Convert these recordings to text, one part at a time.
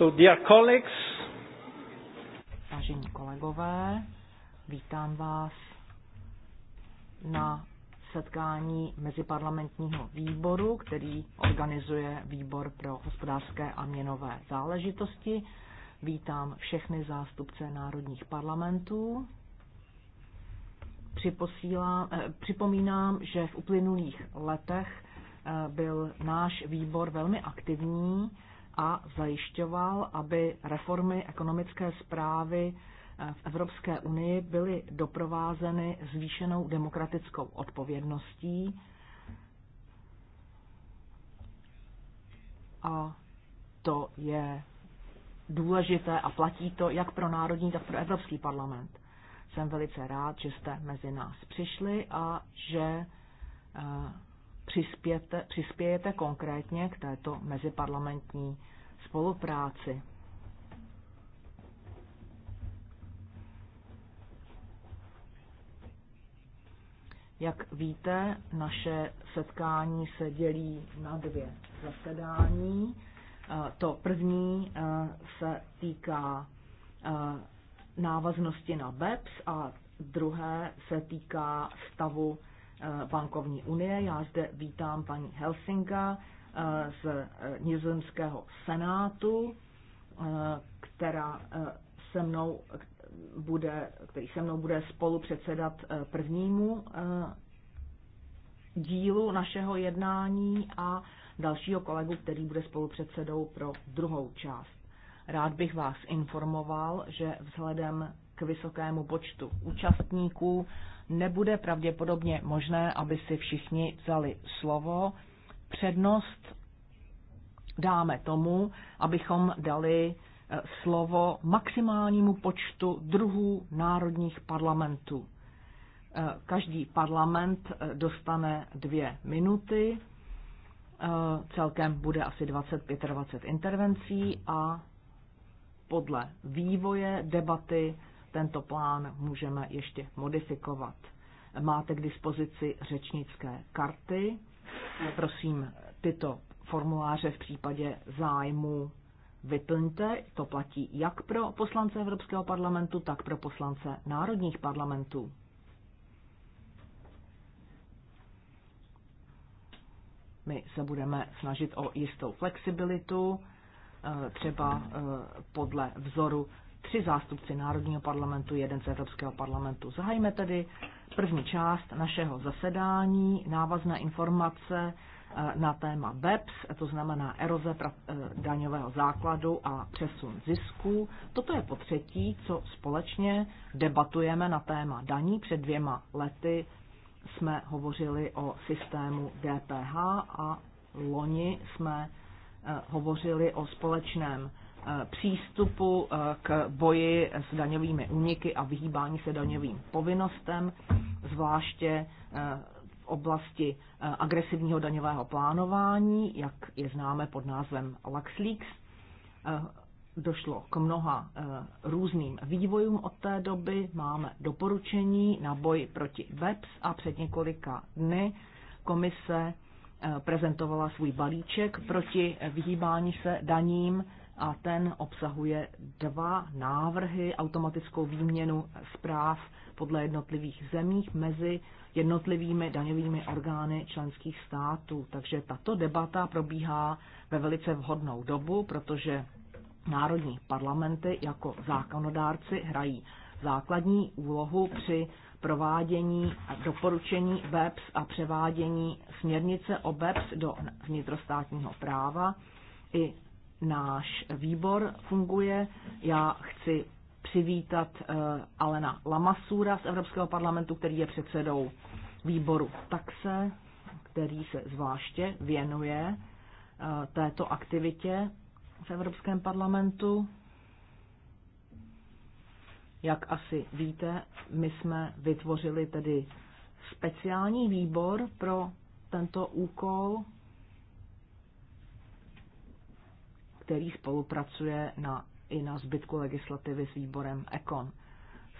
So dear colleagues, Vážení kolegové, vítám vás na setkání Meziparlamentního výboru, který organizuje Výbor pro hospodářské a měnové záležitosti. Vítám všechny zástupce národních parlamentů. Eh, připomínám, že v uplynulých letech eh, byl náš výbor velmi aktivní a zajišťoval, aby reformy ekonomické zprávy eh, v Evropské unii byly doprovázeny zvýšenou demokratickou odpovědností a to je důležité a platí to jak pro národní, tak pro Evropský parlament. Jsem velice rád, že jste mezi nás přišli a že eh, přispějete, přispějete konkrétně k této meziparlamentní spolupráci. Jak víte, naše setkání se dělí na dvě zasedání. Eh, to první eh, se týká eh, návaznosti na BEPS a druhé se týká stavu Eh, bankovní unie. Já zde vítám paní Helsinga eh, z eh, nizozemského senátu, která se mnou bude, který se mnou bude spolu předsedat prvnímu dílu našeho jednání a dalšího kolegu, který bude spolupředsedou pro druhou část. Rád bych vás informoval, že vzhledem k vysokému počtu účastníků nebude pravděpodobně možné, aby si všichni vzali slovo. Přednost dáme tomu, abychom dali eh, slovo maximálnímu počtu druhů národních parlamentů. Eh, každý parlament eh, dostane dvě minuty, celkem bude asi 25 intervencí a podle vývoje debaty tento plán můžeme ještě modifikovat. Máte k dispozici řečnické karty. Prosím, tyto formuláře v případě zájmu vyplňte. To platí jak pro poslance Evropského parlamentu, tak pro poslance národních parlamentů. My se budeme snažit o jistou flexibilitu, eh, třeba eh, podle vzoru tři zástupci Národního parlamentu, jeden z Evropského parlamentu. Zahajme tedy první část našeho zasedání, návazné informace eh, na téma BEPS, to znamená eroze eh, daňového základu a přesun zisků. Toto je po třetí, co společně debatujeme na téma daní. Před dvěma lety jsme hovořili o systému DPH a loni jsme eh, hovořili o společném Eh, přístupu eh, k boji s daňovými úniky a vyhýbání se daňovým povinnostem, zvláště eh, v oblasti agresivního daňového plánování, jak je známe pod názvem LuxLeaks. Došlo k mnoha různým vývojům od té doby. Máme doporučení na boj proti Webs a před několika dny komise prezentovala svůj balíček proti vyhýbání se daním a ten obsahuje dva návrhy automatickou výměnu zpráv podle jednotlivých zemích mezi jednotlivými daňovými orgány členských států. Takže tato debata probíhá ve velice vhodnou dobu, protože národní parlamenty jako zákonodárci hrají základní úlohu při provádění a doporučení BEPS a převádění směrnice o BEPS do vnitrostátního práva i náš výbor funguje. Já chci přivítat eh, Alena Lamasura z Evropského parlamentu, který je předsedou výboru taxe, který se zvláště věnuje eh, této aktivitě v Evropském parlamentu. Jak asi víte, my jsme vytvořili tedy speciální výbor pro tento úkol který spolupracuje na, i na zbytku legislativy s výborem ECON.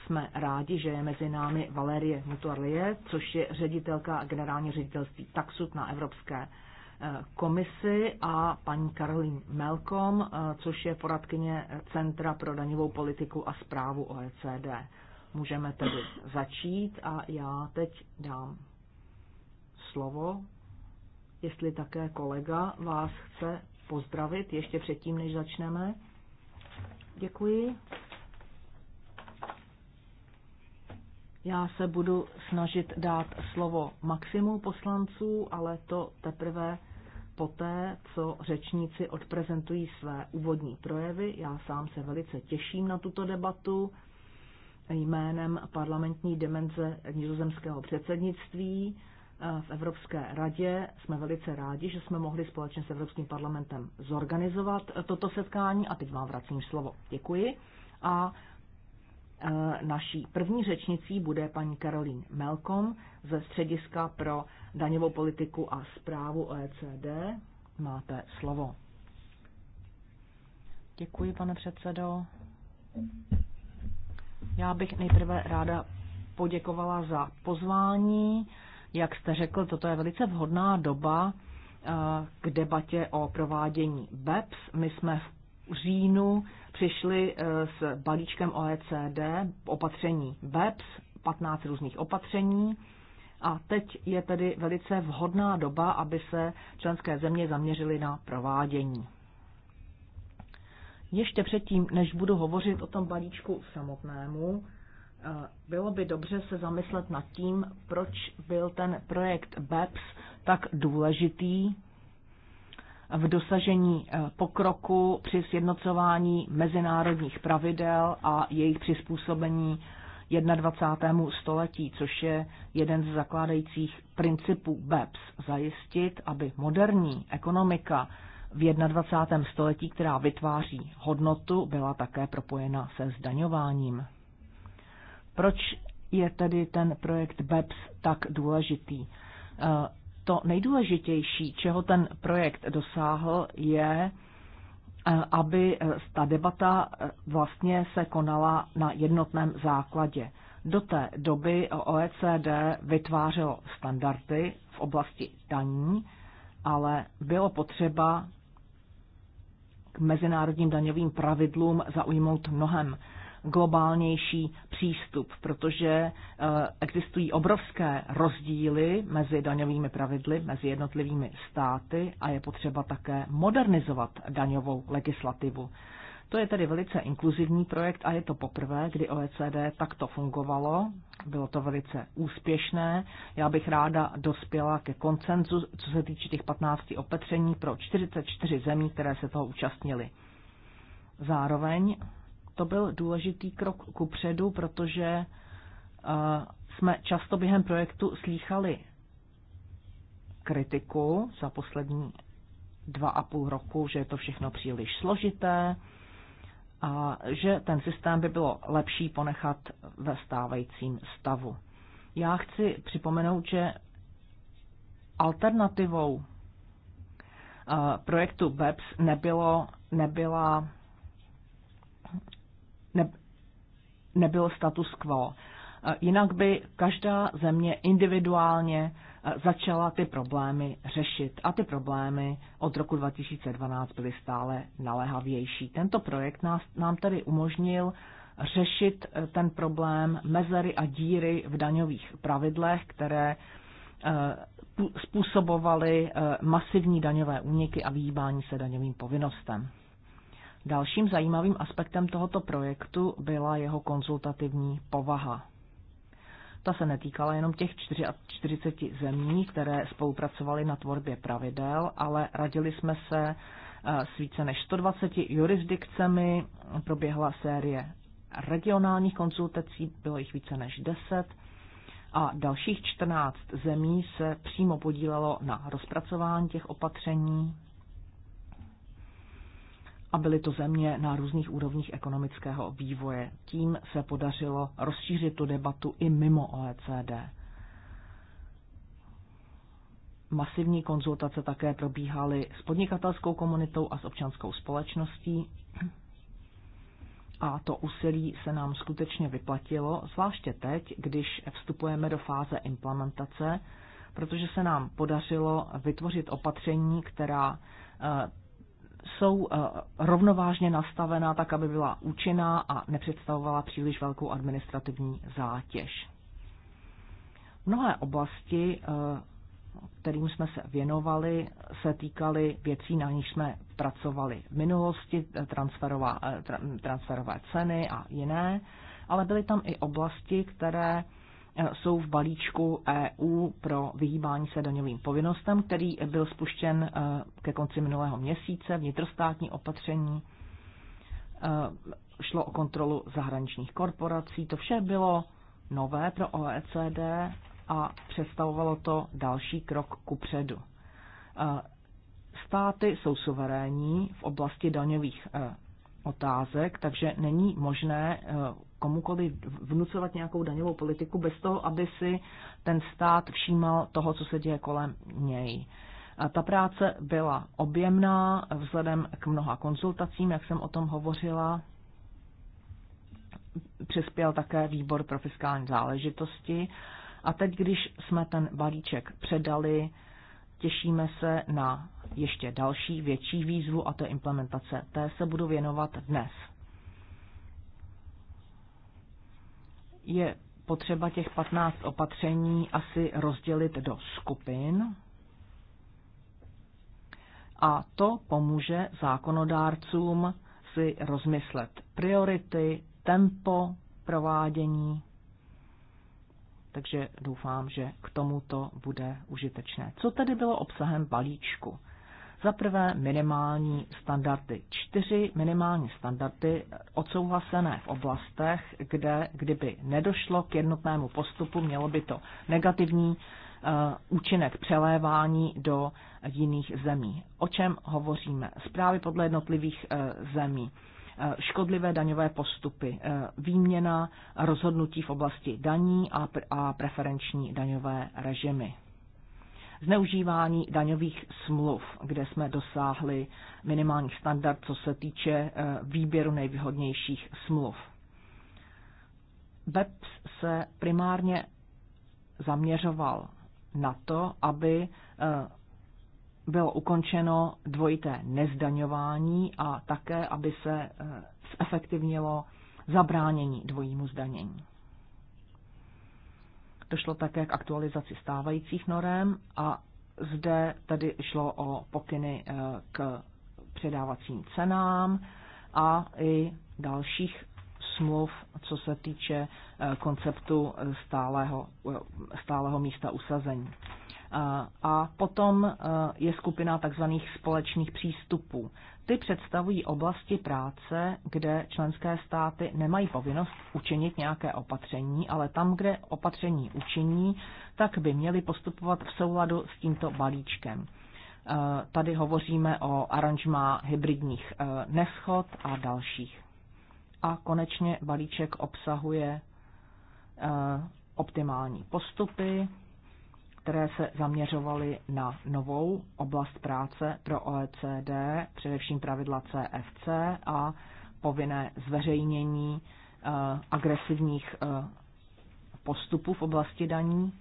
Jsme rádi, že je mezi námi Valerie Mutorlie, což je ředitelka generální ředitelství Taxut na Evropské eh, komisi a paní Karolín Melkom, eh, což je poradkyně Centra pro daňovou politiku a zprávu OECD. Můžeme tedy začít a já teď dám slovo, jestli také kolega vás chce pozdravit ještě předtím, než začneme. Děkuji. Já se budu snažit dát slovo maximu poslanců, ale to teprve poté, co řečníci odprezentují své úvodní projevy. Já sám se velice těším na tuto debatu jménem parlamentní demenze nizozemského předsednictví v Evropské radě. Jsme velice rádi, že jsme mohli společně s Evropským parlamentem zorganizovat toto setkání a teď vám vracím slovo. Děkuji. A e, naší první řečnicí bude paní Caroline Melkom ze Střediska pro daňovou politiku a zprávu OECD. Máte slovo. Děkuji, pane předsedo. Já bych nejprve ráda poděkovala za pozvání jak jste řekl, toto je velice vhodná doba eh, k debatě o provádění BEPS. My jsme v říjnu přišli eh, s balíčkem OECD opatření BEPS, 15 různých opatření. A teď je tedy velice vhodná doba, aby se členské země zaměřily na provádění. Ještě předtím, než budu hovořit o tom balíčku samotnému, Eh, bylo by dobře se zamyslet nad tím, proč byl ten projekt BEPS tak důležitý v dosažení eh, pokroku při sjednocování mezinárodních pravidel a jejich přizpůsobení 21. století, což je jeden z zakládajících principů BEPS, zajistit, aby moderní ekonomika v 21. století, která vytváří hodnotu, byla také propojena se zdaňováním. Proč je tedy ten projekt BEPS tak důležitý? Eh, to nejdůležitější, čeho ten projekt dosáhl, je, eh, aby eh, ta debata vlastně se konala na jednotném základě. Do té doby OECD vytvářelo standardy v oblasti daní, ale bylo potřeba k mezinárodním daňovým pravidlům zaujmout mnohem globálnější přístup, protože eh, existují obrovské rozdíly mezi daňovými pravidly, mezi jednotlivými státy a je potřeba také modernizovat daňovou legislativu. To je tedy velice inkluzivní projekt a je to poprvé, kdy OECD takto fungovalo. Bylo to velice úspěšné. Já bych ráda dospěla ke koncenzu, co se týče těch 15 opetření pro 44 zemí, které se toho účastnily. Zároveň to byl důležitý krok ku předu, protože eh, jsme často během projektu slýchali kritiku za poslední dva a půl roku, že je to všechno příliš složité a že ten systém by bylo lepší ponechat ve stávajícím stavu. Já chci připomenout, že alternativou eh, projektu BEPS nebylo, nebyla ne, nebyl status quo. Eh, jinak by každá země individuálně eh, začala ty problémy řešit a ty problémy od roku 2012 byly stále naléhavější. Tento projekt nás, nám tedy umožnil řešit eh, ten problém mezery a díry v daňových pravidlech, které způsobovaly masivní daňové úniky a vyhýbání se daňovým povinnostem. Dalším zajímavým aspektem tohoto projektu byla jeho konzultativní povaha. Ta se netýkala jenom těch 44 zemí, které spolupracovaly na tvorbě pravidel, ale radili jsme se eh, s více než 120 jurisdikcemi, proběhla série regionálních konzultací, bylo jich více než 10 a dalších 14 zemí se přímo podílelo na rozpracování těch opatření, a byly to země na různých úrovních ekonomického vývoje. Tím se podařilo rozšířit tu debatu i mimo OECD. Masivní konzultace také probíhaly s podnikatelskou komunitou a s občanskou společností. A to úsilí se nám skutečně vyplatilo, zvláště teď, když vstupujeme do fáze implementace, protože se nám podařilo vytvořit opatření, která eh, jsou eh, rovnovážně nastavená tak, aby byla účinná a nepředstavovala příliš velkou administrativní zátěž. Mnohé oblasti, eh, kterým jsme se věnovali, se týkaly věcí, na níž jsme pracovali v minulosti, eh, transferová, transferové ceny a jiné, ale byly tam i oblasti, které Eh, jsou v balíčku EU pro vyhýbání se daňovým povinnostem, který byl spuštěn eh, ke konci minulého měsíce, vnitrostátní opatření, eh, šlo o kontrolu zahraničních korporací. To vše bylo nové pro OECD a představovalo to další krok ku předu. Státy jsou suverénní v oblasti daňových otázek, takže není možné komukoliv vnucovat nějakou daňovou politiku bez toho, aby si ten stát všímal toho, co se děje kolem něj. A ta práce byla objemná vzhledem k mnoha konzultacím, jak jsem o tom hovořila. Přispěl také výbor pro fiskální záležitosti. A teď, když jsme ten balíček předali, těšíme se na ještě další větší výzvu a to je implementace. Té se budu věnovat dnes. je potřeba těch 15 opatření asi rozdělit do skupin a to pomůže zákonodárcům si rozmyslet priority, tempo provádění. Takže doufám, že k tomuto bude užitečné. Co tedy bylo obsahem balíčku? Za prvé minimální standardy. Čtyři minimální standardy odsouhlasené v oblastech, kde kdyby nedošlo k jednotnému postupu, mělo by to negativní eh, účinek přelévání do jiných zemí. O čem hovoříme? Zprávy podle jednotlivých eh, zemí eh, škodlivé daňové postupy, výměna rozhodnutí v oblasti daní a, preferenční daňové režimy zneužívání daňových smluv, kde jsme dosáhli minimálních standard, co se týče eh, výběru nejvýhodnějších smluv. BEPS se primárně zaměřoval na to, aby eh, bylo ukončeno dvojité nezdaňování a také, aby se eh, zefektivnilo zabránění dvojímu zdanění. Došlo také k aktualizaci stávajících norem a zde tedy šlo o pokyny eh, k předávacím cenám a i dalších smluv, co se týče eh, konceptu stálého, eh, stálého místa usazení. A potom je skupina tzv. společných přístupů. Ty představují oblasti práce, kde členské státy nemají povinnost učinit nějaké opatření, ale tam, kde opatření učiní, tak by měly postupovat v souladu s tímto balíčkem. Eh, tady hovoříme o aranžmá hybridních eh, neschod a dalších. A konečně balíček obsahuje eh, optimální postupy, které se zaměřovaly na novou oblast práce pro OECD, především pravidla CFC a povinné zveřejnění eh, agresivních eh, postupů v oblasti daní.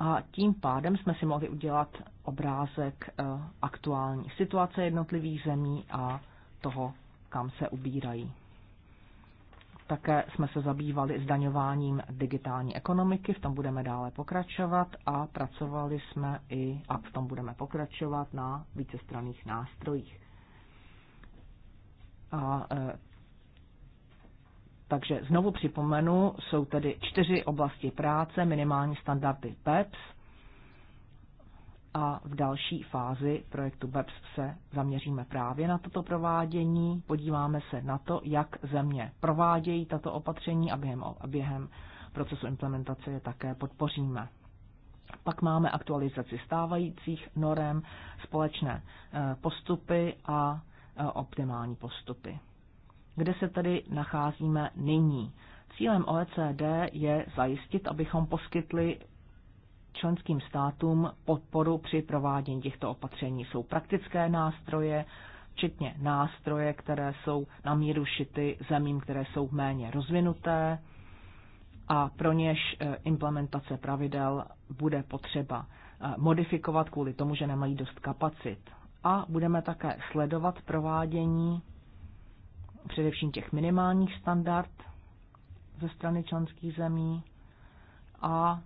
A tím pádem jsme si mohli udělat obrázek eh, aktuální situace jednotlivých zemí a toho, kam se ubírají. Také jsme se zabývali zdaňováním digitální ekonomiky, v tom budeme dále pokračovat a pracovali jsme i, a v tom budeme pokračovat na vícestranných nástrojích. A, e, takže znovu připomenu, jsou tedy čtyři oblasti práce, minimální standardy PEPS, a v další fázi projektu BEPS se zaměříme právě na toto provádění. Podíváme se na to, jak země provádějí tato opatření a během, a během procesu implementace je také podpoříme. Pak máme aktualizaci stávajících norem, společné eh, postupy a eh, optimální postupy. Kde se tedy nacházíme nyní? Cílem OECD je zajistit, abychom poskytli členským státům podporu při provádění těchto opatření. Jsou praktické nástroje, včetně nástroje, které jsou na míru šity zemím, které jsou méně rozvinuté a pro něž e, implementace pravidel bude potřeba e, modifikovat kvůli tomu, že nemají dost kapacit. A budeme také sledovat provádění především těch minimálních standard ze strany členských zemí a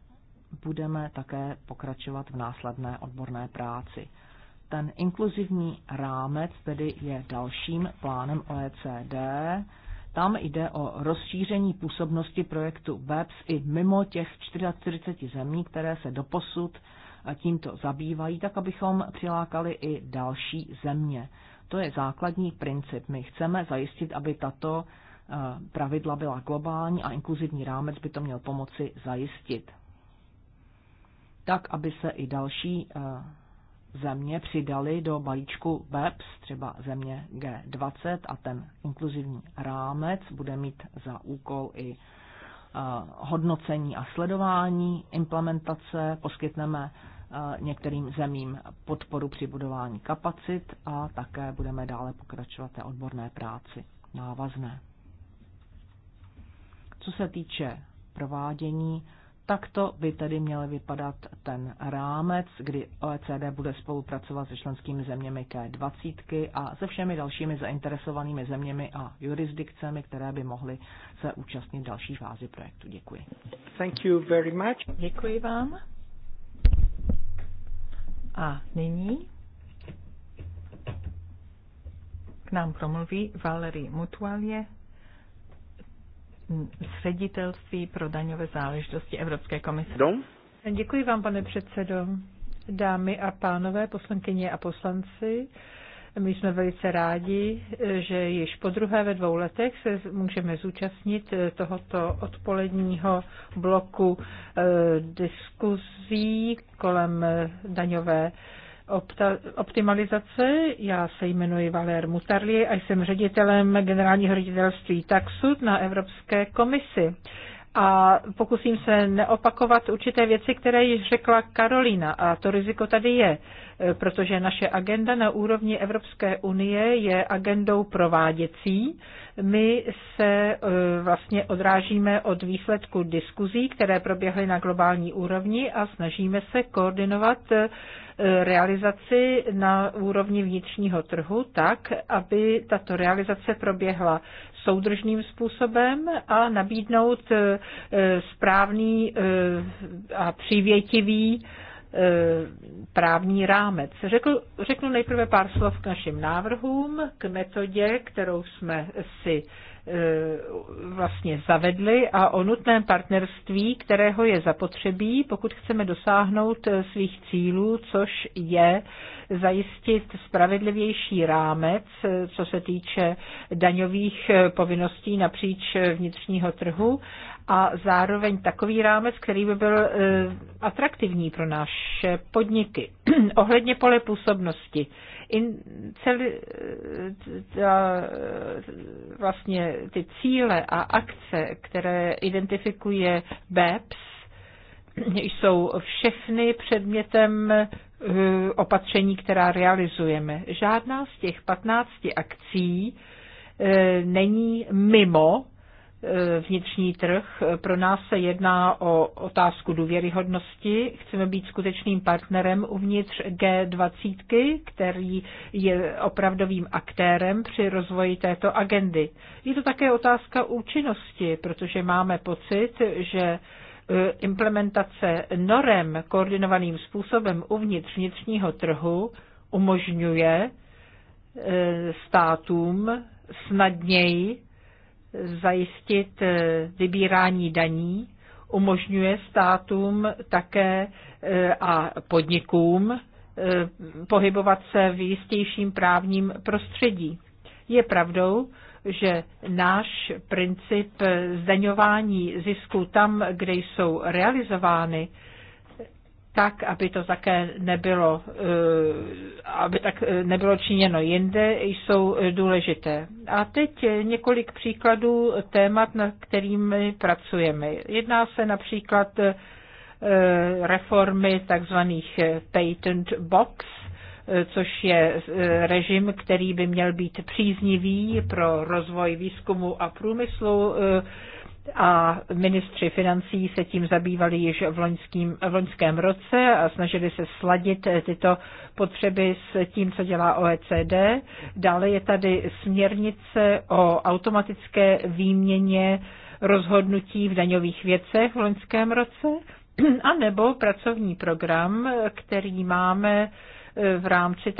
budeme také pokračovat v následné odborné práci. Ten inkluzivní rámec tedy je dalším plánem OECD. Tam jde o rozšíření působnosti projektu BEPS i mimo těch 44 zemí, které se doposud tímto zabývají, tak abychom přilákali i další země. To je základní princip. My chceme zajistit, aby tato eh, pravidla byla globální a inkluzivní rámec by to měl pomoci zajistit tak aby se i další eh, země přidaly do balíčku BEPS, třeba země G20 a ten inkluzivní rámec bude mít za úkol i eh, hodnocení a sledování implementace, poskytneme eh, některým zemím podporu při budování kapacit a také budeme dále pokračovat té odborné práci návazné. Co se týče provádění, takto by tedy měl vypadat ten rámec, kdy OECD bude spolupracovat se členskými zeměmi K20 a se všemi dalšími zainteresovanými zeměmi a jurisdikcemi, které by mohly se účastnit další fázi projektu. Děkuji. Thank you very much. Děkuji vám. A nyní k nám promluví Valerie Mutualie, z ředitelství pro daňové záležitosti Evropské komise. Dom? Děkuji vám, pane předsedo. Dámy a pánové, poslankyně a poslanci, my jsme velice rádi, že již po druhé ve dvou letech se můžeme zúčastnit eh, tohoto odpoledního bloku eh, diskuzí kolem eh, daňové opta- optimalizace. Já se jmenuji Valér Mutarli a jsem ředitelem generálního ředitelství Taxud na Evropské komisi. A pokusím se neopakovat určité věci, které již řekla Karolina. A to riziko tady je, protože naše agenda na úrovni Evropské unie je agendou prováděcí. My se e, vlastně odrážíme od výsledku diskuzí, které proběhly na globální úrovni a snažíme se koordinovat e, Eh, realizaci na úrovni vnitřního trhu tak, aby tato realizace proběhla soudržným způsobem a nabídnout eh, správný eh, a přívětivý právní rámec. Řekl, řeknu nejprve pár slov k našim návrhům, k metodě, kterou jsme si E, vlastně zavedli a o nutném partnerství, kterého je zapotřebí, pokud chceme dosáhnout e, svých cílů, což je zajistit spravedlivější rámec, e, co se týče daňových povinností napříč vnitřního trhu a zároveň takový rámec, který by byl e, atraktivní pro naše podniky. Ohledně pole působnosti. In, celi, e, ta, e, vlastně ty cíle a akce, které identifikuje BEPS, jsou všechny předmětem opatření, která realizujeme. Žádná z těch 15 akcí není mimo Eh, vnitřní trh. Pro nás se jedná o otázku důvěryhodnosti. Chceme být skutečným partnerem uvnitř G20, který je opravdovým aktérem při rozvoji této agendy. Je to také otázka účinnosti, protože máme pocit, že eh, implementace norem koordinovaným způsobem uvnitř vnitřního trhu umožňuje eh, státům snadněji zajistit eh, vybírání daní, umožňuje státům také eh, a podnikům eh, pohybovat se v jistějším právním prostředí. Je pravdou, že náš princip zdaňování zisku tam, kde jsou realizovány, tak, aby to také nebylo, eh, aby tak eh, nebylo činěno jinde, jsou eh, důležité. A teď několik příkladů témat, na kterými pracujeme. Jedná se například reformy takzvaných patent box, což je režim, který by měl být příznivý pro rozvoj výzkumu a průmyslu a ministři financí se tím zabývali již v, loňským, v loňském roce a snažili se sladit tyto potřeby s tím, co dělá OECD. Dále je tady směrnice o automatické výměně rozhodnutí v daňových věcech v loňském roce, a nebo pracovní program, který máme eh, v rámci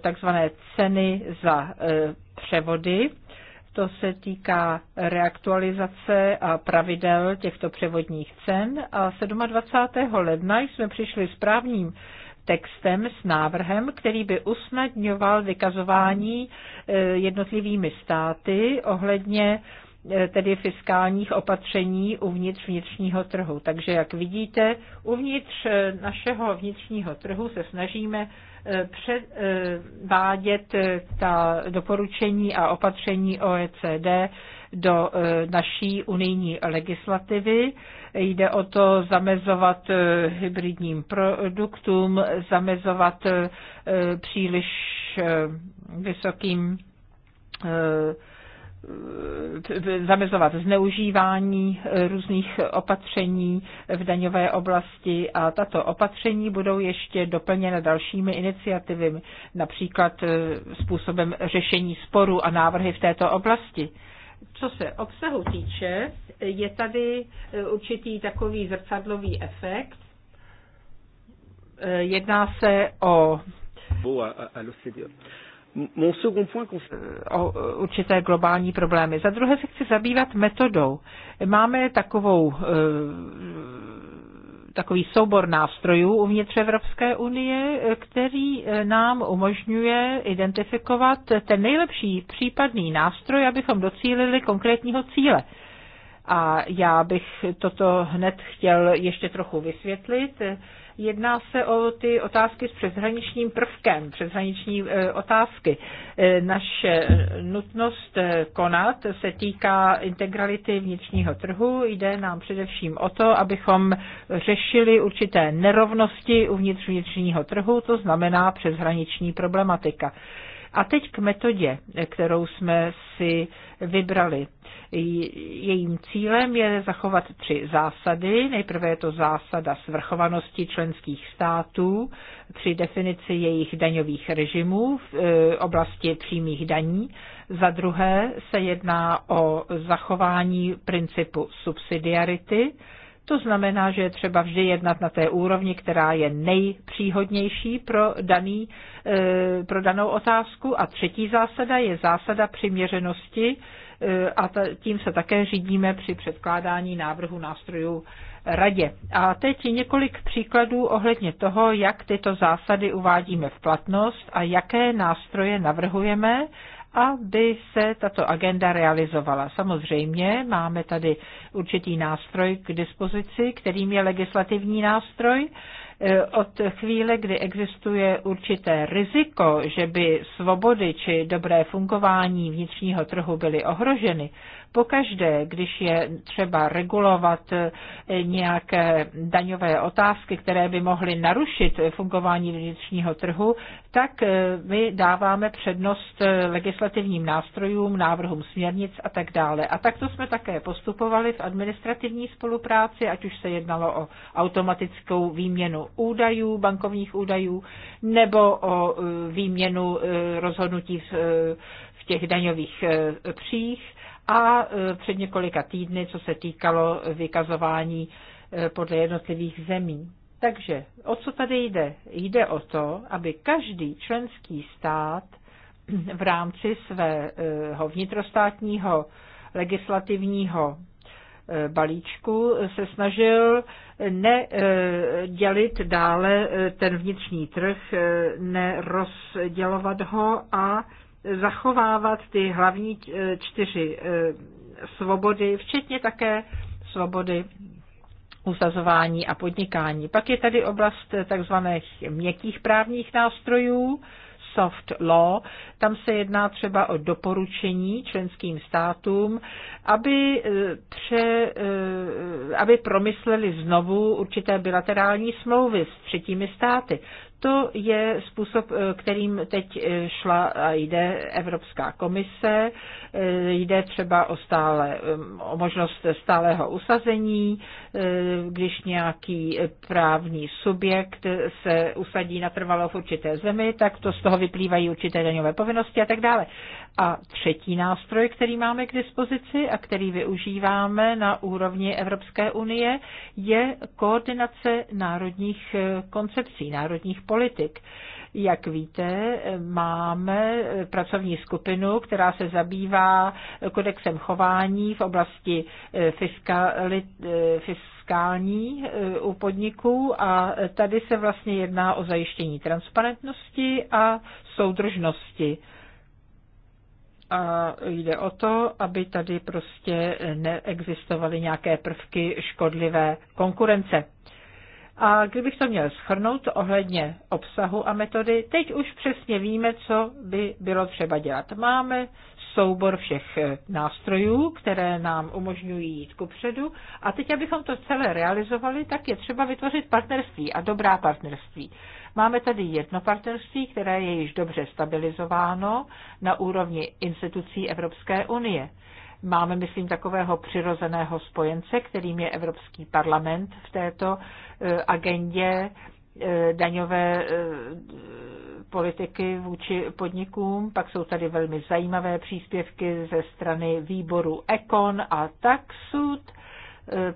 takzvané ceny za eh, převody to se týká reaktualizace a pravidel těchto převodních cen a 27. ledna jsme přišli s právním textem s návrhem, který by usnadňoval vykazování e, jednotlivými státy ohledně e, tedy fiskálních opatření uvnitř vnitřního trhu. Takže jak vidíte, uvnitř e, našeho vnitřního trhu se snažíme převádět eh, ta doporučení a opatření OECD do eh, naší unijní legislativy. Jde o to zamezovat eh, hybridním produktům, zamezovat příliš vysokým Eh, zamezovat zneužívání eh, různých opatření v daňové oblasti a tato opatření budou ještě doplněna dalšími iniciativami, například eh, způsobem řešení sporů a návrhy v této oblasti. Co se obsahu týče, je tady určitý takový zrcadlový efekt. Jedná se o Mon second point o určité globální problémy. Za druhé se chci zabývat metodou. Máme takovou e, takový soubor nástrojů uvnitř Evropské unie, e, který e, nám umožňuje identifikovat ten nejlepší případný nástroj, abychom docílili konkrétního cíle. A já bych toto hned chtěl ještě trochu vysvětlit. Jedná se o ty otázky s přeshraničním prvkem, přeshraniční eh, otázky. Eh, naše nutnost eh, konat se týká integrality vnitřního trhu. Jde nám především o to, abychom řešili určité nerovnosti uvnitř vnitřního trhu, to znamená přeshraniční problematika. A teď k metodě, kterou jsme si vybrali. Jejím cílem je zachovat tři zásady. Nejprve je to zásada svrchovanosti členských států při definici jejich daňových režimů v e, oblasti přímých daní. Za druhé se jedná o zachování principu subsidiarity, to znamená, že je třeba vždy jednat na té úrovni, která je nejpříhodnější pro, daný, e, pro danou otázku. A třetí zásada je zásada přiměřenosti, Eh, a tím se také řídíme při předkládání návrhu nástrojů radě. A teď několik příkladů ohledně toho, jak tyto zásady uvádíme v platnost a jaké nástroje navrhujeme, aby se tato agenda realizovala. Samozřejmě máme tady určitý nástroj k dispozici, kterým je legislativní nástroj od chvíle, kdy existuje určité riziko, že by svobody či dobré fungování vnitřního trhu byly ohroženy, Pokaždé, když je třeba regulovat eh, nějaké daňové otázky, které by mohly narušit fungování vnitřního trhu, tak eh, my dáváme přednost eh, legislativním nástrojům, návrhům směrnic a tak dále. A takto jsme také postupovali v administrativní spolupráci, ať už se jednalo o automatickou výměnu údajů, bankovních údajů, nebo o výměnu rozhodnutí v těch daňových příjích a e, před několika týdny, co se týkalo vykazování e, podle jednotlivých zemí. Takže o co tady jde? Jde o to, aby každý členský stát v rámci svého vnitrostátního legislativního e, balíčku se snažil nedělit dále ten vnitřní trh, nerozdělovat ho a zachovávat ty hlavní e, čtyři e, svobody, včetně také svobody usazování a podnikání. Pak je tady oblast takzvaných měkkých právních nástrojů, soft law. Tam se jedná třeba o doporučení členským státům, aby, e, pře, aby promysleli znovu určité bilaterální smlouvy s třetími státy. To je způsob, eh, kterým teď eh, šla a jde Evropská komise. Eh, jde třeba o, stále, o možnost stálého usazení, když nějaký právní subjekt se usadí natrvalo v určité zemi, tak to z toho vyplývají určité daňové povinnosti a tak dále. A třetí nástroj, který máme k dispozici a který využíváme na úrovni Evropské unie, je koordinace národních koncepcí, národních politik. Jak víte, máme pracovní skupinu, která se zabývá kodexem chování v oblasti eh, fiskali, eh, fiskální eh, u podniků a tady se vlastně jedná o zajištění transparentnosti a soudržnosti. A jde o to, aby tady prostě neexistovaly nějaké prvky škodlivé konkurence. A kdybych to měl schrnout ohledně obsahu a metody, teď už přesně víme, co by bylo třeba dělat. Máme soubor všech eh, nástrojů, které nám umožňují jít kupředu. A teď, abychom to celé realizovali, tak je třeba vytvořit partnerství a dobrá partnerství. Máme tady jedno partnerství, které je již dobře stabilizováno na úrovni institucí Evropské unie. Máme, myslím, takového přirozeného spojence, kterým je Evropský parlament v této eh, agendě eh, daňové eh, politiky vůči podnikům. Pak jsou tady velmi zajímavé příspěvky ze strany výboru Econ a Taxud,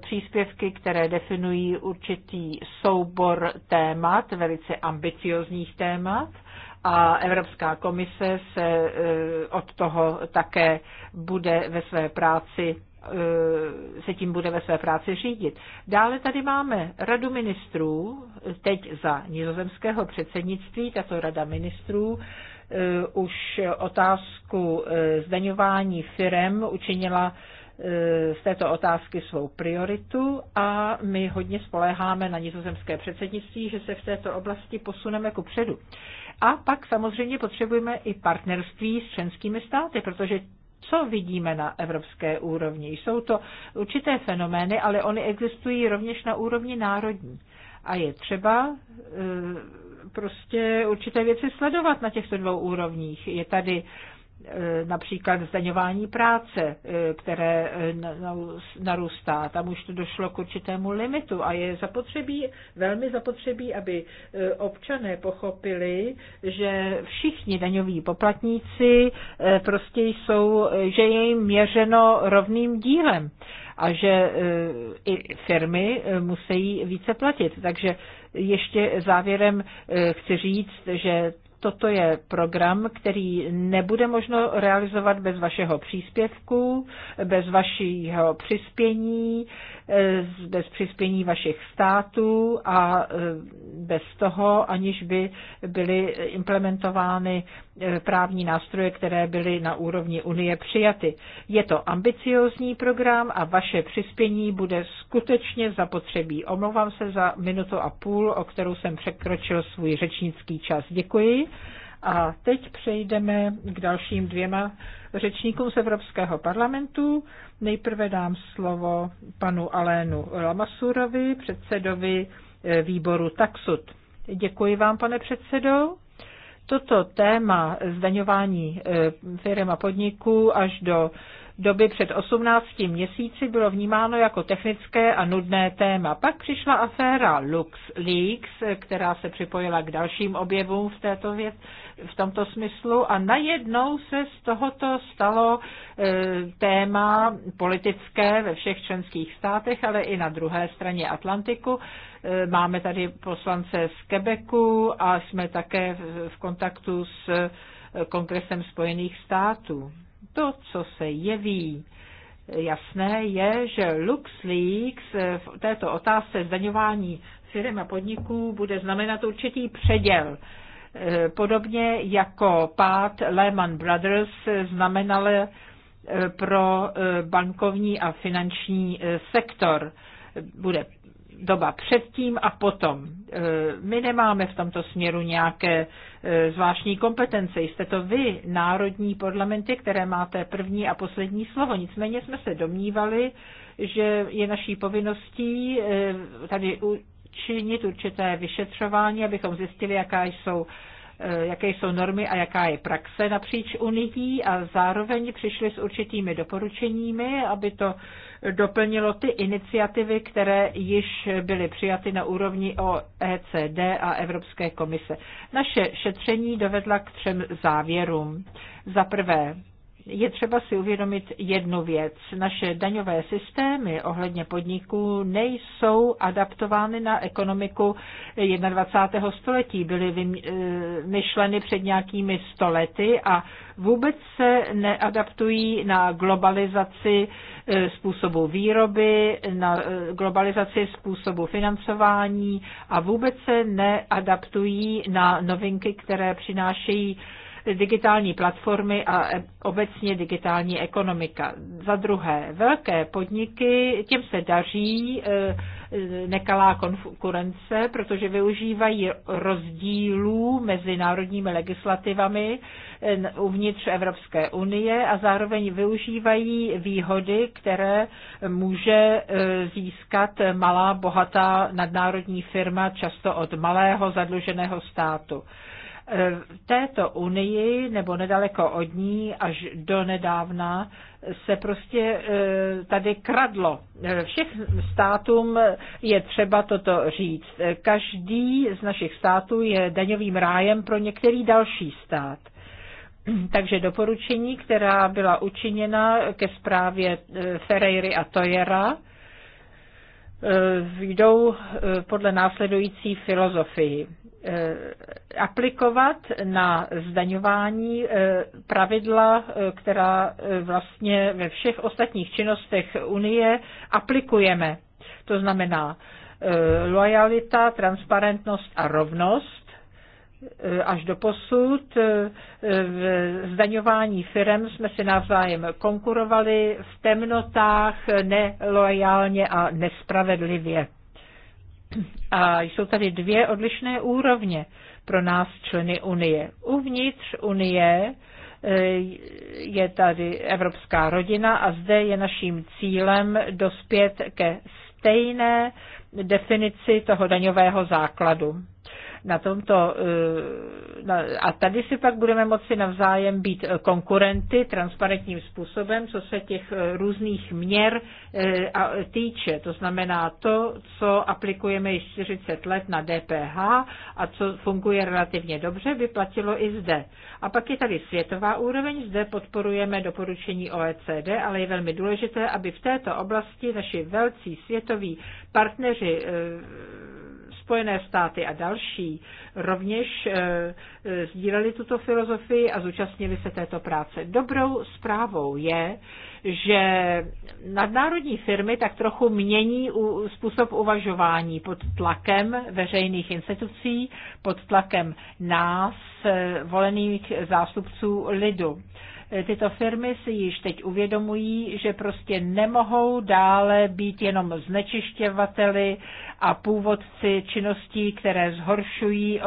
příspěvky, které definují určitý soubor témat, velice ambiciozních témat a Evropská komise se e, od toho také bude ve své práci e, se tím bude ve své práci řídit. Dále tady máme radu ministrů, teď za nizozemského předsednictví, tato rada ministrů e, už otázku zdaňování firem učinila z této otázky svou prioritu a my hodně spoléháme na nizozemské předsednictví, že se v této oblasti posuneme ku předu. A pak samozřejmě potřebujeme i partnerství s členskými státy, protože co vidíme na evropské úrovni? Jsou to určité fenomény, ale oni existují rovněž na úrovni národní. A je třeba e, prostě určité věci sledovat na těchto dvou úrovních. Je tady Eh, například zdaňování práce, eh, které eh, narůstá. Tam už to došlo k určitému limitu a je zapotřebí, velmi zapotřebí, aby občané pochopili, že všichni daňoví poplatníci prostě jsou, že je jim měřeno rovným dílem a že i firmy musí více platit. Takže ještě závěrem chci říct, že Toto je program, který nebude možno realizovat bez vašeho příspěvku, bez vašeho přispění, E, bez přispění vašich států a e, bez toho, aniž by byly implementovány e, právní nástroje, které byly na úrovni Unie přijaty. Je to ambiciozní program a vaše přispění bude skutečně zapotřebí. Omlouvám se za minutu a půl, o kterou jsem překročil svůj řečnický čas. Děkuji. A teď přejdeme k dalším dvěma řečníkům z Evropského parlamentu. Nejprve dám slovo panu Alénu Lamasurovi, předsedovi e, výboru Taxud. Děkuji vám, pane předsedo. Toto téma zdaňování e, firm a podniků až do doby před 18 měsíci bylo vnímáno jako technické a nudné téma. Pak přišla aféra LuxLeaks, která se připojila k dalším objevům v, této věc, v tomto smyslu a najednou se z tohoto stalo e, téma politické ve všech členských státech, ale i na druhé straně Atlantiku. E, máme tady poslance z Quebecu a jsme také v, v kontaktu s e, Kongresem Spojených států. To, co se jeví jasné, je, že LuxLeaks v této otázce zdaňování firm a podniků bude znamenat určitý předěl podobně jako pád Lehman Brothers znamenal eh, pro eh, bankovní a finanční eh, sektor. Bude doba předtím a potom. E, my nemáme v tomto směru nějaké e, zvláštní kompetence. Jste to vy, národní parlamenty, které máte první a poslední slovo. Nicméně jsme se domnívali, že je naší povinností e, tady učinit určité vyšetřování, abychom zjistili, jaká jsou Eh, jaké jsou normy a jaká je praxe napříč Unií a zároveň přišli s určitými doporučeními, aby to doplnilo ty iniciativy, které již byly přijaty na úrovni OECD a Evropské komise. Naše šetření dovedla k třem závěrům. Za prvé, je třeba si uvědomit jednu věc. Naše daňové systémy ohledně podniků nejsou adaptovány na ekonomiku 21. století. Byly eh, myšleny před nějakými stolety a vůbec se neadaptují na globalizaci eh, způsobu výroby, na eh, globalizaci způsobu financování a vůbec se neadaptují na novinky, které přinášejí digitální platformy a e, obecně digitální ekonomika. Za druhé, velké podniky, těm se daří e, e, nekalá konkurence, protože využívají rozdílů mezi národními legislativami uvnitř Evropské unie a zároveň využívají výhody, které může získat malá, bohatá nadnárodní firma, často od malého zadluženého státu. E, v této unii nebo nedaleko od ní až do nedávna se prostě e, tady kradlo. E, všech státům je třeba toto říct. Každý z našich států je daňovým rájem pro některý další stát. Takže doporučení, která byla učiněna ke zprávě Ferreiry a Tojera, jdou podle následující filozofii. Eh, aplikovat na zdaňování eh, pravidla, eh, která vlastně ve všech ostatních činnostech Unie aplikujeme. To znamená lojalita, transparentnost a rovnost až do posud. V zdaňování firm jsme si navzájem konkurovali v temnotách, nelojálně a nespravedlivě. A jsou tady dvě odlišné úrovně pro nás členy Unie. Uvnitř Unie eh, je tady Evropská rodina a zde je naším cílem dospět ke stejné definici toho daňového základu na tomto, eh, a tady si pak budeme moci navzájem být konkurenty transparentním způsobem, co se těch eh, různých měr eh, týče. To znamená to, co aplikujeme již 40 let na DPH a co funguje relativně dobře, by platilo i zde. A pak je tady světová úroveň, zde podporujeme doporučení OECD, ale je velmi důležité, aby v této oblasti naši velcí světoví partneři Spojené státy a další rovněž eh, eh, sdíleli tuto filozofii a zúčastnili se této práce. Dobrou zprávou je, že nadnárodní firmy tak trochu mění u způsob uvažování pod tlakem veřejných institucí, pod tlakem nás, eh, volených zástupců lidu. Eh, tyto firmy si již teď uvědomují, že prostě nemohou dále být jenom znečišťovateli a původci činností, které zhoršují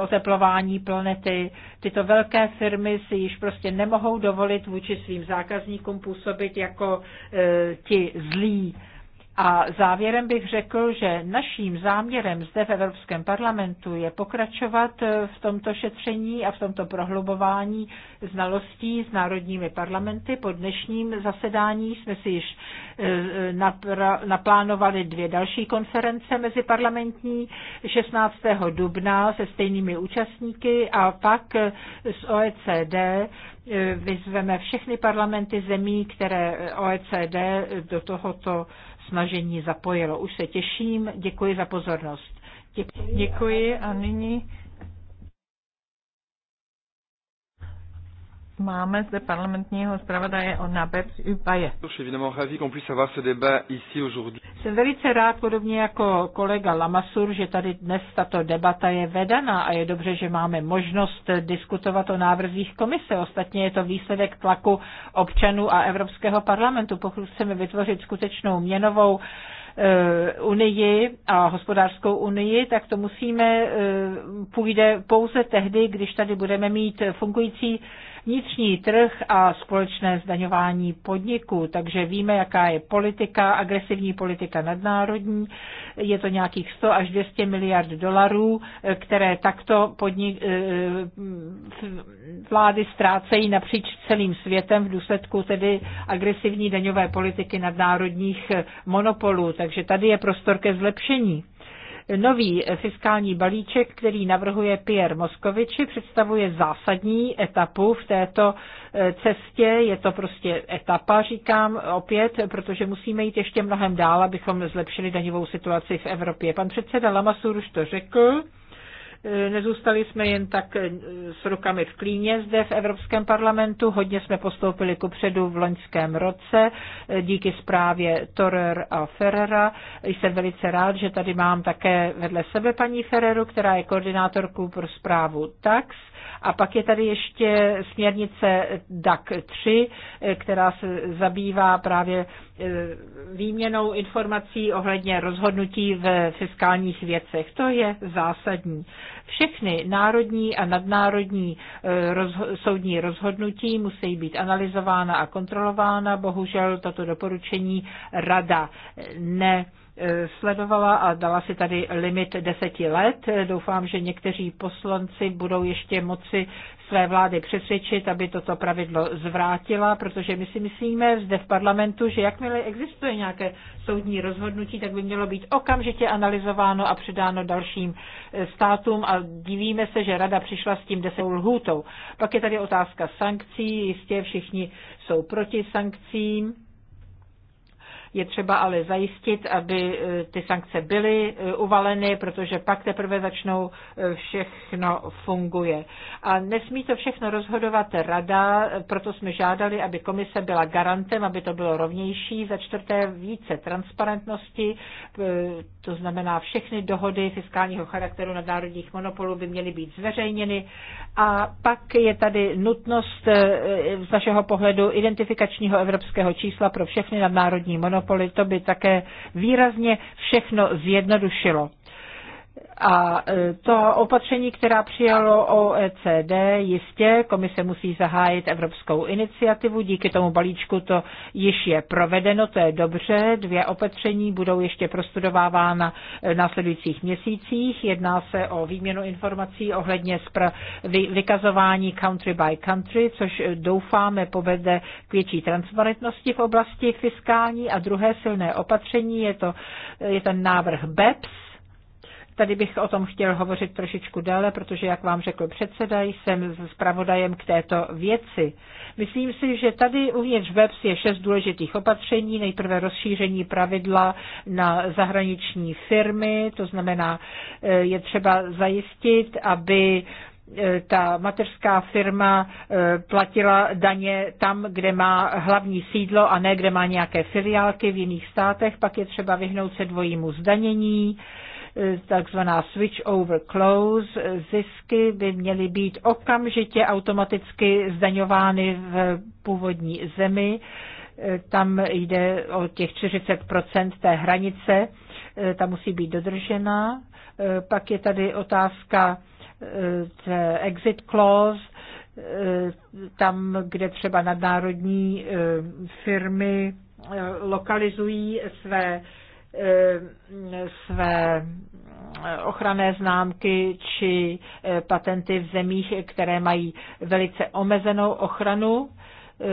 oteplování planety. Tyto velké firmy si již prostě nemohou dovolit vůči svým zákazníkům působit jako e, ti zlí a závěrem bych řekl, že naším záměrem zde v Evropském parlamentu je pokračovat v tomto šetření a v tomto prohlubování znalostí s národními parlamenty. Po dnešním zasedání jsme si již eh, naplánovali dvě další konference meziparlamentní 16. dubna se stejnými účastníky a pak z OECD eh, vyzveme všechny parlamenty zemí, které OECD do tohoto snažení zapojilo. Už se těším, děkuji za pozornost. Děkuji, děkuji a nyní Máme zde parlamentního zpravodaje o Nabec UPAJE. Jsem velice rád, podobně jako kolega Lamasur, že tady dnes tato debata je vedena a je dobře, že máme možnost diskutovat o návrzích komise. Ostatně je to výsledek tlaku občanů a Evropského parlamentu. Pokud chceme vytvořit skutečnou měnovou eh, unii a hospodářskou unii, tak to musíme eh, půjde pouze tehdy, když tady budeme mít fungující vnitřní trh a společné zdaňování podniků. Takže víme, jaká je politika, agresivní politika nadnárodní. Je to nějakých 100 až 200 miliard dolarů, které takto podnik, eh, vlády ztrácejí napříč celým světem v důsledku tedy agresivní daňové politiky nadnárodních monopolů. Takže tady je prostor ke zlepšení. Nový fiskální balíček, který navrhuje Pierre Moskoviči, představuje zásadní etapu v této eh, cestě. Je to prostě etapa, říkám opět, protože musíme jít ještě mnohem dál, abychom zlepšili daňovou situaci v Evropě. Pan předseda Lamasur už to řekl. Eh, nezůstali jsme jen tak eh, s rukami v klíně zde v Evropském parlamentu. Hodně jsme postoupili ku předu v loňském roce eh, díky zprávě Torer a Ferrera. Jsem velice rád, že tady mám také vedle sebe paní Ferreru, která je koordinátorkou pro zprávu TAX a pak je tady ještě směrnice DAC 3, eh, která se zabývá právě eh, výměnou informací ohledně rozhodnutí v fiskálních věcech. To je zásadní. Všechny národní a nadnárodní eh, rozho- soudní rozhodnutí musí být analyzována a kontrolována. Bohužel toto doporučení rada ne Eh, sledovala a dala si tady limit deseti let. Doufám, že někteří poslanci budou ještě moci své vlády přesvědčit, aby toto pravidlo zvrátila, protože my si myslíme zde v parlamentu, že jakmile existuje nějaké soudní rozhodnutí, tak by mělo být okamžitě analyzováno a předáno dalším eh, státům a divíme se, že rada přišla s tím desetou lhůtou. Pak je tady otázka sankcí, jistě všichni jsou proti sankcím je třeba ale zajistit, aby e, ty sankce byly e, uvaleny, protože pak teprve začnou e, všechno funguje. A nesmí to všechno rozhodovat rada, proto jsme žádali, aby komise byla garantem, aby to bylo rovnější. Za čtvrté více transparentnosti, to znamená všechny dohody fiskálního charakteru nadnárodních monopolů by měly být zveřejněny. A pak je tady nutnost z našeho pohledu identifikačního evropského čísla pro všechny nadnárodní monopoly Konstantinopoli, to by také výrazně všechno zjednodušilo. A e, to opatření, která přijalo OECD, jistě, komise musí zahájit evropskou iniciativu, díky tomu balíčku to již je provedeno, to je dobře, dvě opatření budou ještě prostudovávána v následujících měsících, jedná se o výměnu informací ohledně vykazování country by country, což e, doufáme povede k větší transparentnosti v oblasti fiskální a druhé silné opatření je, to, e, je ten návrh BEPS, Tady bych o tom chtěl hovořit trošičku déle, protože, jak vám řekl předseda, jsem zpravodajem k této věci. Myslím si, že tady uvnitř BEPS je šest důležitých opatření. Nejprve rozšíření pravidla na zahraniční firmy, to znamená, eh, je třeba zajistit, aby eh, ta mateřská firma eh, platila daně tam, kde má hlavní sídlo a ne kde má nějaké filiálky v jiných státech, pak je třeba vyhnout se dvojímu zdanění takzvaná switch over close. Zisky by měly být okamžitě automaticky zdaňovány v původní zemi. Tam jde o těch 40 té hranice, ta musí být dodržena. Pak je tady otázka eh, exit clause, eh, tam, kde třeba nadnárodní eh, firmy lokalizují své Eh, své ochranné známky či eh, patenty v zemích, které mají velice omezenou ochranu eh,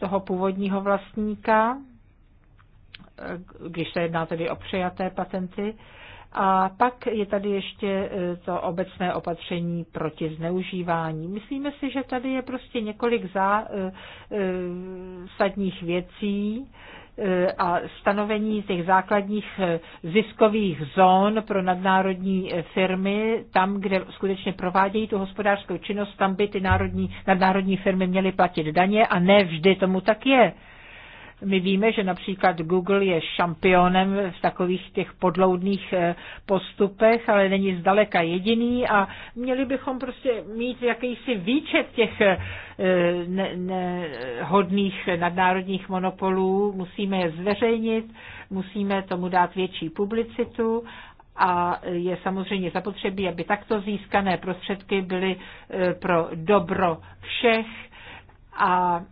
toho původního vlastníka, když se jedná tedy o přijaté patenty. A pak je tady ještě to obecné opatření proti zneužívání. Myslíme si, že tady je prostě několik zásadních věcí, a stanovení těch základních eh, ziskových zón pro nadnárodní eh, firmy, tam, kde skutečně provádějí tu hospodářskou činnost, tam by ty národní, nadnárodní firmy měly platit daně a ne vždy tomu tak je. My víme, že například Google je šampionem v takových těch podloudných eh, postupech, ale není zdaleka jediný a měli bychom prostě mít jakýsi výčet těch eh, ne, ne, hodných nadnárodních monopolů, musíme je zveřejnit, musíme tomu dát větší publicitu a je samozřejmě zapotřebí, aby takto získané prostředky byly eh, pro dobro všech a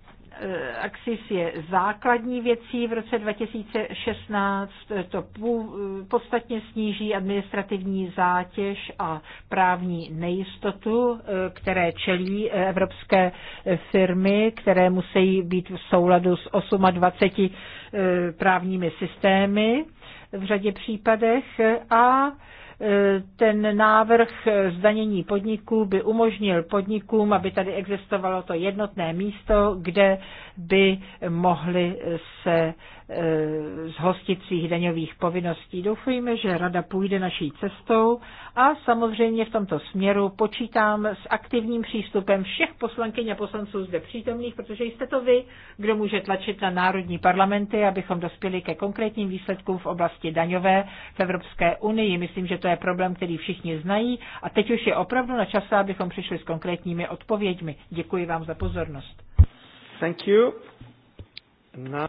Eh, Axis je základní věcí. V roce 2016 to eh, podstatně sníží administrativní zátěž a právní nejistotu, eh, které čelí evropské firmy, které musí být v souladu s 28 právními systémy v řadě případech a ten návrh zdanění podniků by umožnil podnikům, aby tady existovalo to jednotné místo, kde by mohli se hostit svých daňových povinností. Doufujeme, že Rada půjde naší cestou a samozřejmě v tomto směru počítám s aktivním přístupem všech poslankyň a poslanců zde přítomných, protože jste to vy, kdo může tlačit na národní parlamenty, abychom dospěli ke konkrétním výsledkům v oblasti daňové v Evropské unii. Myslím, že to je problém, který všichni znají a teď už je opravdu na čase, abychom přišli s konkrétními odpověďmi. Děkuji vám za pozornost. Thank you.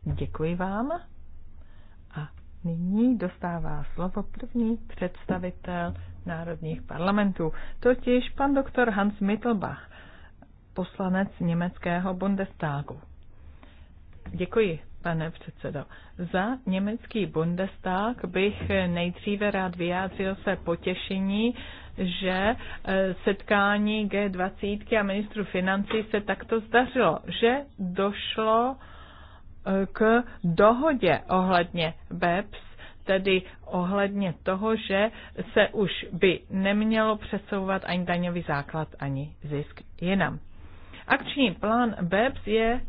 Děkuji vám. A nyní dostává slovo první představitel národních parlamentů, totiž pan doktor Hans Mittelbach, poslanec německého Bundestagu. Děkuji, pane předsedo. Za německý Bundestag bych nejdříve rád vyjádřil se potěšení, že e, setkání G20 a ministru financí se takto zdařilo, že došlo k dohodě ohledně BEPS, tedy ohledně toho, že se už by nemělo přesouvat ani daňový základ, ani zisk jinam. Akční plán BEPS je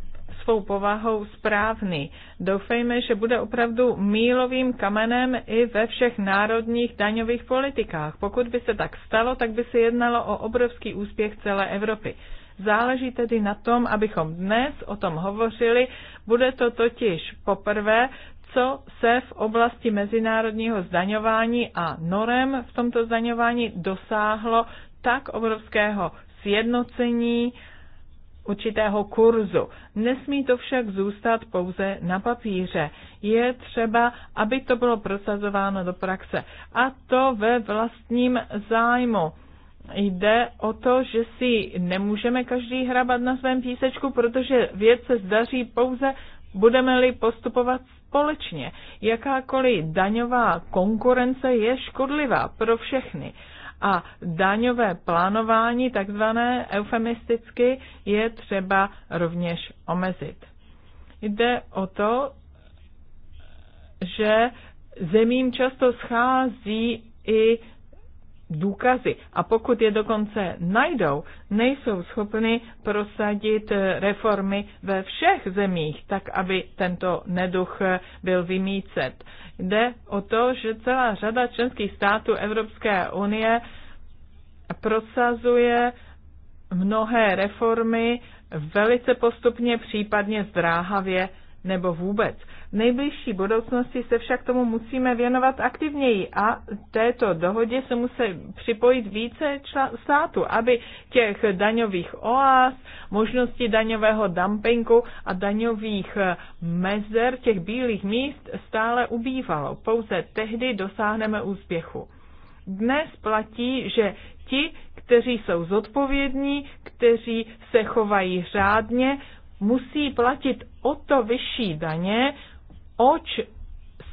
svou povahou správný. Doufejme, že bude opravdu mílovým kamenem i ve všech národních daňových politikách. Pokud by se tak stalo, tak by se jednalo o obrovský úspěch celé Evropy. Záleží tedy na tom, abychom dnes o tom hovořili. Bude to totiž poprvé, co se v oblasti mezinárodního zdaňování a norem v tomto zdaňování dosáhlo tak obrovského sjednocení určitého kurzu. Nesmí to však zůstat pouze na papíře. Je třeba, aby to bylo prosazováno do praxe. A to ve vlastním zájmu jde o to, že si nemůžeme každý hrabat na svém písečku, protože věc se zdaří pouze, budeme-li postupovat společně. Jakákoliv daňová konkurence je škodlivá pro všechny. A daňové plánování, takzvané eufemisticky, je třeba rovněž omezit. Jde o to, že zemím často schází i důkazy a pokud je dokonce najdou, nejsou schopny prosadit eh, reformy ve všech zemích, tak aby tento neduch eh, byl vymícet. Jde o to, že celá řada členských států Evropské unie prosazuje mnohé reformy velice postupně, případně zdráhavě nebo vůbec. V nejbližší budoucnosti se však tomu musíme věnovat aktivněji a této dohodě se musí připojit více států, aby těch daňových oáz, možnosti daňového dumpingu a daňových mezer, těch bílých míst stále ubývalo. Pouze tehdy dosáhneme úspěchu. Dnes platí, že ti, kteří jsou zodpovědní, kteří se chovají řádně, musí platit o to vyšší daně, oč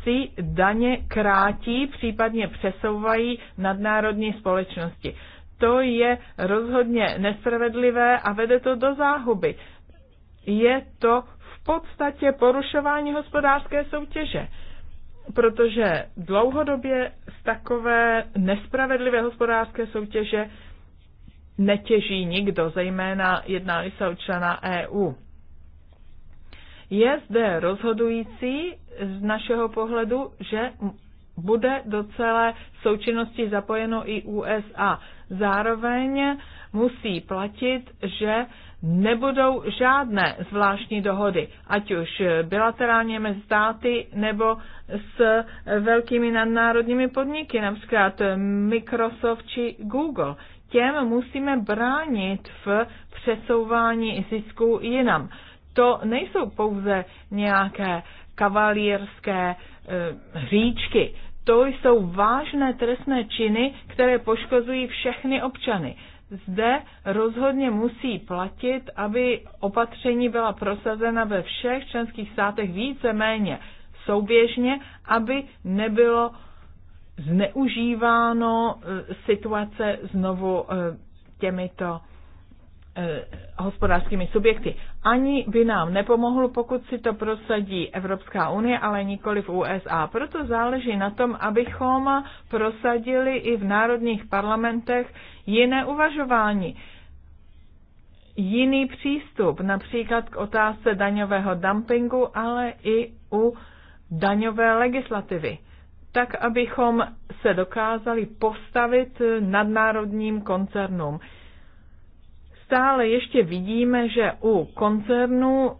si daně krátí, případně přesouvají nadnárodní společnosti. To je rozhodně nespravedlivé a vede to do záhuby. Je to v podstatě porušování hospodářské soutěže protože dlouhodobě z takové nespravedlivé hospodářské soutěže netěží nikdo, zejména jednali se o člena EU je zde rozhodující z našeho pohledu, že bude do celé součinnosti zapojeno i USA. Zároveň musí platit, že nebudou žádné zvláštní dohody, ať už bilaterálně mezi státy nebo s velkými nadnárodními podniky, například Microsoft či Google. Těm musíme bránit v přesouvání zisků jinam to nejsou pouze nějaké kavalírské eh, hříčky. To jsou vážné trestné činy, které poškozují všechny občany. Zde rozhodně musí platit, aby opatření byla prosazena ve všech členských státech víceméně souběžně, aby nebylo zneužíváno eh, situace znovu eh, těmito Eh, hospodářskými subjekty. Ani by nám nepomohlo, pokud si to prosadí Evropská unie, ale nikoli v USA. Proto záleží na tom, abychom prosadili i v národních parlamentech jiné uvažování. Jiný přístup, například k otázce daňového dumpingu, ale i u daňové legislativy tak abychom se dokázali postavit nadnárodním koncernům stále ještě vidíme, že u koncernu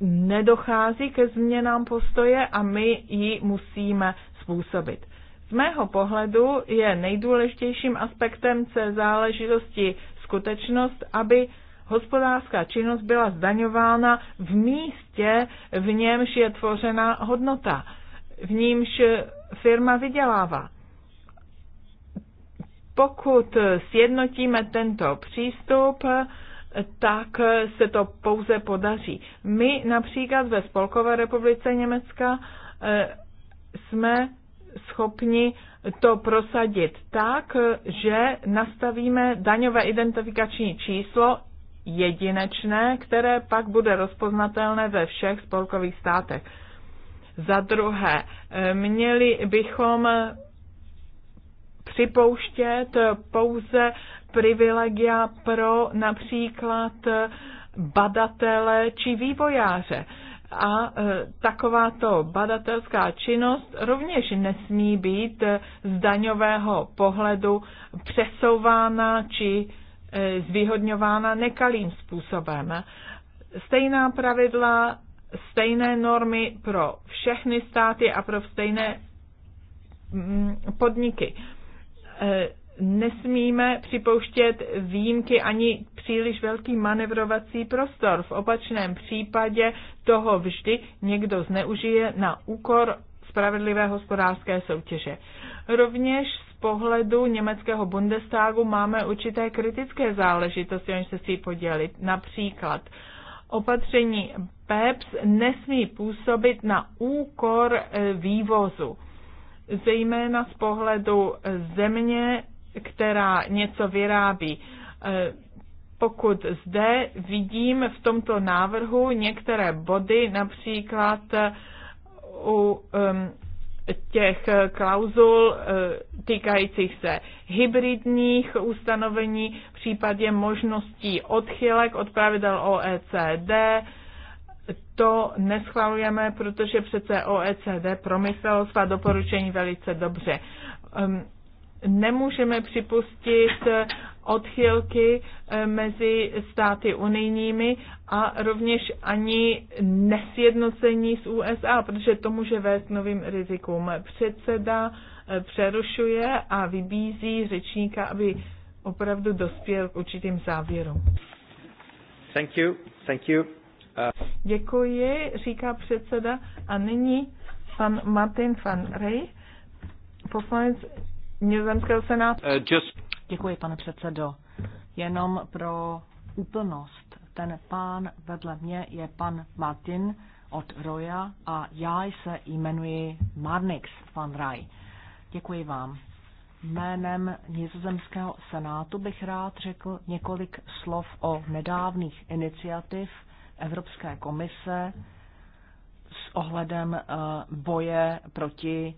nedochází ke změnám postoje a my ji musíme způsobit. Z mého pohledu je nejdůležitějším aspektem té záležitosti skutečnost, aby hospodářská činnost byla zdaňována v místě, v němž je tvořena hodnota, v nímž firma vydělává. Pokud sjednotíme tento přístup, tak se to pouze podaří. My například ve Spolkové republice Německa eh, jsme schopni to prosadit tak, že nastavíme daňové identifikační číslo jedinečné, které pak bude rozpoznatelné ve všech spolkových státech. Za druhé, eh, měli bychom připouštět pouze privilegia pro například badatele či vývojáře. A e, takováto badatelská činnost rovněž nesmí být z daňového pohledu přesouvána či e, zvýhodňována nekalým způsobem. Stejná pravidla, stejné normy pro všechny státy a pro stejné mm, podniky nesmíme připouštět výjimky ani příliš velký manevrovací prostor. V opačném případě toho vždy někdo zneužije na úkor spravedlivé hospodářské soutěže. Rovněž z pohledu německého Bundestagu máme určité kritické záležitosti, o se si podělit. Například opatření PEPS nesmí působit na úkor eh, vývozu zejména z pohledu země, která něco vyrábí. E, pokud zde vidím v tomto návrhu některé body, například u těch klauzul e, týkajících se hybridních ustanovení, případě možností odchylek od pravidel OECD, to neschvalujeme, protože přece OECD promyslelo svá doporučení velice dobře. Ehm, nemůžeme připustit odchylky eh, mezi státy unijními a rovněž ani nesjednocení s USA, protože to může vést novým rizikům. Předseda eh, přerušuje a vybízí řečníka, aby opravdu dospěl k určitým závěrům. Thank you. Thank you. Děkuji, říká předseda. A nyní pan Martin van Rey, poslanec Nězemského senátu. Uh, just... Děkuji, pane předsedo. Jenom pro úplnost. Ten pán vedle mě je pan Martin od Roja a já se jmenuji Marnix van Rey. Děkuji vám. Jménem Nizozemského senátu bych rád řekl několik slov o nedávných iniciativ, Evropské komise s ohledem eh, boje proti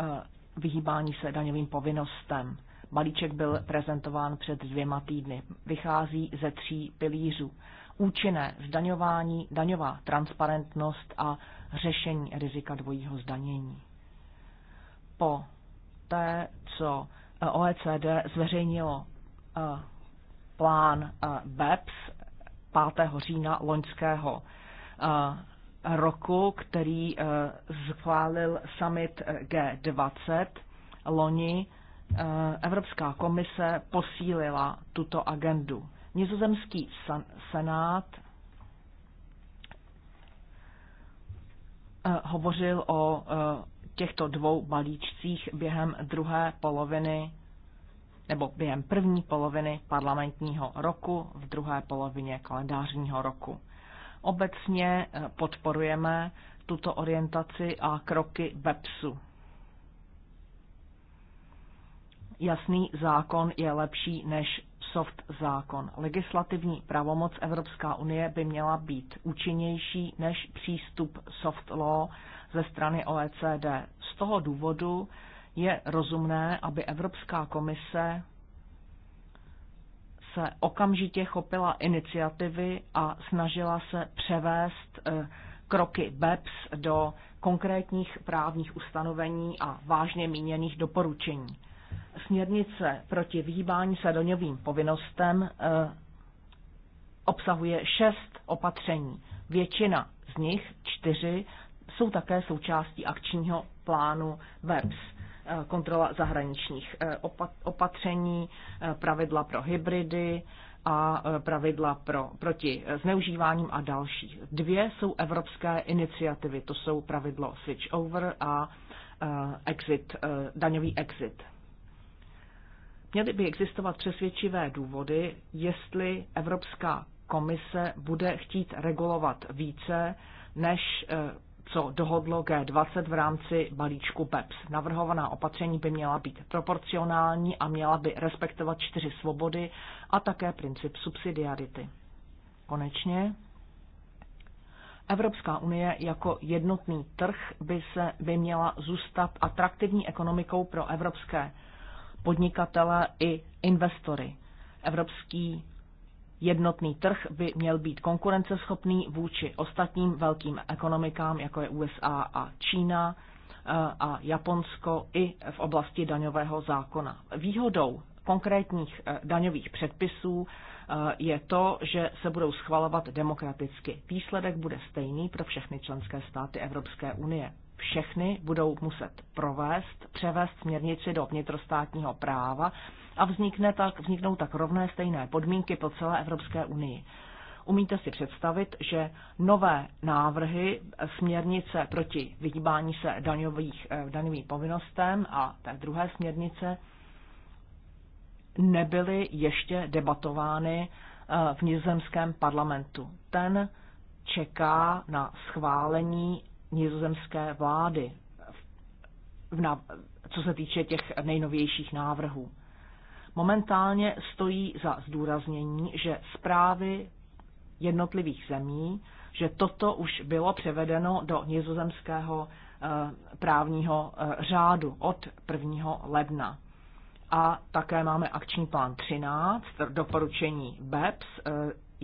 eh, vyhýbání se daňovým povinnostem. Balíček byl prezentován před dvěma týdny. Vychází ze tří pilířů. Účinné zdaňování, daňová transparentnost a řešení rizika dvojího zdanění. Po té, co eh, OECD zveřejnilo plán eh, BEPS 5. října loňského eh, roku, který eh, schválil summit G20 loni. Evropská komise posílila tuto agendu. Nizozemský senát hovořil o těchto dvou balíčcích během druhé poloviny nebo během první poloviny parlamentního roku, v druhé polovině kalendářního roku. Obecně eh, podporujeme tuto orientaci a kroky BEPSu. Jasný zákon je lepší než soft zákon. Legislativní pravomoc Evropská unie by měla být účinnější než přístup soft law ze strany OECD. Z toho důvodu je rozumné, aby Evropská komise se okamžitě chopila iniciativy a snažila se převést eh, kroky BEPS do konkrétních právních ustanovení a vážně míněných doporučení. Směrnice proti vyhýbání se doňovým povinnostem eh, obsahuje šest opatření. Většina z nich, čtyři, jsou také součástí akčního plánu VEPS. Eh, kontrola zahraničních eh, opatření, eh, pravidla pro hybridy a pravidla pro, proti zneužíváním a další. Dvě jsou evropské iniciativy, to jsou pravidlo switch over a exit, daňový exit. Měly by existovat přesvědčivé důvody, jestli Evropská komise bude chtít regulovat více, než co dohodlo G20 v rámci balíčku PEPS. Navrhovaná opatření by měla být proporcionální a měla by respektovat čtyři svobody a také princip subsidiarity. Konečně, Evropská unie jako jednotný trh by, se, by měla zůstat atraktivní ekonomikou pro evropské podnikatele i investory. Evropský Jednotný trh by měl být konkurenceschopný vůči ostatním velkým ekonomikám, jako je USA a Čína eh, a Japonsko i v oblasti daňového zákona. Výhodou konkrétních eh, daňových předpisů eh, je to, že se budou schvalovat demokraticky. Výsledek bude stejný pro všechny členské státy Evropské unie. Všechny budou muset provést, převést směrnici do vnitrostátního práva a vznikne tak, vzniknou tak rovné stejné podmínky po celé Evropské unii. Umíte si představit, že nové návrhy eh, směrnice proti vyhýbání se daňových, eh, daňovým povinnostem a té druhé směrnice nebyly ještě debatovány eh, v nizozemském parlamentu. Ten čeká na schválení nizozemské vlády, v, co se týče těch nejnovějších návrhů momentálně stojí za zdůraznění, že zprávy jednotlivých zemí, že toto už bylo převedeno do nizozemského eh, právního eh, řádu od 1. ledna. A také máme akční plán 13, doporučení BEPS, eh,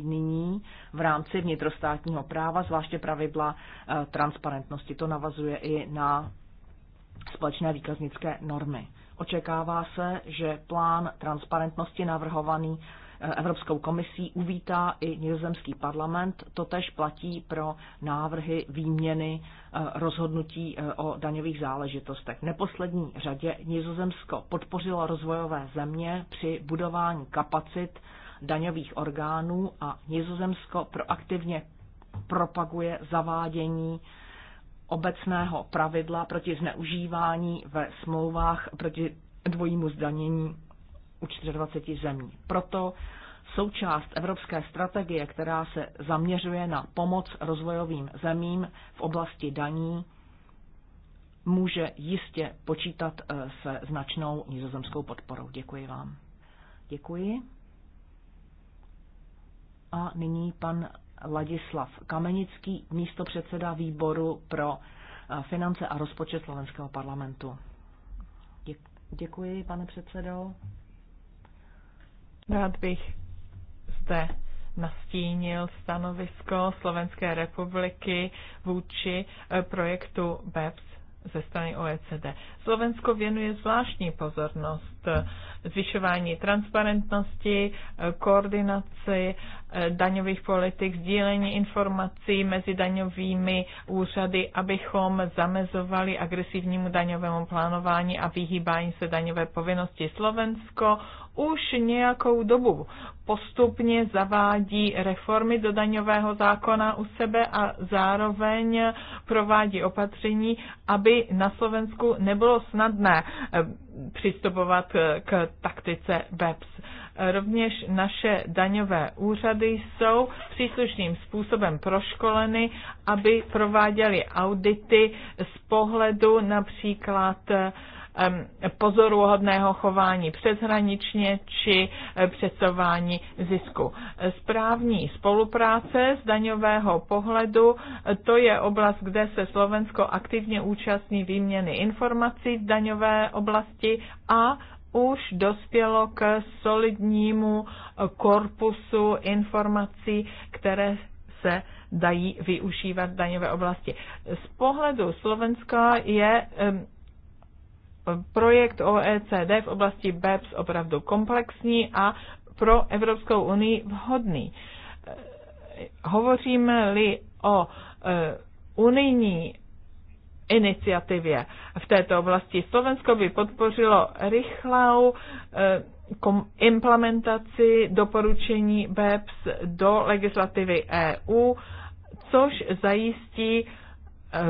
nyní v rámci vnitrostátního práva, zvláště pravidla transparentnosti. To navazuje i na společné výkaznické normy. Očekává se, že plán transparentnosti navrhovaný eh, Evropskou komisí uvítá i nizozemský parlament. Totež platí pro návrhy výměny eh, rozhodnutí eh, o daňových záležitostech. V neposlední řadě Nizozemsko podpořilo rozvojové země při budování kapacit daňových orgánů a Nizozemsko proaktivně propaguje zavádění obecného pravidla proti zneužívání ve smlouvách proti dvojímu zdanění u 24 zemí. Proto součást evropské strategie, která se zaměřuje na pomoc rozvojovým zemím v oblasti daní, může jistě počítat eh, se značnou nizozemskou podporou. Děkuji vám. Děkuji. A nyní pan Ladislav Kamenický, místopředseda výboru pro eh, finance a rozpočet slovenského parlamentu. Děkuji, pane předsedo. Rád bych zde nastínil stanovisko Slovenské republiky vůči eh, projektu BEPS ze strany OECD. Slovensko věnuje zvláštní pozornost Eh, zvyšování transparentnosti, eh, koordinaci eh, daňových politik, sdílení informací mezi daňovými úřady, abychom zamezovali agresivnímu daňovému plánování a vyhýbání se daňové povinnosti. Slovensko už nějakou dobu postupně zavádí reformy do daňového zákona u sebe a zároveň provádí opatření, aby na Slovensku nebylo snadné přistupovat k taktice BEPS. Rovněž naše daňové úřady jsou příslušným způsobem proškoleny, aby prováděly audity z pohledu například pozoruhodného chování přeshraničně či eh, přesování zisku. Správní spolupráce z daňového pohledu, eh, to je oblast, kde se Slovensko aktivně účastní výměny informací v daňové oblasti a už dospělo k solidnímu korpusu informací, které se dají využívat v daňové oblasti. Z pohledu Slovenska je projekt OECD v oblasti BEPS opravdu komplexní a pro Evropskou unii vhodný. Hovoříme-li o eh, unijní iniciativě v této oblasti. Slovensko by podpořilo rychlou eh, implementaci doporučení BEPS do legislativy EU, což zajistí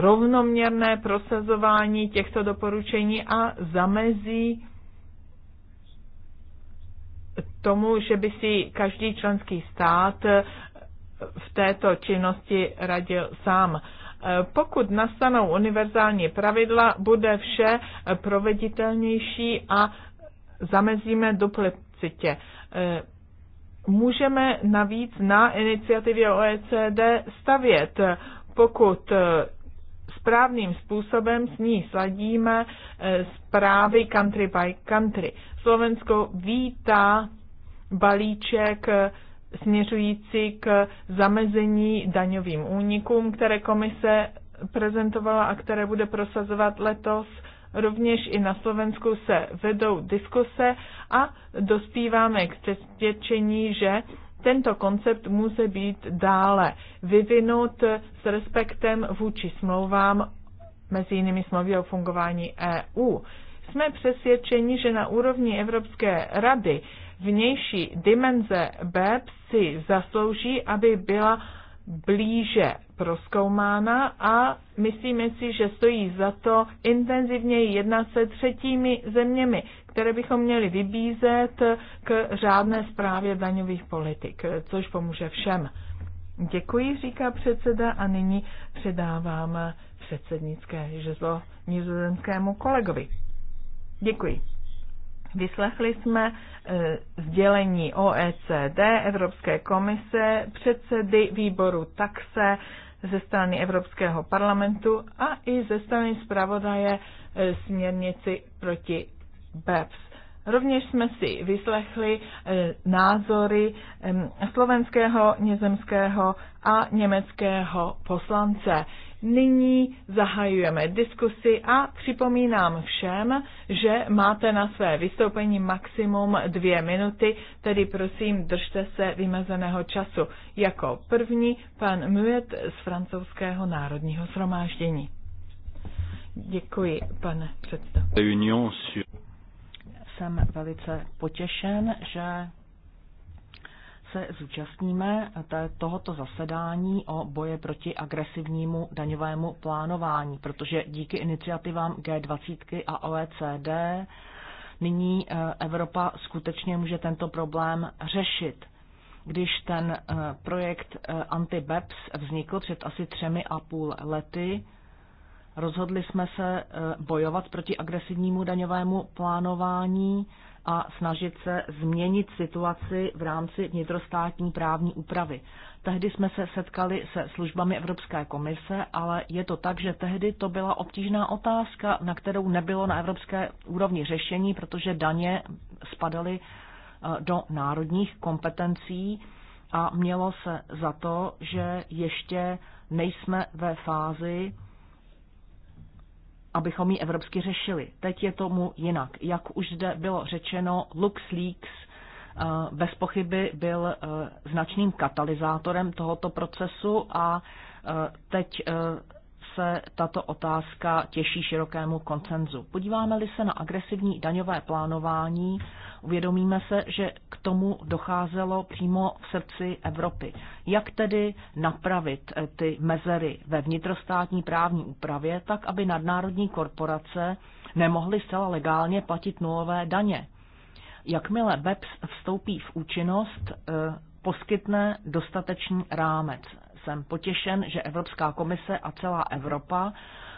rovnoměrné prosazování těchto doporučení a zamezí tomu, že by si každý členský stát v této činnosti radil sám. Eh, pokud nastanou univerzální pravidla, bude vše eh, proveditelnější a zamezíme duplicitě. Eh, můžeme navíc na iniciativě OECD stavět, pokud správným způsobem s ní sladíme zprávy country by country. Slovensko vítá balíček směřující k zamezení daňovým únikům, které komise prezentovala a které bude prosazovat letos. Rovněž i na Slovensku se vedou diskuse a dospíváme k přesvědčení, že tento koncept může být dále vyvinut s respektem vůči smlouvám, mezi jinými smlouvy o fungování EU. Jsme přesvědčeni, že na úrovni Evropské rady vnější dimenze BEPS si zaslouží, aby byla blíže proskoumána a myslíme si, že stojí za to intenzivněji jednat se třetími zeměmi, které bychom měli vybízet k řádné zprávě daňových politik, což pomůže všem. Děkuji, říká předseda a nyní předávám předsednické žezlo nizozemskému kolegovi. Děkuji. Vyslechli jsme eh, sdělení OECD, Evropské komise, předsedy výboru taxe ze strany Evropského parlamentu a i ze strany zpravodaje eh, směrnici proti BEPS. Rovněž jsme si vyslechli eh, názory slovenského, nězemského a německého poslance. Nyní zahajujeme diskusi a připomínám všem, že máte na své vystoupení maximum dvě minuty, tedy prosím držte se vymezeného času. Jako první pan Muet z francouzského národního shromáždění. Děkuji, pane předsedo. Jsem velice potěšen, že se zúčastníme tohoto zasedání o boje proti agresivnímu daňovému plánování, protože díky iniciativám G20 a OECD nyní e, Evropa skutečně může tento problém řešit. Když ten e, projekt e, Anti-BEPS vznikl před asi třemi a půl lety, rozhodli jsme se bojovat proti agresivnímu daňovému plánování a snažit se změnit situaci v rámci vnitrostátní právní úpravy. Tehdy jsme se setkali se službami Evropské komise, ale je to tak, že tehdy to byla obtížná otázka, na kterou nebylo na evropské úrovni řešení, protože daně spadaly eh, do národních kompetencí a mělo se za to, že ještě nejsme ve fázi, abychom ji evropsky řešili. Teď je tomu jinak. Jak už zde bylo řečeno, LuxLeaks eh, bez pochyby byl eh, značným katalyzátorem tohoto procesu a eh, teď se tato otázka těší širokému koncenzu. Podíváme-li se na agresivní daňové plánování, Uvědomíme se, že k tomu docházelo přímo v srdci Evropy. Jak tedy napravit eh, ty mezery ve vnitrostátní právní úpravě, tak aby nadnárodní korporace nemohly zcela legálně platit nulové daně? Jakmile BEPS vstoupí v účinnost, eh, poskytne dostatečný rámec. Jsem potěšen, že Evropská komise a celá Evropa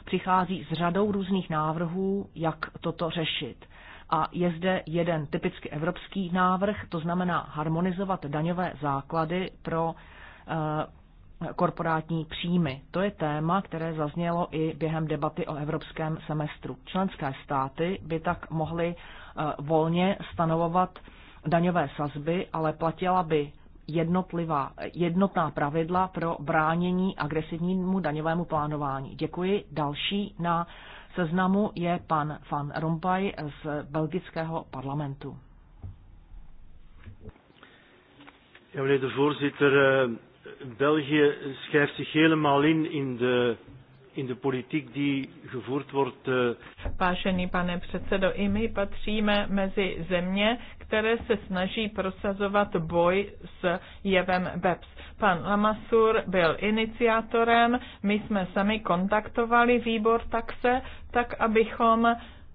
přichází s řadou různých návrhů, jak toto řešit. A je zde jeden typicky evropský návrh, to znamená harmonizovat daňové základy pro eh, korporátní příjmy. To je téma, které zaznělo i během debaty o evropském semestru. Členské státy by tak mohly eh, volně stanovovat daňové sazby, ale platila by jednotlivá, jednotná pravidla pro bránění agresivnímu daňovému plánování. Děkuji. Další na seznamu je pan Van Rompuy z belgického parlamentu. Ja, meneer de voorzitter, eh, België schrijft zich helemaal in in de in de politiek die gevoerd wordt. Eh. Vážený pane předsedo, i my patříme mezi země, které se snaží prosazovat boj s jevem BEPS. Pan Lamasur byl iniciátorem, my jsme sami kontaktovali výbor taxe, tak abychom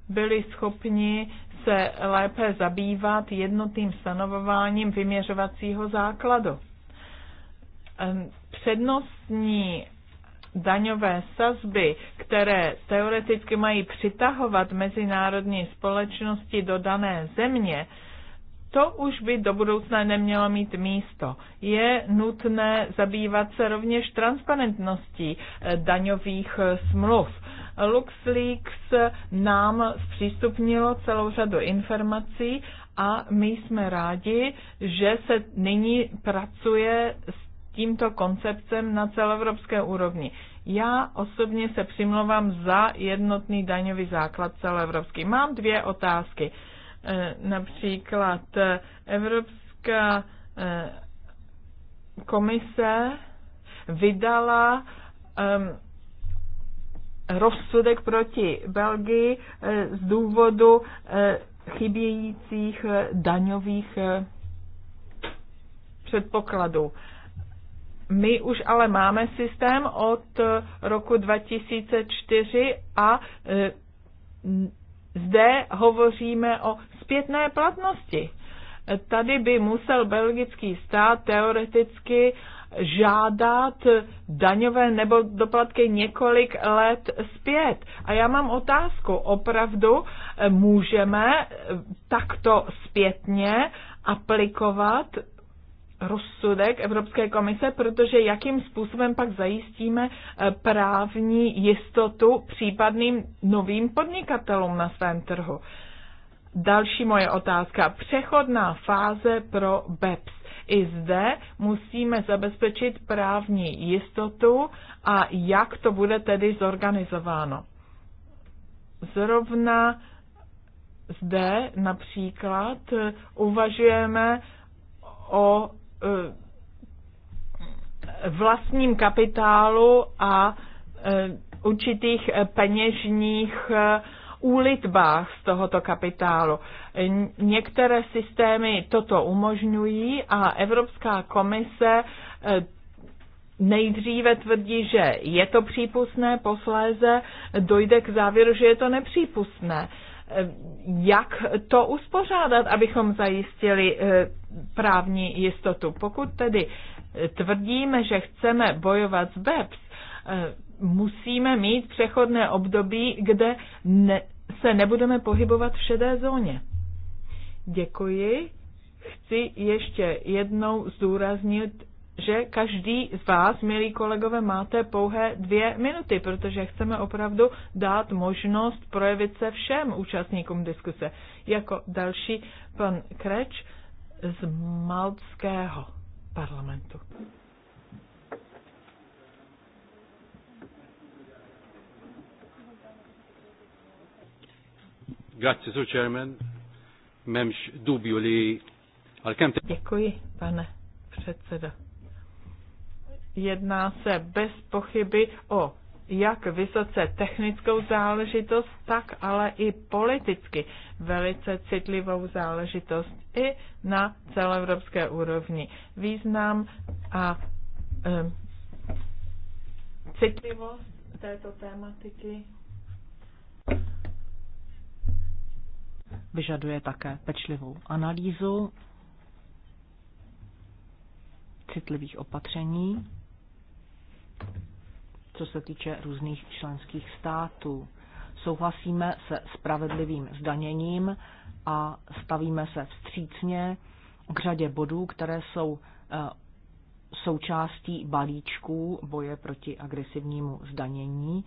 byli schopni se lépe zabývat jednotným stanovováním vyměřovacího základu. Přednostní daňové sazby, které teoreticky mají přitahovat mezinárodní společnosti do dané země, to už by do budoucna nemělo mít místo. Je nutné zabývat se rovněž transparentností eh, daňových eh, smluv. LuxLeaks eh, nám zpřístupnilo celou řadu informací a my jsme rádi, že se nyní pracuje s tímto konceptem na celoevropské úrovni. Já osobně se přimlouvám za jednotný daňový základ celoevropský. Mám dvě otázky. Eh, například eh, Evropská eh, komise vydala ehm, rozsudek proti Belgii z důvodu chybějících daňových předpokladů. My už ale máme systém od roku 2004 a zde hovoříme o zpětné platnosti. Tady by musel belgický stát teoreticky žádat daňové nebo doplatky několik let zpět. A já mám otázku, opravdu eh, můžeme eh, takto zpětně aplikovat rozsudek Evropské komise, protože jakým způsobem pak zajistíme eh, právní jistotu případným novým podnikatelům na svém trhu. Další moje otázka. Přechodná fáze pro BEPS. I zde musíme zabezpečit právní jistotu a jak to bude tedy zorganizováno. Zrovna zde například eh, uvažujeme o Eh, vlastním kapitálu a eh, určitých eh, peněžních úlitbách z tohoto kapitálu. Některé systémy toto umožňují a Evropská komise nejdříve tvrdí, že je to přípustné, posléze dojde k závěru, že je to nepřípustné jak to uspořádat, abychom zajistili eh, právní jistotu. Pokud tedy eh, tvrdíme, že chceme bojovat s BEPS, eh, musíme mít přechodné období, kde ne, se nebudeme pohybovat v šedé zóně. Děkuji. Chci ještě jednou zdůraznit že každý z vás, milí kolegové, máte pouhé dvě minuty, protože chceme opravdu dát možnost projevit se všem účastníkům diskuse. Jako další pan Kreč z Maltského parlamentu. Grazie, Sir Chairman. li Děkuji, pane předsedo jedná se bez pochyby o jak vysoce technickou záležitost, tak ale i politicky velice citlivou záležitost i na celoevropské úrovni. Význam a e, citlivost této tématiky vyžaduje také pečlivou analýzu citlivých opatření co se týče různých členských států. Souhlasíme se spravedlivým zdaněním a stavíme se vstřícně k řadě bodů, které jsou eh, součástí balíčků boje proti agresivnímu zdanění,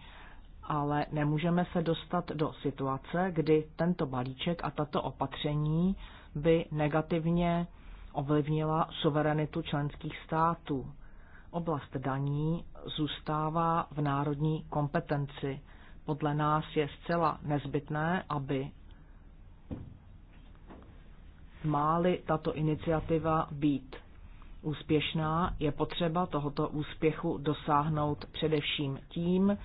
ale nemůžeme se dostat do situace, kdy tento balíček a tato opatření by negativně ovlivnila suverenitu členských států. Oblast daní zůstává v národní kompetenci. Podle nás je zcela nezbytné, aby máli tato iniciativa být úspěšná, je potřeba tohoto úspěchu dosáhnout především tím,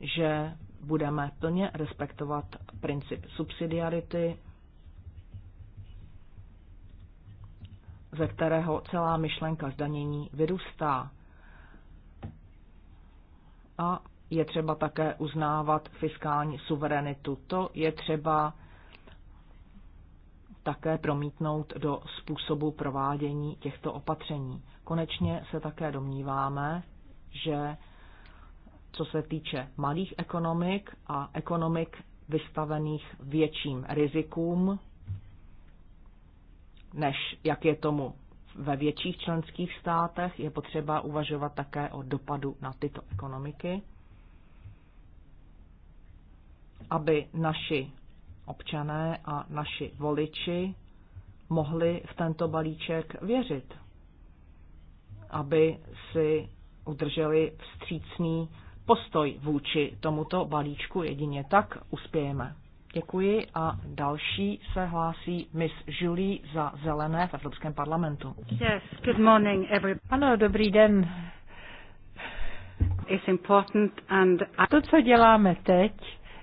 že budeme plně respektovat princip subsidiarity, ze kterého celá myšlenka zdanění vyrůstá a je třeba také uznávat fiskální suverenitu. To je třeba také promítnout do způsobu provádění těchto opatření. Konečně se také domníváme, že co se týče malých ekonomik a ekonomik vystavených větším rizikům, než jak je tomu ve větších členských státech je potřeba uvažovat také o dopadu na tyto ekonomiky, aby naši občané a naši voliči mohli v tento balíček věřit, aby si udrželi vstřícný postoj vůči tomuto balíčku. Jedině tak uspějeme. Děkuji a další se hlásí Miss Julie za zelené v Evropském parlamentu. Yes, good morning, Ano, dobrý den. It's important and... To, co děláme teď,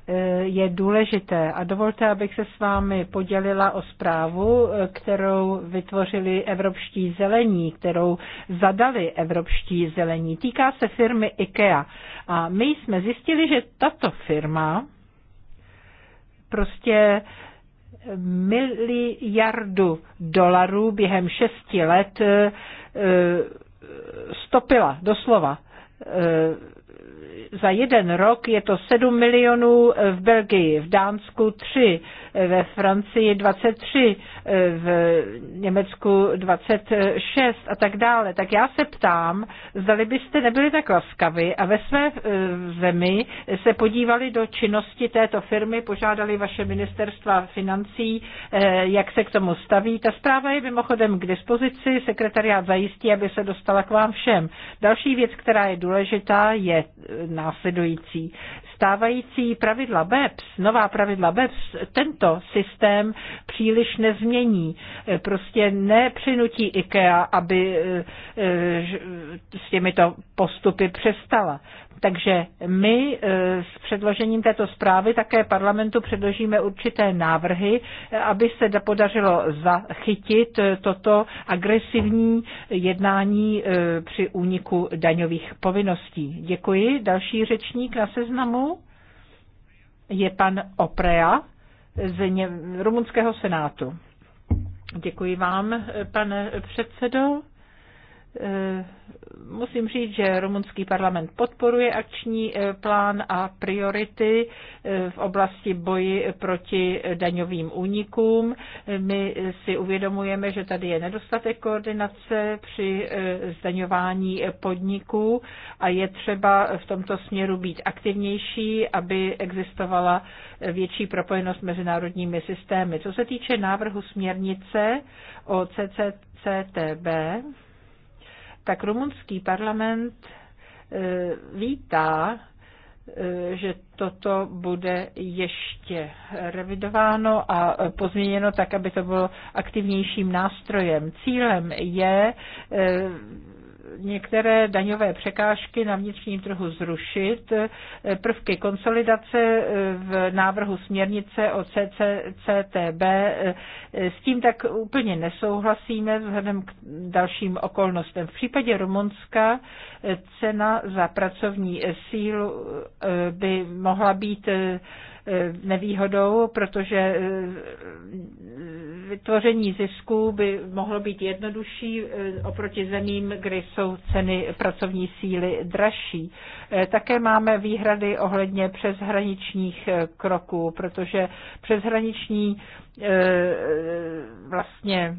eh, je důležité a dovolte, abych se s vámi podělila o zprávu, eh, kterou vytvořili evropští zelení, kterou zadali evropští zelení. Týká se firmy IKEA a my jsme zjistili, že tato firma prostě miliardu dolarů během šesti let eh, stopila, doslova. Eh, za jeden rok je to 7 milionů v Belgii, v Dánsku 3, eh, ve Francii 23, v Německu 26 a tak dále. Tak já se ptám, zdali byste nebyli tak laskavi a ve své e, zemi se podívali do činnosti této firmy, požádali vaše ministerstva financí, e, jak se k tomu staví. Ta zpráva je mimochodem k dispozici, sekretariát zajistí, aby se dostala k vám všem. Další věc, která je důležitá, je e, následující stávající pravidla BEPS, nová pravidla BEPS, tento systém příliš nezmění. Eh, prostě nepřinutí IKEA, aby eh, eh, s těmito postupy přestala. Takže my eh, s předložením této zprávy také parlamentu předložíme určité návrhy, eh, aby se podařilo zachytit eh, toto agresivní jednání při úniku daňových povinností. Děkuji. Další řečník na seznamu je pan Oprea z Rumunského senátu. Děkuji vám, pane předsedo. Eh, musím říct, že rumunský parlament podporuje akční eh, plán a priority eh, v oblasti boji proti daňovým únikům. My si uvědomujeme, že tady je nedostatek koordinace při zdaňování podniků a je třeba v tomto směru být aktivnější, aby existovala větší propojenost mezi národními systémy. Co se týče návrhu směrnice o CCCTB, tak rumunský parlament eh, vítá, eh, že toto bude ještě revidováno a pozměněno tak, aby to bylo aktivnějším nástrojem. Cílem je eh, některé daňové překážky na vnitřním trhu zrušit. Prvky konsolidace eh, v návrhu směrnice o CCCTB eh, s tím tak úplně nesouhlasíme vzhledem k dalším okolnostem. V případě Rumunska eh, cena za pracovní sílu by mohla být Eh, nevýhodou, protože eh, vytvoření zisků by mohlo být jednodušší eh, oproti zemím, kde jsou ceny pracovní síly dražší. Také máme výhrady ohledně přeshraničních kroků, protože přeshraniční vlastně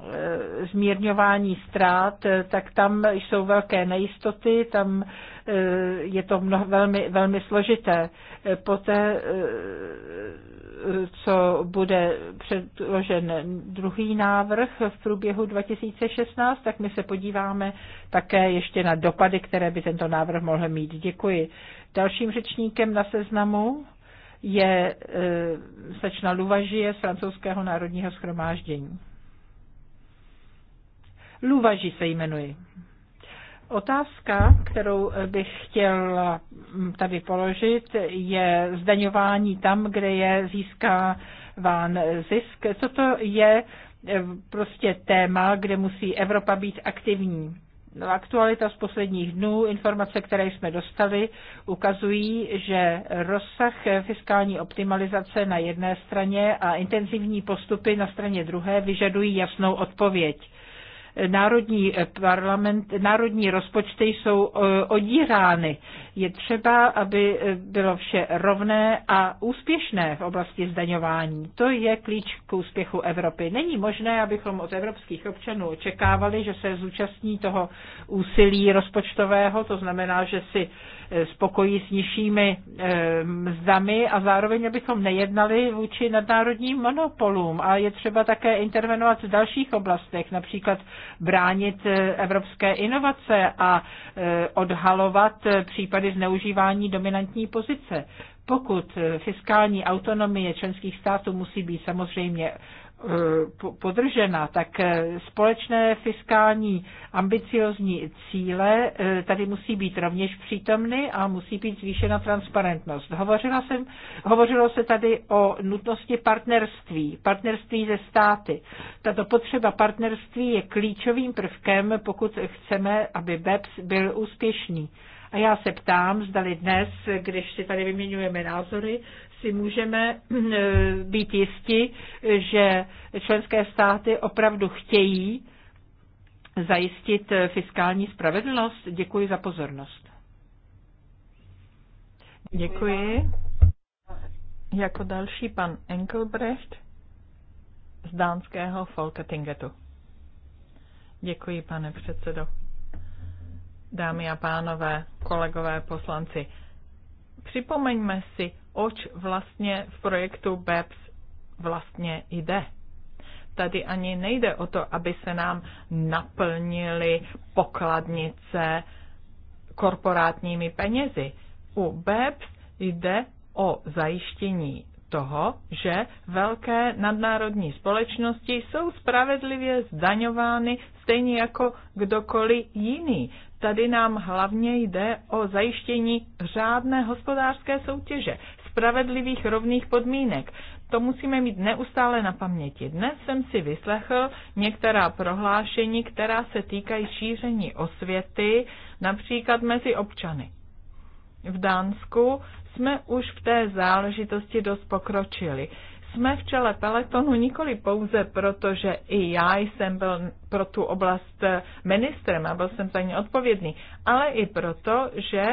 Eh, zmírňování ztrát, eh, tak tam jsou velké nejistoty, tam eh, je to mnoho, velmi, velmi složité. Poté, co bude předložen druhý návrh v průběhu 2016, tak my se podíváme také ještě na dopady, které by tento návrh mohl mít. Děkuji. Dalším řečníkem na seznamu je Sečna Luvažie z francouzského národního schromáždění. Luvaží se jmenuji. Otázka, kterou bych chtěl tady položit, je zdaňování tam, kde je získáván zisk. Co to je prostě téma, kde musí Evropa být aktivní? Aktualita z posledních dnů, informace, které jsme dostali, ukazují, že rozsah fiskální optimalizace na jedné straně a intenzivní postupy na straně druhé vyžadují jasnou odpověď národní, eh, parlament, národní rozpočty jsou eh, odírány. Je třeba, aby eh, bylo vše rovné a úspěšné v oblasti zdaňování. To je klíč k úspěchu Evropy. Není možné, abychom od evropských občanů očekávali, že se zúčastní toho úsilí rozpočtového, to znamená, že si spokojí s nižšími eh, mzdami a zároveň, abychom nejednali vůči nadnárodním monopolům. A je třeba také intervenovat v dalších oblastech, například bránit eh, evropské inovace a eh, odhalovat případy zneužívání dominantní pozice. Pokud fiskální autonomie členských států musí být samozřejmě Eh, podržena, tak eh, společné fiskální ambiciozní cíle eh, tady musí být rovněž přítomny a musí být zvýšena transparentnost. Hovořila jsem, hovořilo se tady o nutnosti partnerství, partnerství ze státy. Tato potřeba partnerství je klíčovým prvkem, pokud chceme, aby BEPS byl úspěšný. A já se ptám, zdali dnes, když si tady vyměňujeme názory, si můžeme eh, být jisti, že členské státy opravdu chtějí zajistit eh, fiskální spravedlnost. Děkuji za pozornost. Děkuji. Jako další pan Enkelbrecht z dánského Folketingetu. Děkuji, pane předsedo. Dámy a pánové, kolegové poslanci, připomeňme si oč vlastně v projektu BEPS vlastně jde. Tady ani nejde o to, aby se nám naplnili pokladnice korporátními penězi. U BEPS jde o zajištění toho, že velké nadnárodní společnosti jsou spravedlivě zdaňovány stejně jako kdokoliv jiný. Tady nám hlavně jde o zajištění řádné hospodářské soutěže spravedlivých rovných podmínek. To musíme mít neustále na paměti. Dnes jsem si vyslechl některá prohlášení, která se týkají šíření osvěty, například mezi občany. V Dánsku jsme už v té záležitosti dost pokročili jsme v čele peletonu nikoli pouze proto, že i já jsem byl pro tu oblast ministrem a byl jsem za ně odpovědný, ale i proto, že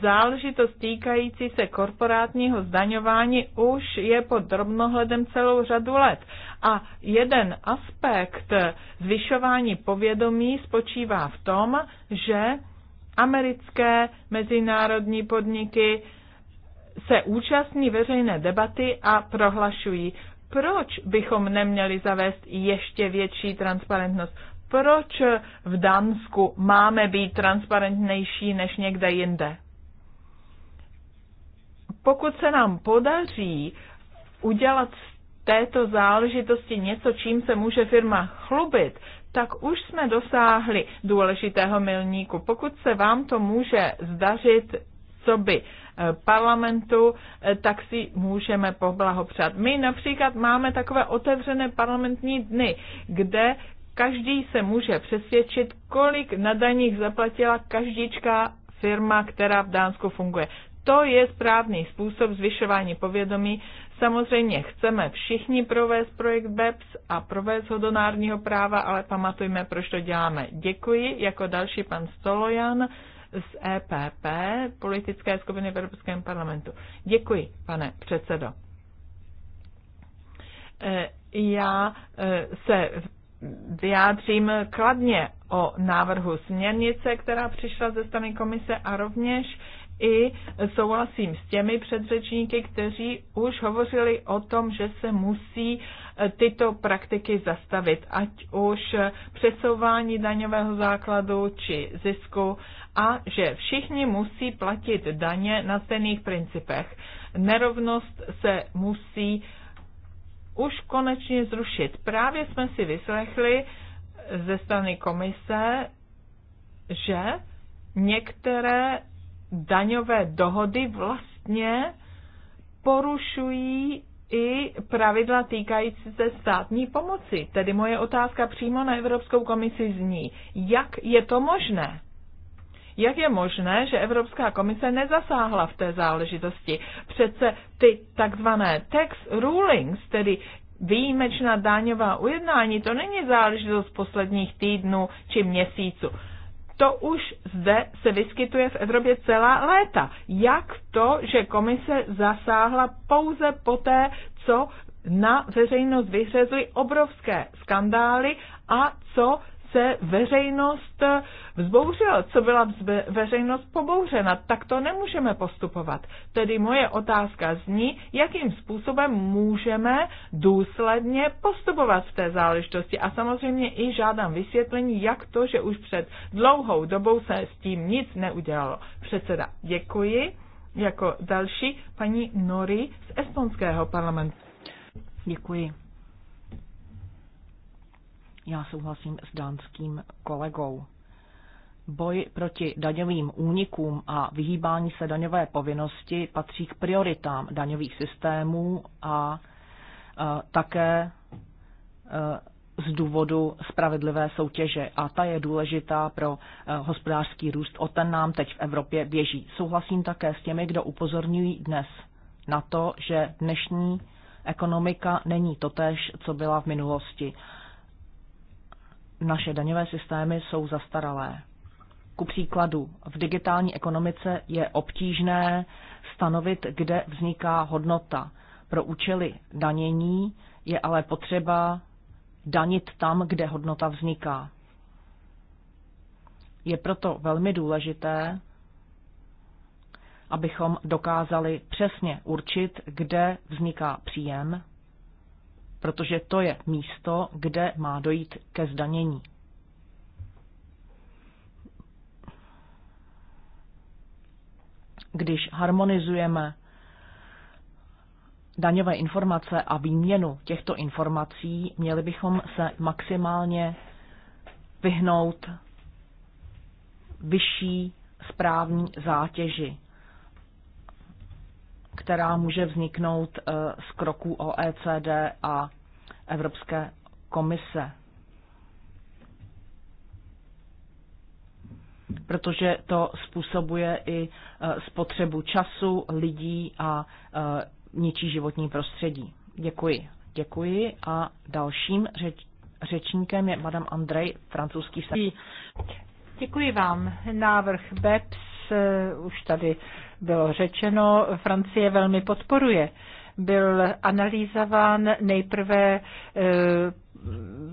záležitost týkající se korporátního zdaňování už je pod drobnohledem celou řadu let. A jeden aspekt zvyšování povědomí spočívá v tom, že americké mezinárodní podniky se účastní veřejné debaty a prohlašují, proč bychom neměli zavést ještě větší transparentnost. Proč v Dánsku máme být transparentnější než někde jinde? Pokud se nám podaří udělat z této záležitosti něco, čím se může firma chlubit, tak už jsme dosáhli důležitého milníku. Pokud se vám to může zdařit osoby eh, parlamentu, eh, tak si můžeme poblahopřát. My například máme takové otevřené parlamentní dny, kde každý se může přesvědčit, kolik na daních zaplatila každička firma, která v Dánsku funguje. To je správný způsob zvyšování povědomí. Samozřejmě chceme všichni provést projekt BEPS a provést ho do národního práva, ale pamatujme, proč to děláme. Děkuji. Jako další pan Stolojan z EPP, politické skupiny v Evropském parlamentu. Děkuji, pane předsedo. E, já e, se vyjádřím kladně o návrhu směrnice, která přišla ze strany komise a rovněž i souhlasím s těmi předřečníky, kteří už hovořili o tom, že se musí e, tyto praktiky zastavit, ať už přesouvání daňového základu či zisku a že všichni musí platit daně na stejných principech. Nerovnost se musí už konečně zrušit. Právě jsme si vyslechli e, ze strany komise, že některé daňové dohody vlastně porušují i pravidla týkající se státní pomoci. Tedy moje otázka přímo na Evropskou komisi zní, jak je to možné? Jak je možné, že Evropská komise nezasáhla v té záležitosti? Přece ty takzvané tax rulings, tedy výjimečná daňová ujednání, to není záležitost posledních týdnů či měsíců to už zde se vyskytuje v Evropě celá léta. Jak to, že komise zasáhla pouze poté, co na veřejnost vyhřezují obrovské skandály a co se veřejnost vzbouřila, co byla veřejnost pobouřena. Tak to nemůžeme postupovat. Tedy moje otázka zní, jakým způsobem můžeme důsledně postupovat v té záležitosti. A samozřejmě i žádám vysvětlení, jak to, že už před dlouhou dobou se s tím nic neudělalo. Předseda, děkuji. Jako další paní Nori z Estonského parlamentu. Děkuji. Já souhlasím s dánským kolegou. Boj proti daňovým únikům a vyhýbání se daňové povinnosti patří k prioritám daňových systémů a e, také e, z důvodu spravedlivé soutěže a ta je důležitá pro e, hospodářský růst. O ten nám teď v Evropě běží. Souhlasím také s těmi, kdo upozorňují dnes na to, že dnešní ekonomika není totéž, co byla v minulosti naše daňové systémy jsou zastaralé. Ku příkladu, v digitální ekonomice je obtížné stanovit, kde vzniká hodnota. Pro účely danění je ale potřeba danit tam, kde hodnota vzniká. Je proto velmi důležité, abychom dokázali přesně určit, kde vzniká příjem protože to je místo, kde má dojít ke zdanění. Když harmonizujeme daňové informace a výměnu těchto informací, měli bychom se maximálně vyhnout vyšší správní zátěži která může vzniknout eh, z kroků OECD a Evropské komise. Protože to způsobuje i eh, spotřebu času, lidí a eh, ničí životní prostředí. Děkuji. Děkuji a dalším řeč, řečníkem je madame Andrej, francouzský sekretář. Děkuji vám. Návrh BEPS už tady bylo řečeno, Francie velmi podporuje. Byl analýzován nejprve e,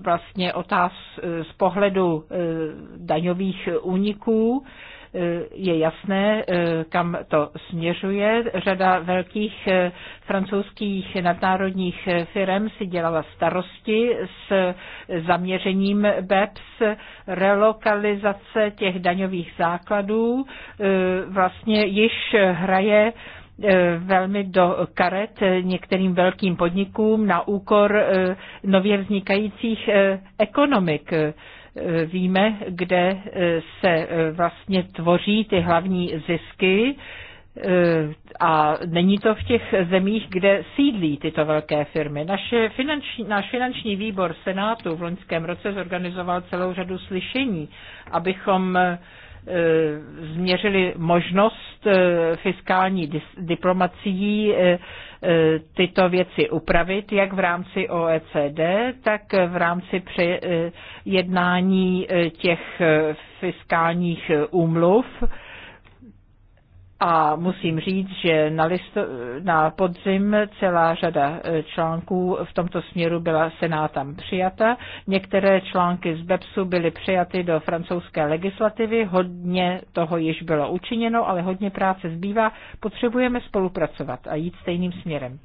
vlastně otáz z pohledu e, daňových úniků je jasné, eh, kam to směřuje. Řada velkých eh, francouzských nadnárodních eh, firm si dělala starosti s zaměřením BEPS, relokalizace těch daňových základů vlastně již hraje velmi do karet některým velkým podnikům na úkor nově vznikajících ekonomik. Víme, kde eh, se eh, vlastně tvoří ty hlavní zisky eh, a není to v těch zemích, kde sídlí tyto velké firmy. Náš finanční, náš finanční výbor Senátu v loňském roce zorganizoval celou řadu slyšení, abychom změřili možnost fiskální diplomacií E, tyto věci upravit, jak v rámci OECD, tak v rámci e, jednání e, těch fiskálních úmluv a musím říct, že na, listo, na podzim celá řada e, článků v tomto směru byla senátem přijata. Některé články z BEPSu byly přijaty do francouzské legislativy, hodně toho již bylo učiněno, ale hodně práce zbývá. Potřebujeme spolupracovat a jít stejným směrem.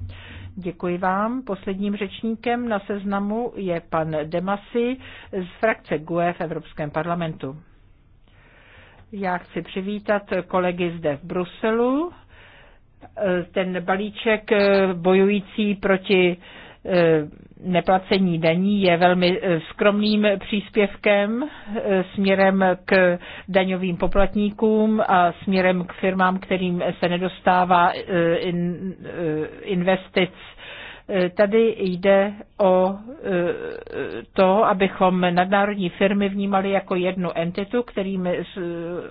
Děkuji vám. Posledním řečníkem na seznamu je pan Demasi z frakce GUE v Evropském parlamentu. Já chci přivítat kolegy zde v Bruselu. Ten balíček eh, bojující proti eh, neplacení daní je velmi eh, skromným příspěvkem směrem k daňovým poplatníkům a směrem k firmám, kterým se nedostává investic E, tady jde o e, to, abychom nadnárodní firmy vnímali jako jednu entitu, kterými e,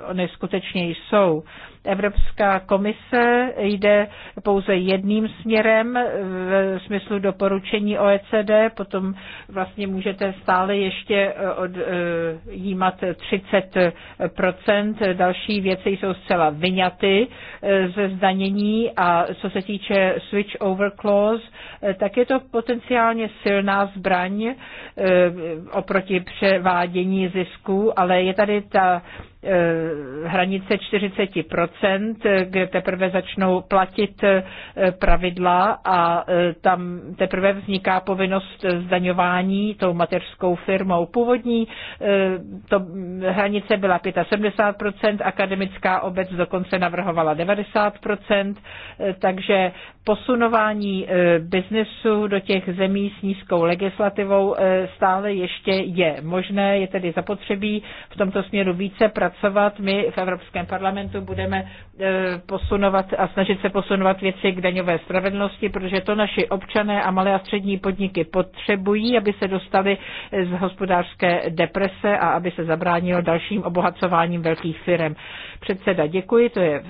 oni skutečně jsou. Evropská komise jde pouze jedným směrem v smyslu doporučení OECD, potom vlastně můžete stále ještě eh, odjímat 30 další věci jsou zcela vyňaty eh, ze zdanění a co se týče switch over clause, eh, tak je to potenciálně silná zbraň oproti převádění zisku, ale je tady ta Eh, hranice 40%, kde teprve začnou platit eh, pravidla a eh, tam teprve vzniká povinnost zdaňování tou mateřskou firmou. Původní to hranice byla 75%, akademická obec dokonce navrhovala 90%, takže posunování biznesu do těch zemí s nízkou legislativou stále ještě je možné, je tedy zapotřebí v tomto směru více pracovat pracovat. My v Evropském parlamentu budeme e, posunovat a snažit se posunovat věci k daňové spravedlnosti, protože to naši občané a malé a střední podniky potřebují, aby se dostali z hospodářské deprese a aby se zabránilo dalším obohacováním velkých firm. Předseda, děkuji, to, je,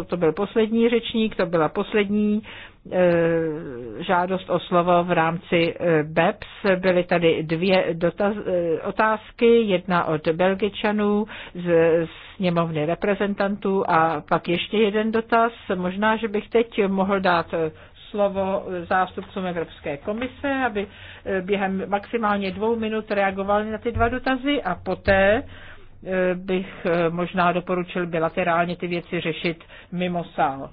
e, to byl poslední řečník, to byla poslední Eh, žádost o slovo v rámci eh, BEPS. Byly tady dvě dotaz, eh, otázky, jedna od Belgičanů z sněmovny reprezentantů a pak ještě jeden dotaz. Možná, že bych teď mohl dát slovo zástupcům Evropské komise, aby během maximálně dvou minut reagovali na ty dva dotazy a poté bych možná doporučil bilaterálně ty věci řešit mimo sál.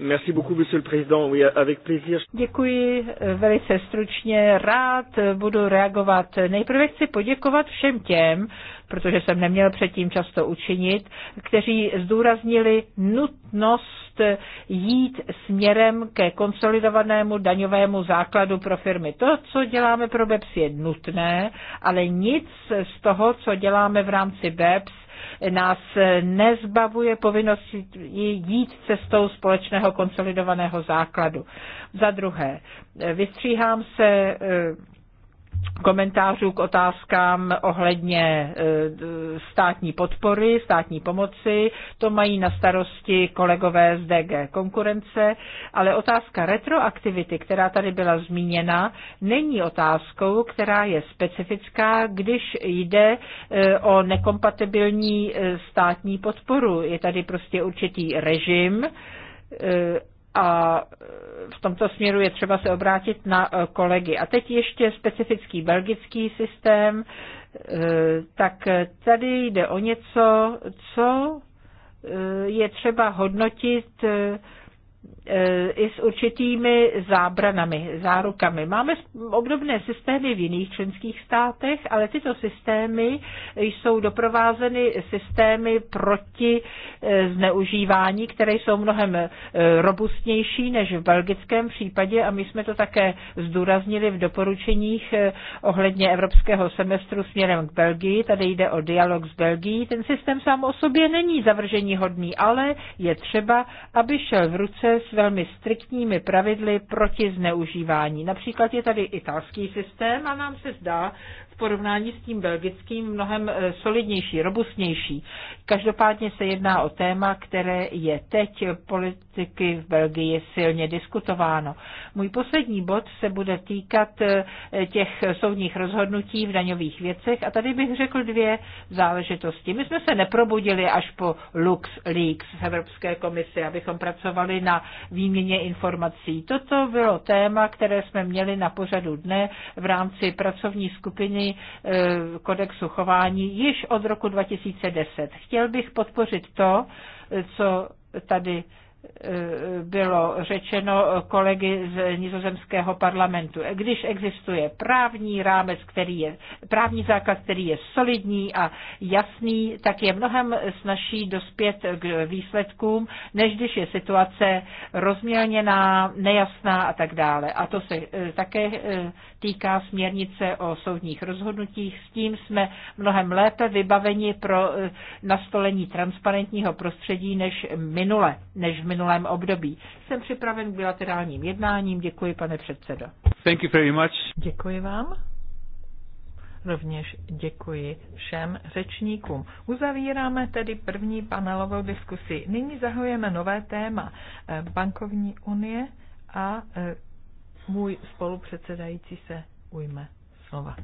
Merci beaucoup, monsieur le président. Oui, avec plaisir. Děkuji eh, velice stručně, rád eh, budu reagovat. Nejprve chci poděkovat všem těm, protože jsem neměl předtím často učinit, kteří zdůraznili nutnost eh, jít směrem ke konsolidovanému daňovému základu pro firmy. To, co děláme pro BEPS, je nutné, ale nic z toho, co děláme v rámci BEPS, nás nezbavuje povinnosti jít cestou společného konsolidovaného základu. Za druhé, vystříhám se eh, komentářů k otázkám ohledně e, státní podpory, státní pomoci. To mají na starosti kolegové z DG konkurence, ale otázka retroaktivity, která tady byla zmíněna, není otázkou, která je specifická, když jde e, o nekompatibilní e, státní podporu. Je tady prostě určitý režim, a e, v tomto směru je třeba se obrátit na e, kolegy. A teď ještě specifický belgický systém, e, tak tady jde o něco, co je třeba hodnotit E, i s určitými zábranami, zárukami. Máme obdobné systémy v jiných členských státech, ale tyto systémy jsou doprovázeny systémy proti e, zneužívání, které jsou mnohem e, robustnější než v belgickém případě a my jsme to také zdůraznili v doporučeních ohledně evropského semestru směrem k Belgii. Tady jde o dialog s Belgií. Ten systém sám o sobě není zavržení hodný, ale je třeba, aby šel v ruce s velmi striktními pravidly proti zneužívání. Například je tady italský systém a nám se zdá v porovnání s tím belgickým mnohem eh, solidnější, robustnější. Každopádně se jedná o téma, které je teď politiky v Belgii silně diskutováno. Můj poslední bod se bude týkat eh, těch soudních rozhodnutí v daňových věcech a tady bych řekl dvě záležitosti. My jsme se neprobudili až po LuxLeaks z Evropské komise, abychom pracovali na výměně informací. Toto bylo téma, které jsme měli na pořadu dne v rámci pracovní skupiny Eh, kodexu chování již od roku 2010. Chtěl bych podpořit to, eh, co tady Eh, bylo řečeno kolegy z nizozemského parlamentu. Když existuje právní rámec, který je, právní základ, který je solidní a jasný, tak je mnohem snažší dospět k výsledkům, než když je situace rozmělněná, nejasná a tak dále. A to se eh, také eh, týká směrnice o soudních rozhodnutích. S tím jsme mnohem lépe vybaveni pro nastolení transparentního prostředí než minule, než v minulém období. Jsem připraven k bilaterálním jednáním. Děkuji, pane předsedo. Thank you very much. Děkuji vám. Rovněž děkuji všem řečníkům. Uzavíráme tedy první panelovou diskusi. Nyní zahujeme nové téma eh, bankovní unie a eh, můj spolupředsedající se ujme slova.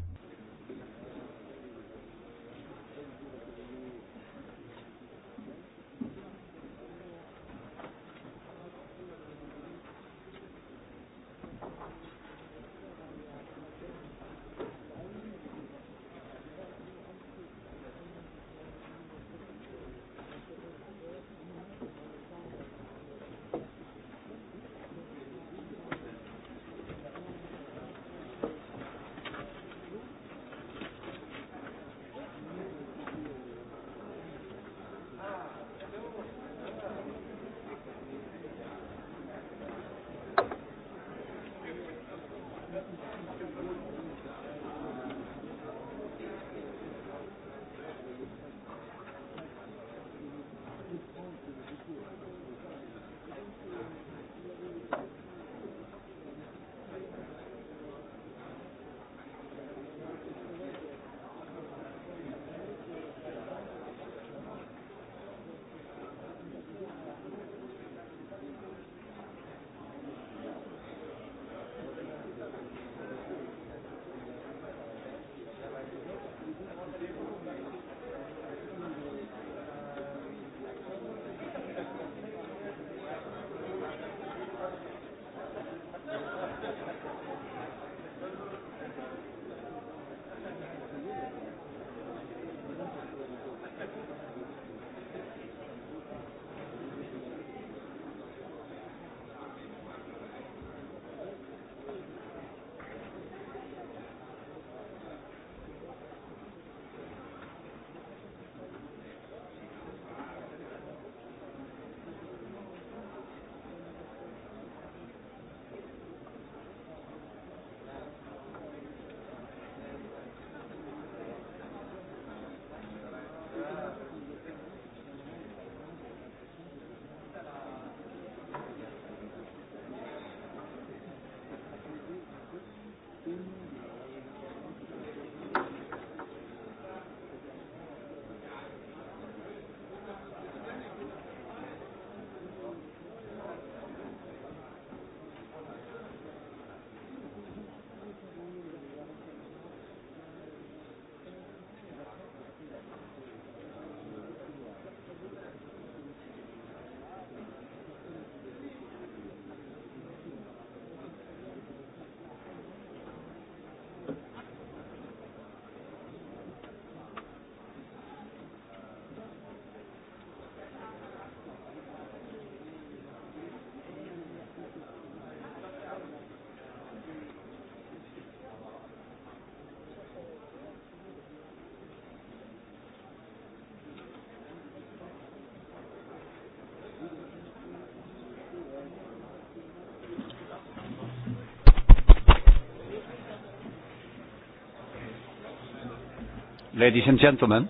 Ladies and gentlemen,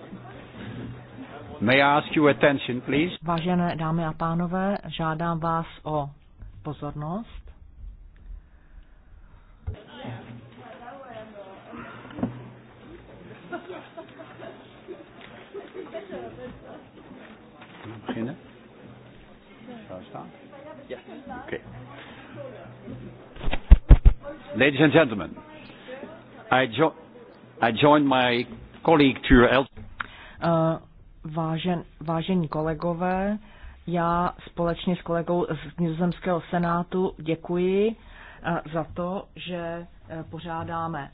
may I ask your attention, please? Vážené dámy a pánové, žádám vás o pozornost. Ladies and gentlemen, I, jo I join my colleague your uh, vážen, Vážení kolegové, já společně s kolegou z Nizozemského senátu děkuji eh, za to, že eh, pořádáme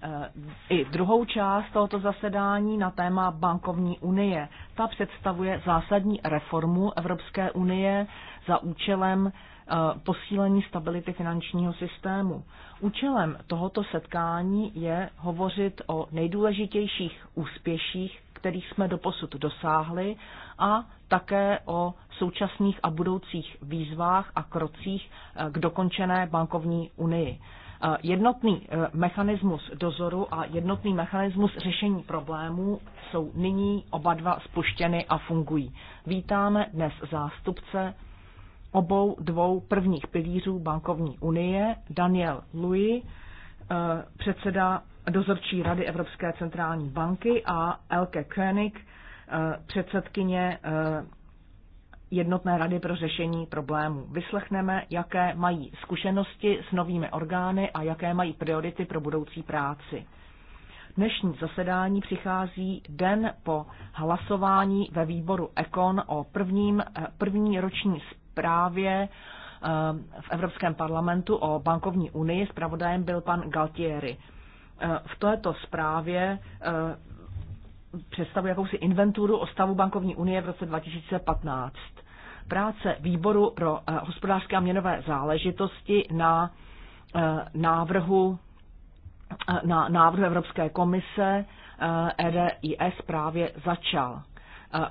i druhou část tohoto zasedání na téma bankovní unie. Ta představuje zásadní reformu Evropské unie za účelem Eh, posílení stability finančního systému. Účelem tohoto setkání je hovořit o nejdůležitějších úspěších, kterých jsme doposud dosáhli a také o současných a budoucích výzvách a krocích eh, k dokončené bankovní unii. Eh, jednotný mechanismus dozoru a jednotný mechanismus řešení problémů jsou nyní oba dva spuštěny a fungují. Vítáme dnes zástupce obou dvou prvních pilířů bankovní unie Daniel Louis, eh, předseda dozorčí rady Evropské centrální banky a Elke König, eh, předsedkyně eh, jednotné rady pro řešení problémů. Vyslechneme, jaké mají zkušenosti s novými orgány a jaké mají priority pro budoucí práci. Dnešní zasedání přichází den po hlasování ve výboru Ekon o prvním, první roční právě ehm, v Evropském parlamentu o bankovní unii. Spravodajem byl pan Galtieri. Ehm, v této zprávě ehm, představuje jakousi inventuru o stavu bankovní unie v roce 2015. Práce výboru pro eh, hospodářské a měnové záležitosti na eh, návrhu eh, na návrh Evropské komise EDIS e právě začal.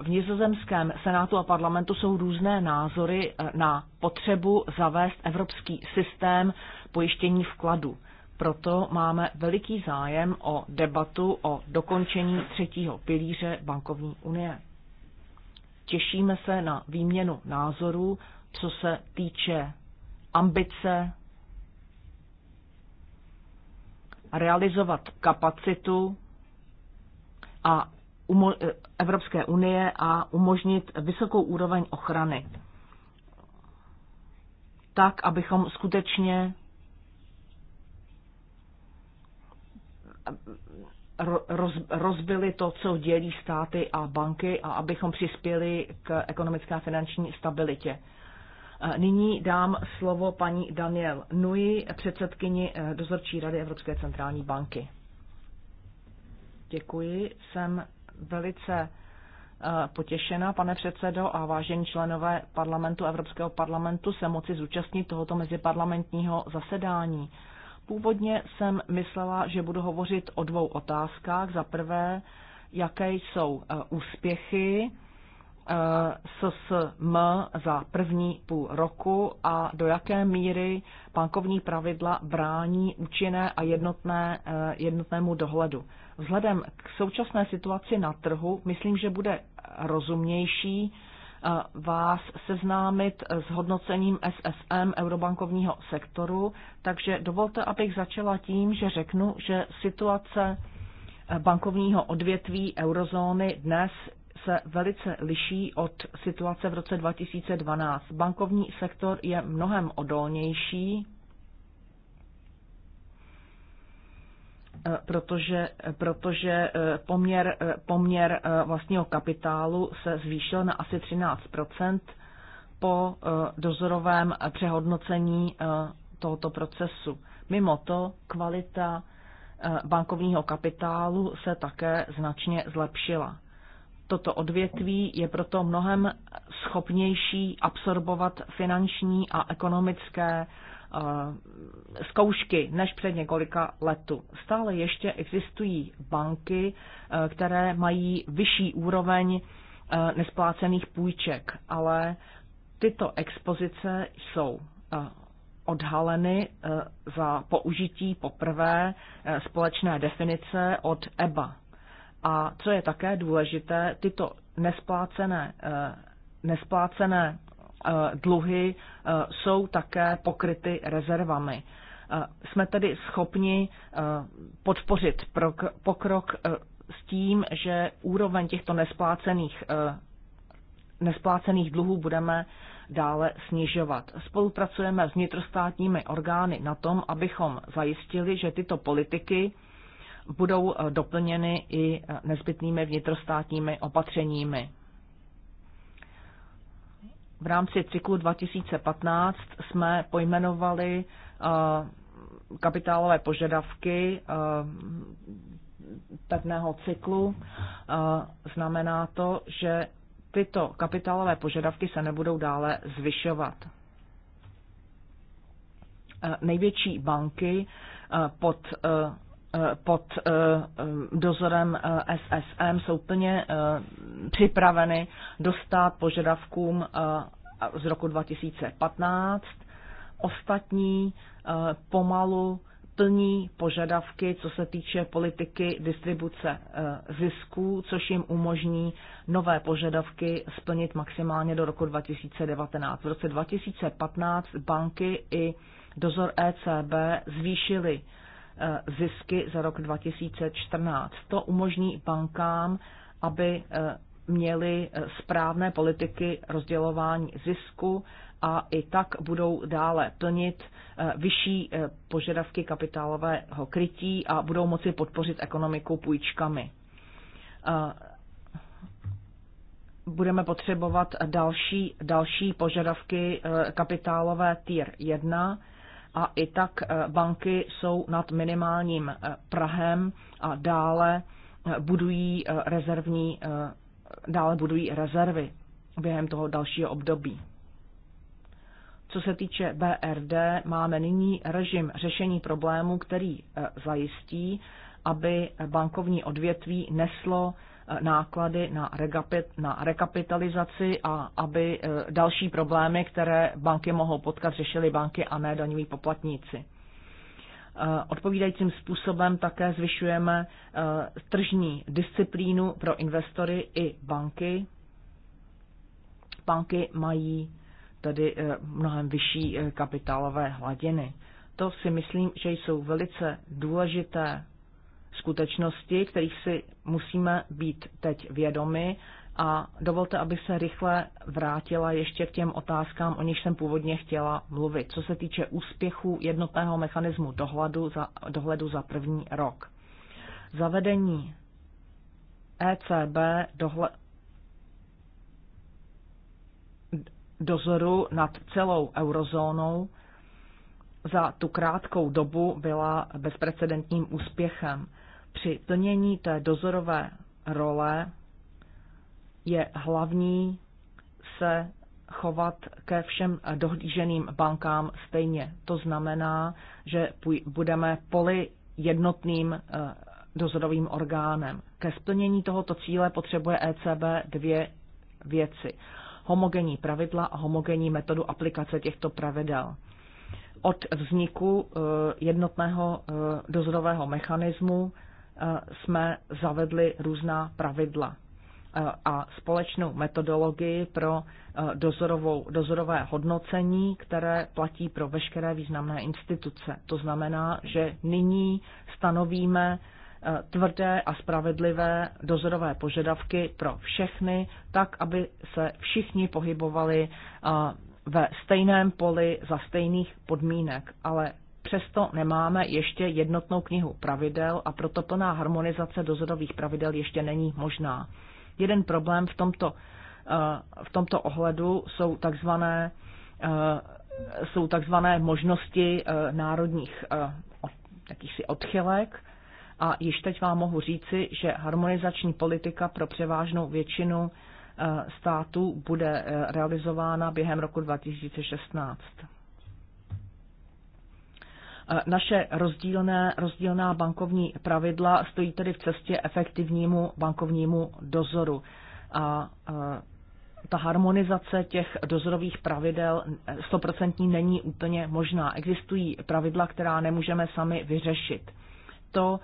V nizozemském senátu a parlamentu jsou různé názory eh, na potřebu zavést evropský systém pojištění vkladu. Proto máme veliký zájem o debatu o dokončení třetího pilíře bankovní unie. Těšíme se na výměnu názorů, co se týče ambice realizovat kapacitu a Eh, Evropské unie a umožnit vysokou úroveň ochrany. Tak, abychom skutečně eh, rozbili to, co dělí státy a banky a abychom přispěli k ekonomické a finanční stabilitě. Eh, nyní dám slovo paní Daniel Nui, předsedkyni dozorčí rady Evropské centrální banky. Děkuji, jsem velice eh, potěšena, pane předsedo a vážení členové parlamentu Evropského parlamentu, se moci zúčastnit tohoto meziparlamentního zasedání. Původně jsem myslela, že budu hovořit o dvou otázkách. Za prvé, jaké jsou eh, úspěchy eh, SSM za první půl roku a do jaké míry bankovní pravidla brání účinné a jednotné, jednotnému dohledu vzhledem k současné situaci na trhu, myslím, že bude rozumnější eh, vás seznámit s hodnocením SSM eurobankovního sektoru, takže dovolte, abych začala tím, že řeknu, že situace eh, bankovního odvětví eurozóny dnes se velice liší od situace v roce 2012. Bankovní sektor je mnohem odolnější Eh, protože, protože eh, poměr, eh, poměr vlastního kapitálu se zvýšil na asi 13 po dozorovém přehodnocení tohoto procesu. Mimo to kvalita bankovního kapitálu se také značně zlepšila. Toto odvětví je proto mnohem schopnější absorbovat finanční a ekonomické Eh, zkoušky než před několika letu. Stále ještě existují banky, eh, které mají vyšší úroveň eh, nesplácených půjček, ale tyto expozice jsou odhaleny za použití poprvé společné definice od EBA. A co je také důležité, tyto nesplácené, nesplácené Eh, dluhy eh, jsou také pokryty rezervami. Eh, jsme tedy schopni podpořit pokrok s tím, že úroveň těchto nesplácených, nesplácených dluhů budeme dále snižovat. Spolupracujeme s vnitrostátními orgány na tom, abychom zajistili, že tyto politiky budou doplněny i nezbytnými vnitrostátními opatřeními v rámci cyklu 2015 jsme pojmenovali eh, kapitálové požadavky eh, pevného cyklu. Eh, znamená to, že tyto kapitálové požadavky se nebudou dále zvyšovat. Největší banky pod Eh, pod eh, eh, dozorem SSM jsou plně připraveny dostat požadavkům z roku 2015. Ostatní pomalu plní požadavky, co se týče politiky distribuce zisků, což jim umožní nové požadavky splnit maximálně do roku 2019. V roce 2015 banky i dozor ECB zvýšili Eh, zisky za rok 2014. To umožní bankám, aby eh, měli eh, správné politiky rozdělování zisku a i tak budou dále plnit vyšší požadavky kapitálového krytí a budou moci podpořit ekonomiku půjčkami. Budeme potřebovat další, další požadavky kapitálové tier 1 a i tak eh, banky jsou nad minimálním eh, Prahem a dále eh, budují rezervní, dále budují rezervy během toho dalšího období. Co se týče BRD, máme nyní režim řešení problému, který zajistí, aby bankovní odvětví neslo Eh, náklady na, na rekapitalizaci a aby eh, další problémy, které banky mohou potkat, řešily banky a ne daňoví poplatníci. Eh, odpovídajícím způsobem také zvyšujeme tržní disciplínu pro investory i banky. Banky mají tedy mnohem vyšší kapitálové hladiny. To si myslím, že jsou velice důležité skutečnosti, kterých si musíme být teď vědomi. A dovolte, aby se rychle vrátila ještě k těm otázkám, o nich jsem původně chtěla mluvit. Co se týče úspěchu jednotného mechanismu dohledu za, dohledu za první rok. Zavedení ECB dohle, dozoru nad celou eurozónou za tu krátkou dobu byla bezprecedentním úspěchem při plnění té dozorové role je hlavní se chovat ke všem dohlíženým bankám stejně. To znamená, že budeme poli jednotným eh, dozorovým orgánem. Ke splnění tohoto cíle potřebuje ECB dvě věci. Homogenní pravidla a homogenní metodu aplikace těchto pravidel. Od vzniku eh, jednotného eh, dozorového mechanismu Eh, jsme zavedli různá pravidla eh, a společnou metodologii pro eh, dozorovou, dozorové hodnocení, které platí pro veškeré významné instituce. To znamená, že nyní stanovíme tvrdé a spravedlivé dozorové požadavky pro všechny, tak aby se všichni pohybovali ve stejném poli za stejných podmínek, ale Přesto nemáme ještě jednotnou knihu pravidel a proto plná harmonizace dozorových pravidel ještě není možná. Jeden problém v tomto, eh, v tomto ohledu jsou takzvané, eh, jsou takzvané možnosti eh, národních jakýchsi odchylek, a již teď vám mohu říci, že harmonizační politika pro převážnou většinu států bude realizována během roku 2016. Eh, naše rozdílné, rozdílná bankovní pravidla stojí tedy v cestě efektivnímu bankovnímu dozoru. A eh, ta harmonizace těch dozorových pravidel eh, stoprocentní není úplně možná. Existují pravidla, která nemůžeme sami vyřešit. To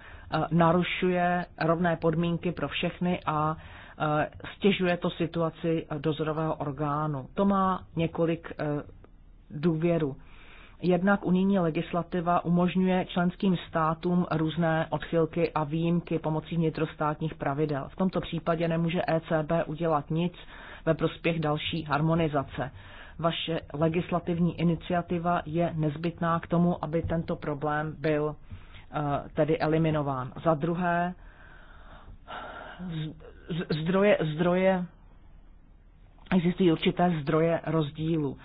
narušuje rovné podmínky pro všechny a stěžuje to situaci dozorového orgánu. To má několik důvěru. Jednak unijní legislativa umožňuje členským státům různé odchylky a výjimky pomocí vnitrostátních pravidel. V tomto případě nemůže ECB udělat nic ve prospěch další harmonizace. Vaše legislativní iniciativa je nezbytná k tomu, aby tento problém byl eh, tedy eliminován. Za druhé, zdroje, zdroje, existují určité zdroje rozdílu.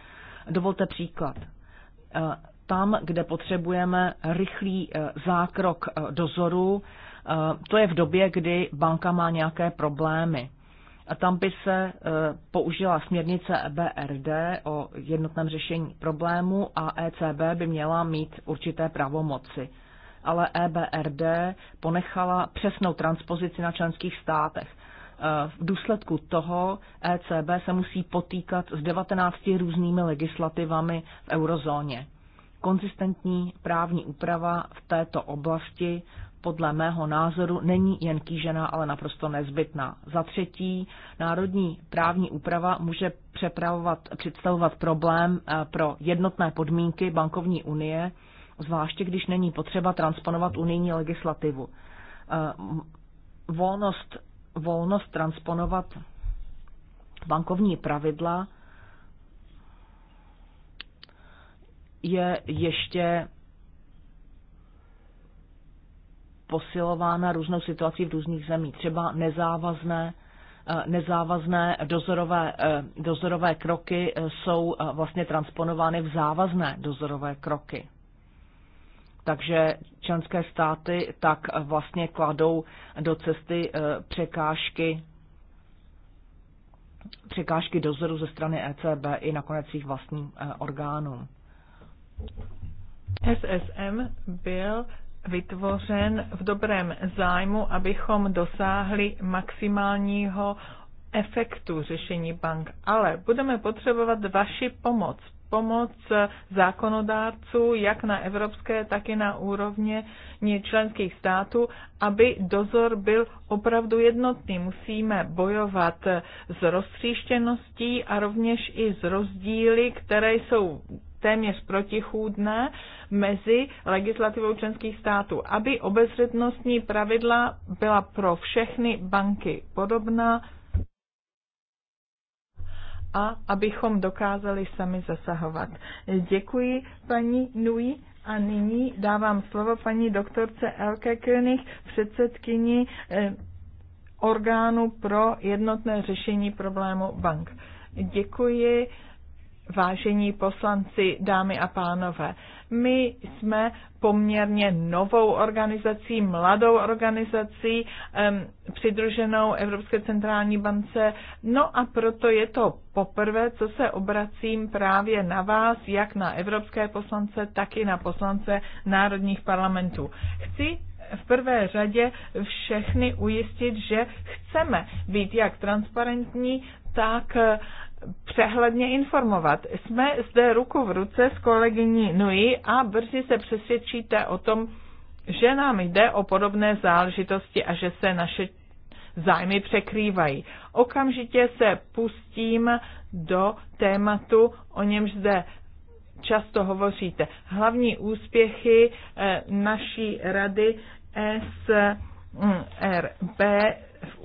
Dovolte příklad. Eh, tam, kde potřebujeme rychlý eh, zákrok eh, dozoru, to je v době, kdy banka má nějaké problémy. A tam by se použila směrnice EBRD o jednotném řešení problému a ECB by měla mít určité pravomoci. Ale EBRD ponechala přesnou transpozici na členských státech. Eh, v důsledku toho ECB se musí potýkat s 19 různými legislativami v eurozóně. Konzistentní právní úprava v této oblasti podle mého názoru není jen kýžená, ale naprosto nezbytná. Za třetí, národní právní úprava může představovat problém eh, pro jednotné podmínky bankovní unie, zvláště když není potřeba transponovat unijní legislativu. Eh, volnost volnost transponovat bankovní pravidla je ještě posilována různou situací v různých zemích. Třeba nezávazné, eh, nezávazné dozorové, eh, dozorové kroky eh, jsou vlastně transponovány v závazné dozorové kroky. Takže členské státy tak vlastně kladou do cesty eh, překážky překážky dozoru ze strany ECB i nakonec svých vlastním eh, orgánům. SSM byl vytvořen v dobrém zájmu, abychom dosáhli maximálního efektu řešení bank, ale budeme potřebovat vaši pomoc pomoc zákonodárců, jak na evropské, tak i na úrovně členských států, aby dozor byl opravdu jednotný. Musíme bojovat s roztříštěností a rovněž i s rozdíly, které jsou téměř protichůdné mezi legislativou členských států, aby obezřetnostní pravidla byla pro všechny banky podobná, a abychom dokázali sami zasahovat. Děkuji paní Nui a nyní dávám slovo paní doktorce Elke König, předsedkyni eh, orgánu pro jednotné řešení problému bank. Děkuji Vážení poslanci, dámy a pánové, my jsme poměrně novou organizací, mladou organizací, přidruženou Evropské centrální bance. No a proto je to poprvé, co se obracím právě na vás, jak na evropské poslance, tak i na poslance národních parlamentů. Chci v prvé řadě všechny ujistit, že chceme být jak transparentní, tak přehledně informovat. Jsme zde ruku v ruce s kolegyní Nui a brzy se přesvědčíte o tom, že nám jde o podobné záležitosti a že se naše zájmy překrývají. Okamžitě se pustím do tématu, o němž zde často hovoříte. Hlavní úspěchy eh, naší rady SRB v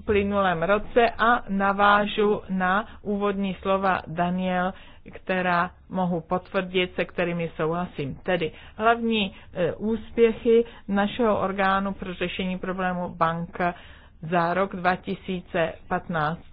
uplynulém roce a navážu na úvodní slova Daniel, která mohu potvrdit, se kterými souhlasím. Tedy hlavní e, úspěchy našeho orgánu pro řešení problému bank za rok 2015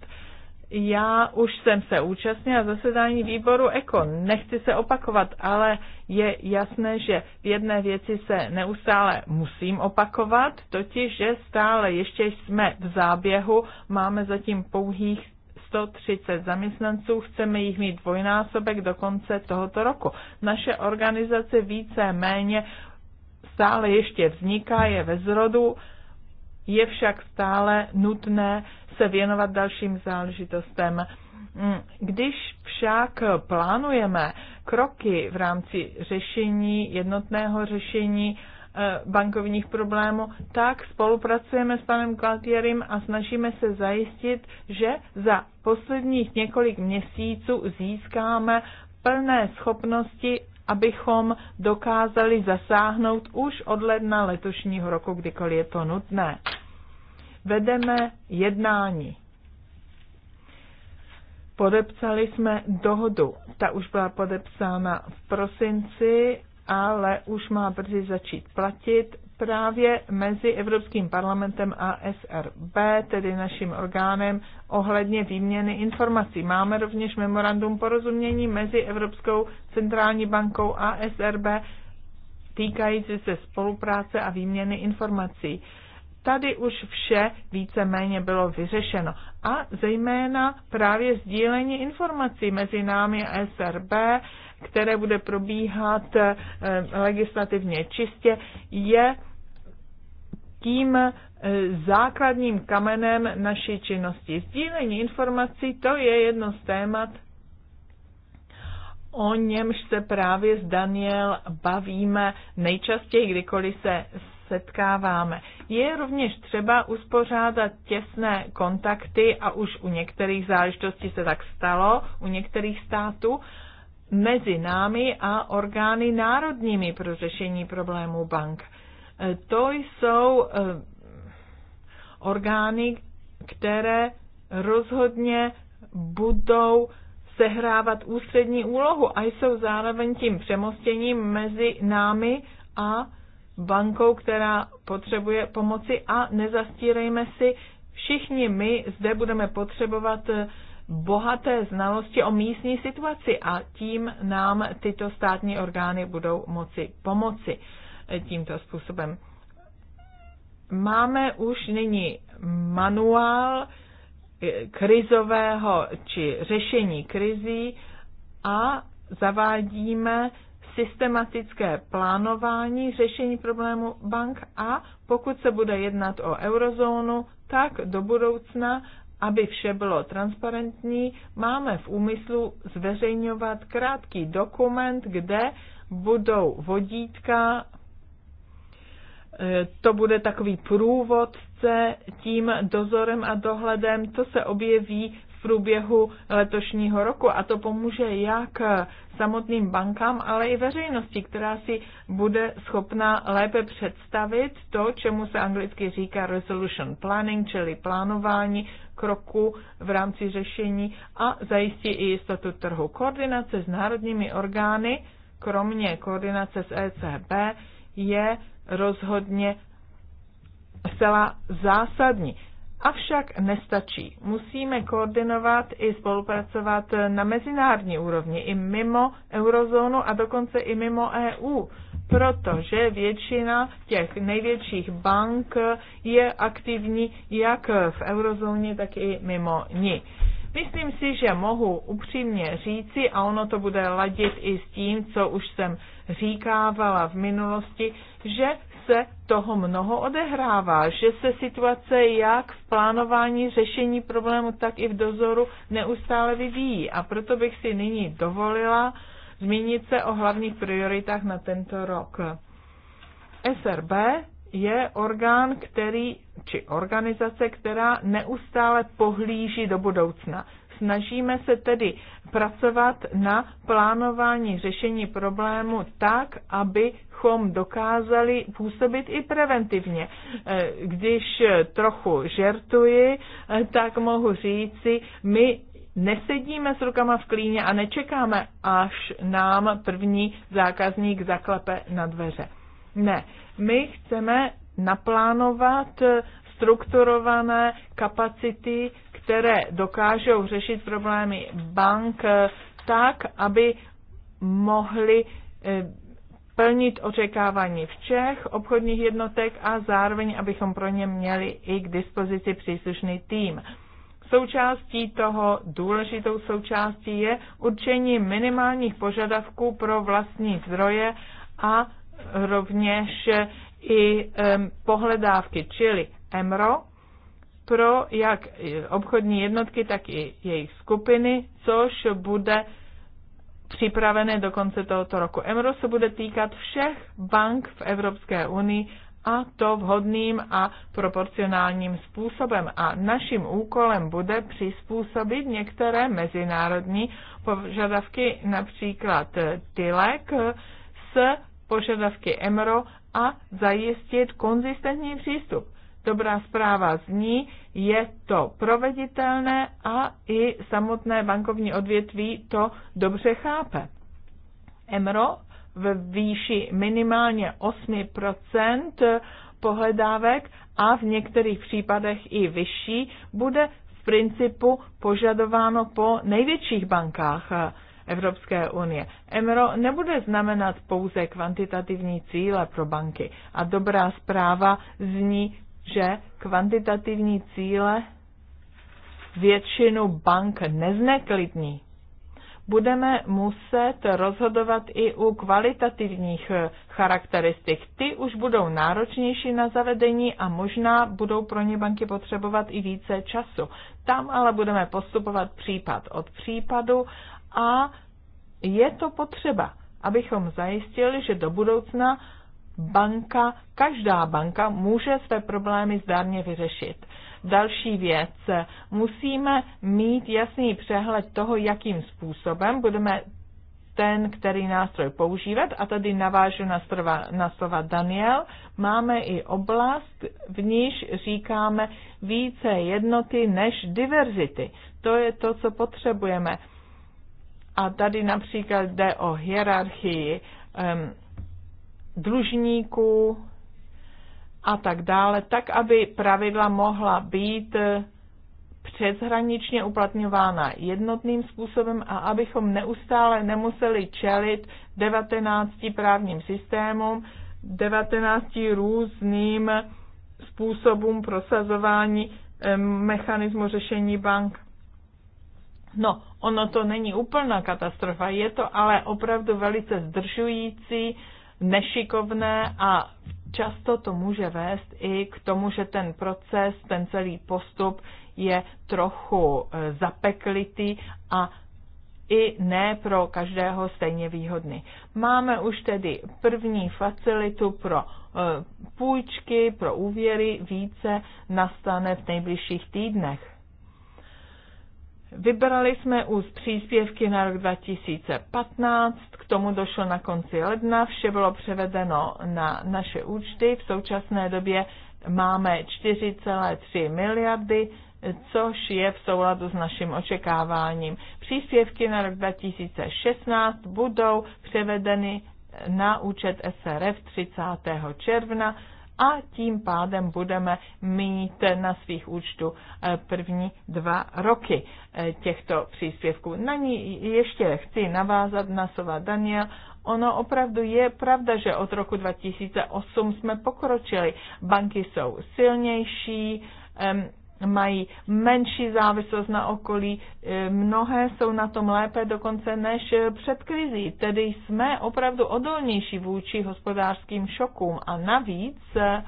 já už jsem se účastnila zasedání výboru EKO. Nechci se opakovat, ale je jasné, že v jedné věci se neustále musím opakovat, totiž, že stále ještě jsme v záběhu, máme zatím pouhých 130 zaměstnanců, chceme jich mít dvojnásobek do konce tohoto roku. Naše organizace více méně stále ještě vzniká, je ve zrodu, je však stále nutné se věnovat dalším záležitostem. Když však plánujeme kroky v rámci řešení, jednotného řešení eh, bankovních problémů, tak spolupracujeme s panem Galtierim a snažíme se zajistit, že za posledních několik měsíců získáme plné schopnosti abychom dokázali zasáhnout už od ledna letošního roku, kdykoliv je to nutné vedeme jednání. Podepsali jsme dohodu. Ta už byla podepsána v prosinci, ale už má brzy začít platit právě mezi Evropským parlamentem a SRB, tedy naším orgánem, ohledně výměny informací. Máme rovněž memorandum porozumění mezi Evropskou centrální bankou a SRB týkající se spolupráce a výměny informací. Tady už vše víceméně bylo vyřešeno. A zejména právě sdílení informací mezi námi a SRB, které bude probíhat eh, legislativně čistě, je tím eh, základním kamenem naší činnosti. Sdílení informací to je jedno z témat, o němž se právě s Daniel bavíme nejčastěji, kdykoliv se setkáváme. Je rovněž třeba uspořádat těsné kontakty a už u některých záležitostí se tak stalo, u některých států, mezi námi a orgány národními pro řešení problémů bank. E, to jsou e, orgány, které rozhodně budou sehrávat ústřední úlohu a jsou zároveň tím přemostěním mezi námi a bankou, která potřebuje pomoci a nezastírejme si, všichni my zde budeme potřebovat eh, bohaté znalosti o místní situaci a tím nám tyto státní orgány budou moci pomoci eh, tímto způsobem. Máme už nyní manuál eh, krizového či řešení krizí a zavádíme systematické plánování, řešení problému bank a pokud se bude jednat o eurozónu, tak do budoucna, aby vše bylo transparentní, máme v úmyslu zveřejňovat krátký dokument, kde budou vodítka, eh, to bude takový průvodce tím dozorem a dohledem, to se objeví v průběhu letošního roku. A to pomůže jak samotným bankám, ale i veřejnosti, která si bude schopna lépe představit to, čemu se anglicky říká resolution planning, čili plánování kroku v rámci řešení a zajistí i jistotu trhu. Koordinace s národními orgány, kromě koordinace s ECB, je rozhodně zcela zásadní. Avšak nestačí. Musíme koordinovat i spolupracovat na mezinárodní úrovni, i mimo eurozónu a dokonce i mimo EU, protože většina těch největších bank je aktivní jak v eurozóně, tak i mimo ní. Myslím si, že mohu upřímně říci, a ono to bude ladit i s tím, co už jsem říkávala v minulosti, že se toho mnoho odehrává, že se situace jak v plánování řešení problému, tak i v dozoru neustále vyvíjí. A proto bych si nyní dovolila zmínit se o hlavních prioritách na tento rok. SRB je orgán, který, či organizace, která neustále pohlíží do budoucna. Snažíme se tedy pracovat na plánování řešení problému tak, abychom dokázali působit i preventivně. Eh, když trochu žertuji, eh, tak mohu říci, my nesedíme s rukama v klíně a nečekáme, až nám první zákazník zaklepe na dveře. Ne, my chceme naplánovat eh, strukturované kapacity které dokážou řešit problémy bank eh, tak, aby mohli eh, plnit očekávání v Čech obchodních jednotek a zároveň, abychom pro ně měli i k dispozici příslušný tým. Součástí toho, důležitou součástí je určení minimálních požadavků pro vlastní zdroje a rovněž i um, pohledávky, čili EMRO, pro jak obchodní jednotky, tak i jejich skupiny, což bude připravené do konce tohoto roku. Emro se bude týkat všech bank v Evropské unii a to vhodným a proporcionálním způsobem. A naším úkolem bude přizpůsobit některé mezinárodní požadavky, například TILEK, s požadavky EMRO a zajistit konzistentní přístup dobrá zpráva zní, je to proveditelné a i samotné bankovní odvětví to dobře chápe. Emro v výši minimálně 8% pohledávek a v některých případech i vyšší bude v principu požadováno po největších bankách Evropské unie. Emro nebude znamenat pouze kvantitativní cíle pro banky a dobrá zpráva zní že kvantitativní cíle většinu bank nezneklidní. Budeme muset rozhodovat i u kvalitativních eh, charakteristik. Ty už budou náročnější na zavedení a možná budou pro ně banky potřebovat i více času. Tam ale budeme postupovat případ od případu a je to potřeba, abychom zajistili, že do budoucna banka, každá banka může své problémy zdárně vyřešit. Další věc, musíme mít jasný přehled toho, jakým způsobem budeme ten, který nástroj používat. A tady navážu na slova, na slova Daniel. Máme i oblast, v níž říkáme více jednoty než diverzity. To je to, co potřebujeme. A tady například jde o hierarchii. Um, dlužníků a tak dále, tak aby pravidla mohla být přeshraničně uplatňována jednotným způsobem a abychom neustále nemuseli čelit 19 právním systémům, 19 různým způsobům prosazování mechanismu řešení bank. No, ono to není úplná katastrofa, je to ale opravdu velice zdržující nešikovné a často to může vést i k tomu, že ten proces, ten celý postup je trochu e, zapeklitý a i ne pro každého stejně výhodný. Máme už tedy první facilitu pro e, půjčky, pro úvěry, více nastane v nejbližších týdnech. Vybrali jsme už příspěvky na rok 2015, k tomu došlo na konci ledna, vše bylo převedeno na naše účty. V současné době máme 4,3 miliardy, což je v souladu s naším očekáváním. Příspěvky na rok 2016 budou převedeny na účet SRF 30. června a tím pádem budeme mít na svých účtu eh, první dva roky eh, těchto příspěvků. Na ní ještě chci navázat na slova Daniel. Ono opravdu je pravda, že od roku 2008 jsme pokročili. Banky jsou silnější, mají menší závislost na okolí, e, mnohé jsou na tom lépe dokonce než před krizí, tedy jsme opravdu odolnější vůči hospodářským šokům a navíc e,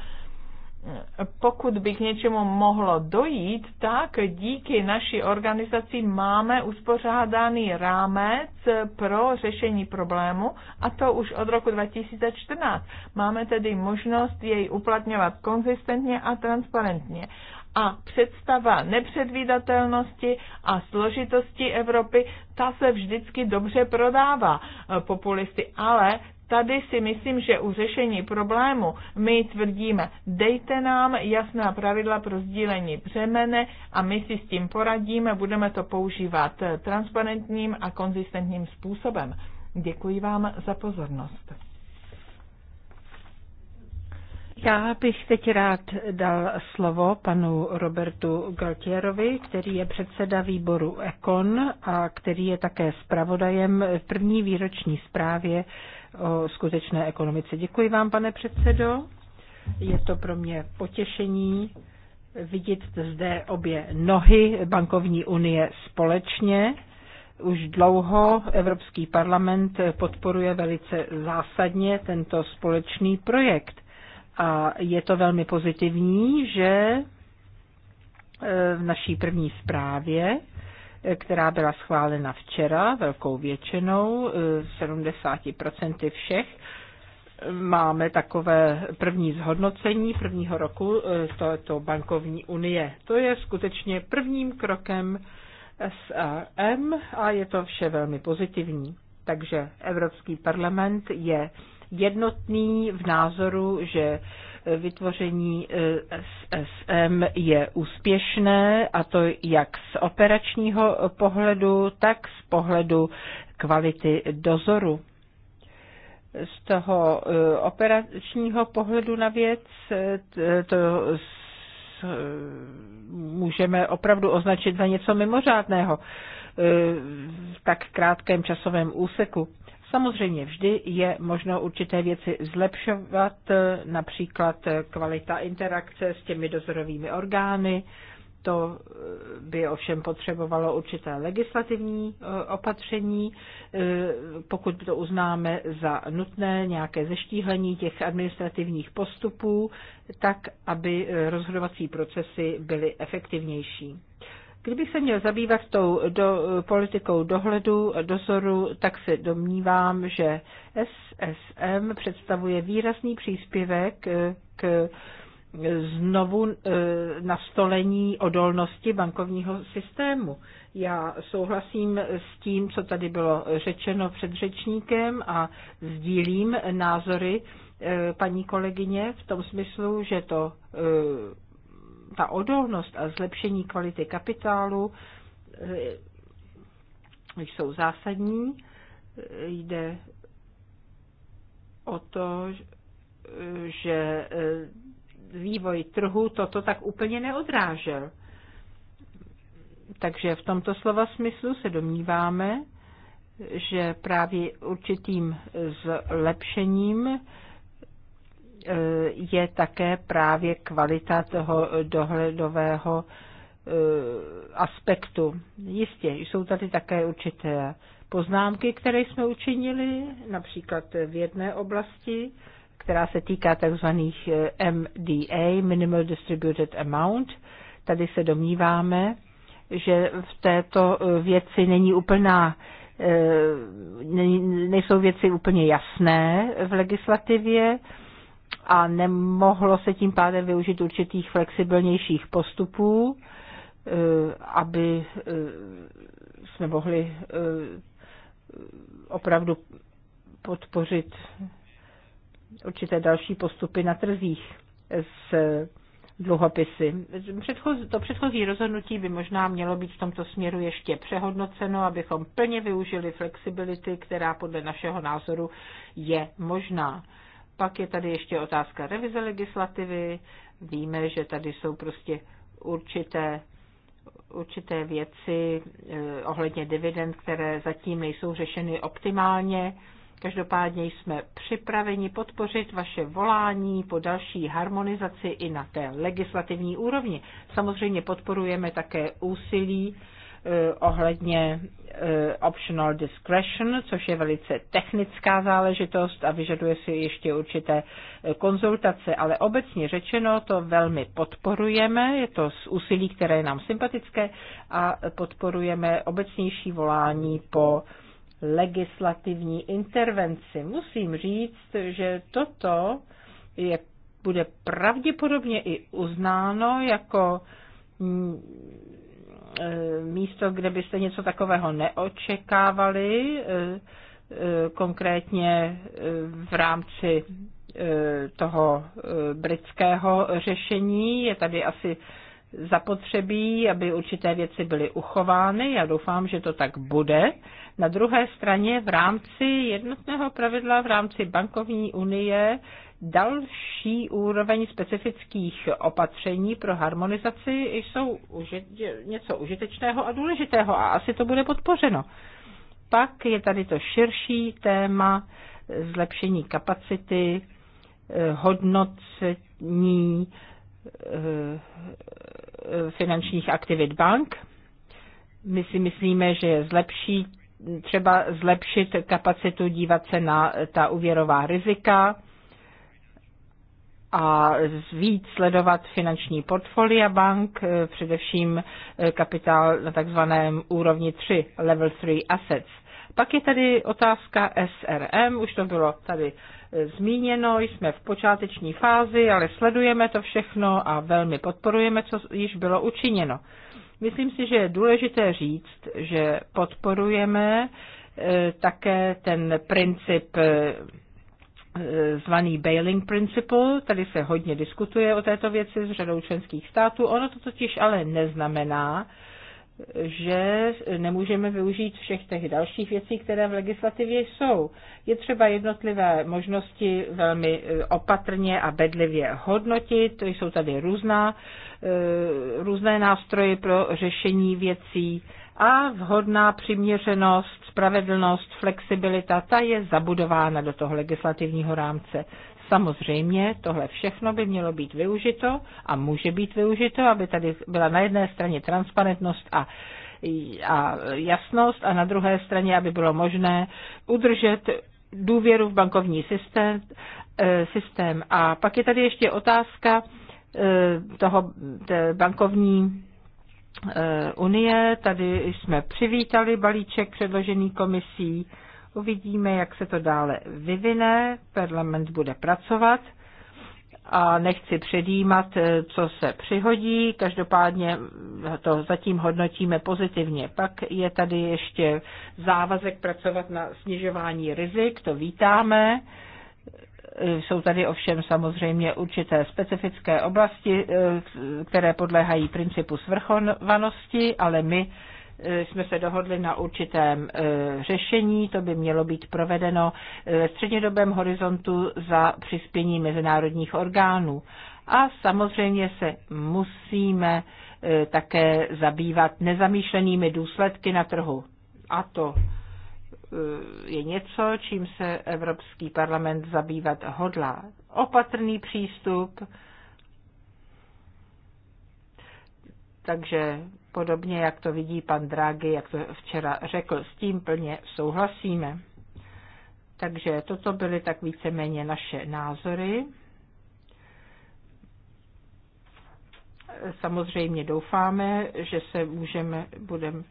pokud by k něčemu mohlo dojít, tak díky naší organizaci máme uspořádaný rámec pro řešení problému a to už od roku 2014. Máme tedy možnost jej uplatňovat konzistentně a transparentně a představa nepředvídatelnosti a složitosti Evropy, ta se vždycky dobře prodává eh, populisty, ale tady si myslím, že u řešení problému my tvrdíme, dejte nám jasná pravidla pro sdílení břemene a my si s tím poradíme, budeme to používat eh, transparentním a konzistentním způsobem. Děkuji vám za pozornost. Já bych teď rád dal slovo panu Robertu Galtierovi, který je předseda výboru Econ a který je také zpravodajem v první výroční zprávě o skutečné ekonomice. Děkuji vám, pane předsedo. Je to pro mě potěšení vidět zde obě nohy bankovní unie společně. Už dlouho Evropský parlament podporuje velice zásadně tento společný projekt a je to velmi pozitivní, že e, v naší první zprávě, e, která byla schválena včera velkou většinou, 70% e, všech, máme takové první zhodnocení prvního roku této bankovní unie. To je skutečně prvním krokem SRM a je to vše velmi pozitivní. Takže Evropský parlament je jednotný v názoru, že vytvoření eh, SSM je úspěšné, a to jak z operačního pohledu, tak z pohledu kvality dozoru. Z toho eh, operačního pohledu na věc eh, to můžeme opravdu označit za něco mimořádného v tak krátkém časovém úseku. Samozřejmě vždy je možno určité věci zlepšovat, e, například kvalita interakce s těmi dozorovými orgány. To e, by ovšem potřebovalo určité legislativní e, opatření. Pokud to uznáme za nutné, nějaké zeštíhlení těch administrativních postupů, tak aby rozhodovací procesy byly efektivnější. Kdybych se měl zabývat tou do, politikou dohledu, dozoru, tak se domnívám, že SSM představuje výrazný příspěvek eh, k eh, znovu eh, nastolení odolnosti bankovního systému. Já souhlasím s tím, co tady bylo řečeno před řečníkem a sdílím názory paní kolegyně v tom smyslu, že to ta odolnost a zlepšení kvality kapitálu eh, jsou zásadní. Jde o to, že eh, vývoj trhu toto tak úplně neodrážel. Takže v tomto slova smyslu se domníváme, že právě určitým zlepšením Eh, je také právě kvalita toho dohledového eh, aspektu. Jistě, jsou tady také určité poznámky, které jsme učinili, například v jedné oblasti, která se týká tzv. Eh, MDA, Minimal Distributed Amount. Tady se domníváme, že v této věci není úplná nejsou věci úplně jasné v legislativě a nemohlo se tím pádem využít určitých flexibilnějších postupů, eh, aby eh, jsme mohli eh, opravdu podpořit určité další postupy na trzích s dluhopisy. to předchozí rozhodnutí by možná mělo být v tomto směru ještě přehodnoceno, abychom plně využili flexibility, která podle našeho názoru je možná. Pak je tady ještě otázka revize legislativy. Víme, že tady jsou prostě určité určité věci eh, ohledně dividend, které zatím nejsou řešeny optimálně. Každopádně jsme připraveni podpořit vaše volání po další harmonizaci i na té legislativní úrovni. Samozřejmě podporujeme také úsilí eh, Eh, ohledně eh, optional discretion, což je velice technická záležitost a vyžaduje si ještě určité eh, konzultace, ale obecně řečeno to velmi podporujeme, je to z úsilí, které je nám sympatické a podporujeme obecnější volání po legislativní intervenci. Musím říct, že toto je, bude pravděpodobně i uznáno jako mm, E, místo, kde byste něco takového neočekávali, e, e, konkrétně v rámci toho britského řešení. Je tady asi zapotřebí, aby určité věci byly uchovány. Já doufám, že to tak bude. Na druhé straně v rámci jednotného pravidla, v rámci bankovní unie Další úroveň specifických opatření pro harmonizaci jsou něco užitečného a důležitého a asi to bude podpořeno. Pak je tady to širší téma zlepšení kapacity, eh, hodnocení eh, finančních aktivit bank. My si myslíme, že je zlepší třeba zlepšit kapacitu dívat se na ta úvěrová rizika, a víc sledovat finanční portfolia bank, eh, především eh, kapitál na takzvaném úrovni 3, level 3 assets. Pak je tady otázka SRM, už to bylo tady eh, zmíněno, jsme v počáteční fázi, ale sledujeme to všechno a velmi podporujeme, co již bylo učiněno. Myslím si, že je důležité říct, že podporujeme také ten princip zvaný bailing principle. Tady se hodně diskutuje o této věci s řadou členských států. Ono to totiž ale neznamená, že nemůžeme využít všech těch dalších věcí, které v legislativě jsou. Je třeba jednotlivé možnosti velmi e, opatrně a bedlivě hodnotit. Jsou tady různá, e, různé nástroje pro řešení věcí a vhodná přiměřenost, spravedlnost, flexibilita, ta je zabudována do toho legislativního rámce. Samozřejmě tohle všechno by mělo být využito a může být využito, aby tady byla na jedné straně transparentnost a a jasnost a na druhé straně, aby bylo možné udržet důvěru v bankovní systém, e, systém. A pak je tady ještě otázka e, toho bankovní Eh, unie. Tady jsme přivítali balíček předložený komisí. Uvidíme, jak se to dále vyvine. Parlament bude pracovat a nechci předjímat, eh, co se přihodí. Každopádně to zatím hodnotíme pozitivně. Pak je tady ještě závazek pracovat na snižování rizik, to vítáme. Jsou tady ovšem samozřejmě určité specifické oblasti, eh, které podléhají principu svrchovanosti, ale my eh, jsme se dohodli na určitém eh, řešení, to by mělo být provedeno ve střednědobém horizontu za přispění mezinárodních orgánů. A samozřejmě se musíme také zabývat nezamýšlenými důsledky na trhu. A to Eh, je něco, čím se Evropský parlament zabývat hodlá. Opatrný přístup, takže podobně, jak to vidí pan Draghi, jak to včera řekl, s tím plně souhlasíme. Takže toto byly tak víceméně naše názory. Samozřejmě doufáme, že se můžeme, budeme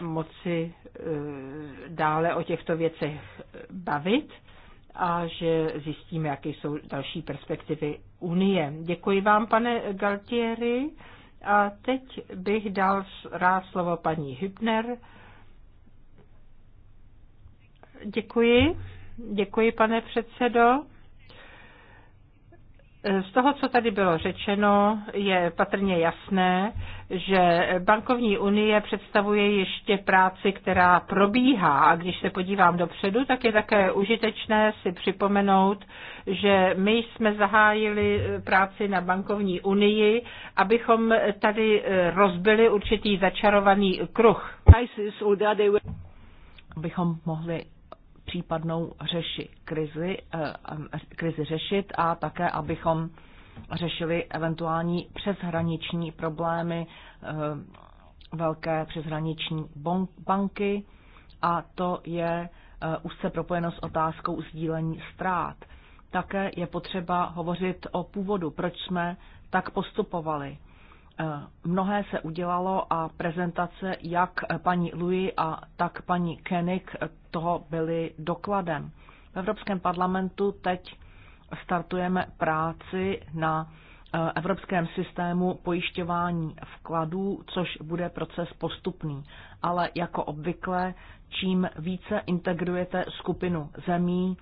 moci eh, dále o těchto věcech bavit a že zjistíme, jaké jsou další perspektivy Unie. Děkuji vám, pane Galtieri. A teď bych dal rád slovo paní Hübner. Děkuji. Děkuji, pane předsedo. Z toho, co tady bylo řečeno, je patrně jasné, že bankovní unie představuje ještě práci, která probíhá. A když se podívám dopředu, tak je také užitečné si připomenout, že my jsme zahájili práci na bankovní unii, abychom tady rozbili určitý začarovaný kruh. Abychom mohli případnou řeši krizi, eh, krizi řešit a také, abychom řešili eventuální přeshraniční problémy eh, velké přeshraniční banky a to je úzce eh, propojeno s otázkou sdílení ztrát. Také je potřeba hovořit o původu, proč jsme tak postupovali. Eh, mnohé se udělalo a prezentace jak paní Louis a tak paní Koenig toho byly dokladem. V Evropském parlamentu teď startujeme práci na eh, evropském systému pojišťování vkladů, což bude proces postupný. Ale jako obvykle, čím více integrujete skupinu zemí,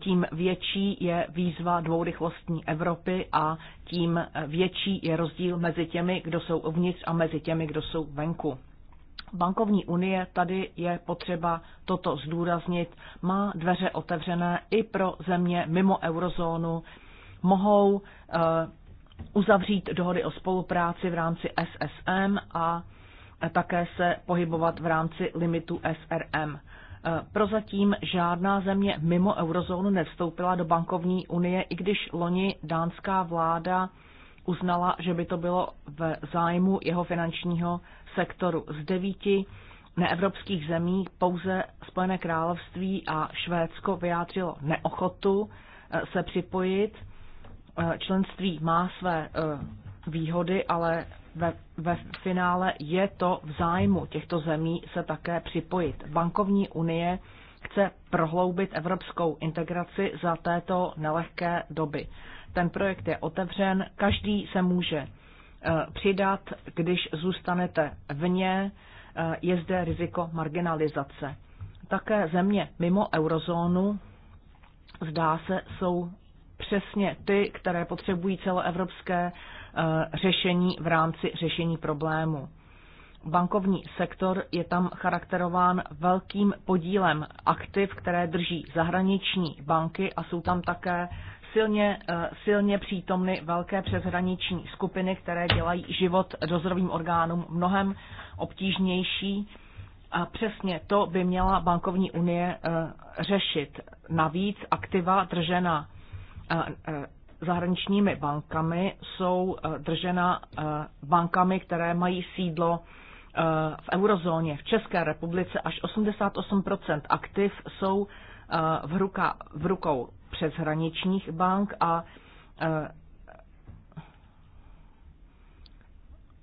tím větší je výzva dvourychlostní Evropy a tím větší je rozdíl mezi těmi, kdo jsou uvnitř a mezi těmi, kdo jsou venku. Bankovní unie, tady je potřeba toto zdůraznit, má dveře otevřené i pro země mimo eurozónu, mohou eh, uzavřít dohody o spolupráci v rámci SSM a také se pohybovat v rámci limitu SRM. Eh, prozatím žádná země mimo eurozónu nevstoupila do bankovní unie, i když loni dánská vláda uznala, že by to bylo v zájmu jeho finančního sektoru. Z devíti neevropských zemí pouze Spojené království a Švédsko vyjádřilo neochotu eh, se připojit. Eh, členství má své výhody, ale ve, ve finále je to v zájmu těchto zemí se také připojit. Bankovní unie chce prohloubit evropskou integraci za této nelehké doby. Ten projekt je otevřen, každý se může eh, přidat, když zůstanete vně, eh, je zde riziko marginalizace. Také země mimo eurozónu, zdá se, jsou přesně ty, které potřebují celoevropské Eh, řešení v rámci řešení problému. Bankovní sektor je tam charakterován velkým podílem aktiv, které drží zahraniční banky a jsou tam také silně, eh, silně přítomny velké přeshraniční skupiny, které dělají život dozorovým orgánům mnohem obtížnější. A přesně to by měla bankovní unie eh, řešit. Navíc aktiva držena zahraničními bankami jsou eh, držena eh, bankami, které mají sídlo eh, v eurozóně. V České republice až 88 aktiv jsou v, ruka, v rukou přeshraničních bank a,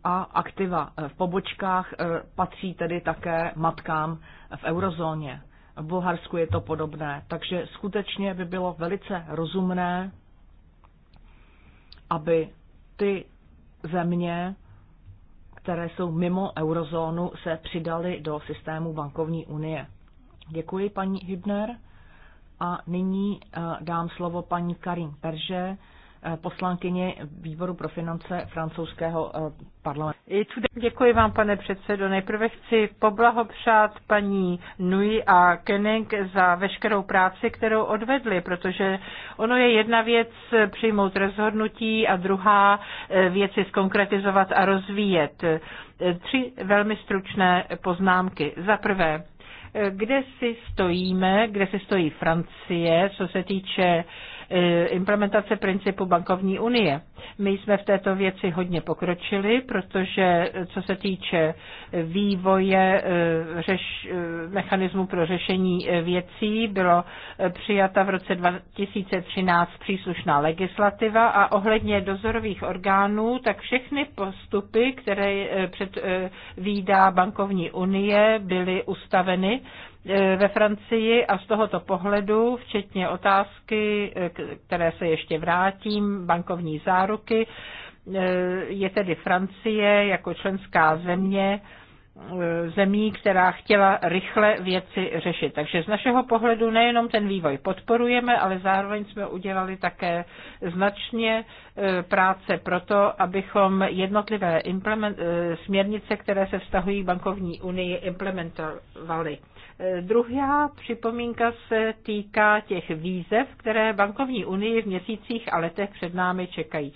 a aktiva v pobočkách patří tedy také matkám v eurozóně. V Bulharsku je to podobné. Takže skutečně by bylo velice rozumné aby ty země, které jsou mimo eurozónu, se přidaly do systému bankovní unie. Děkuji, paní Hübner. A nyní eh, dám slovo paní Karin Perže, poslankyni výboru pro finance francouzského eh, parlamentu. Děkuji vám, pane předsedo. Nejprve chci poblahopřát paní Nui a Kenning za veškerou práci, kterou odvedli, protože ono je jedna věc přijmout rozhodnutí a druhá eh, věci zkonkretizovat a rozvíjet. Eh, tři velmi stručné poznámky. Za prvé, kde si stojíme, kde si stojí Francie, co se týče Eh, implementace principu bankovní unie. My jsme v této věci hodně pokročili, protože co se týče vývoje eh, řeš, eh, mechanismu pro řešení eh, věcí, bylo přijata v roce 2013 příslušná legislativa a ohledně dozorových orgánů, tak všechny postupy, které předvídá bankovní unie, byly ustaveny ve Francii a z tohoto pohledu, včetně otázky, které se ještě vrátím, bankovní záruky, Roky e, Je tedy Francie jako členská země e, zemí, která chtěla rychle věci řešit. Takže z našeho pohledu nejenom ten vývoj podporujeme, ale zároveň jsme udělali také značně e, práce pro to, abychom jednotlivé směrnice, které se vztahují k bankovní unii, implementovali. Druhá připomínka se týká těch výzev, které bankovní unii v měsících a letech před námi čekají.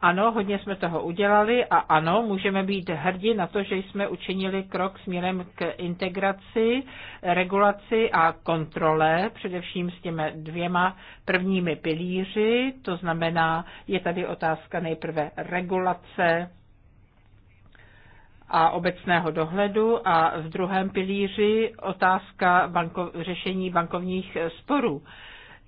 Ano, hodně jsme toho udělali a ano, můžeme být hrdí na to, že jsme učinili krok směrem k integraci, regulaci a kontrole, především s těmi dvěma prvními pilíři, to znamená, je tady otázka nejprve regulace a obecného dohledu a v druhém pilíři otázka banko- řešení bankovních sporů.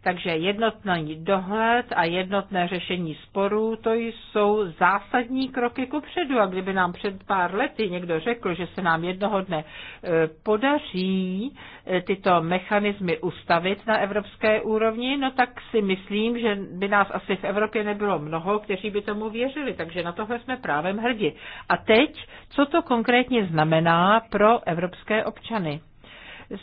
Takže jednotný dohled a jednotné řešení sporů, to jsou zásadní kroky kupředu. A kdyby nám před pár lety někdo řekl, že se nám jednoho dne e, podaří e, tyto mechanismy ustavit na evropské úrovni, no tak si myslím, že by nás asi v Evropě nebylo mnoho, kteří by tomu věřili. Takže na tohle jsme právem hrdi. A teď, co to konkrétně znamená pro evropské občany?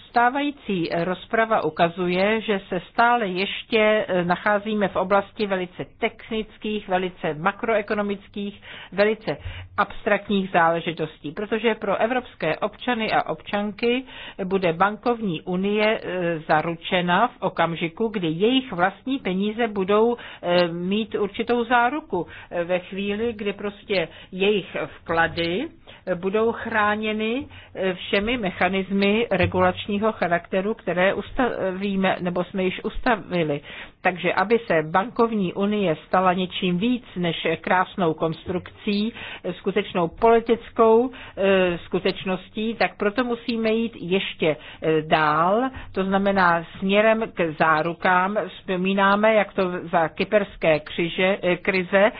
Stávající rozprava ukazuje, že se stále ještě eh, nacházíme v oblasti velice technických, velice makroekonomických, velice abstraktních záležitostí, protože pro evropské občany a občanky bude bankovní unie eh, zaručena v okamžiku, kdy jejich vlastní peníze budou eh, mít určitou záruku ve chvíli, kdy prostě jejich vklady budou chráněny všemi mechanizmy regulace regulačního charakteru, které ustavíme nebo jsme již ustavili. Takže aby se bankovní unie stala něčím víc než krásnou konstrukcí, skutečnou politickou eh, skutečností, tak proto musíme jít ještě eh, dál, to znamená směrem k zárukám. Vzpomínáme, jak to za kyperské křiže, eh, krize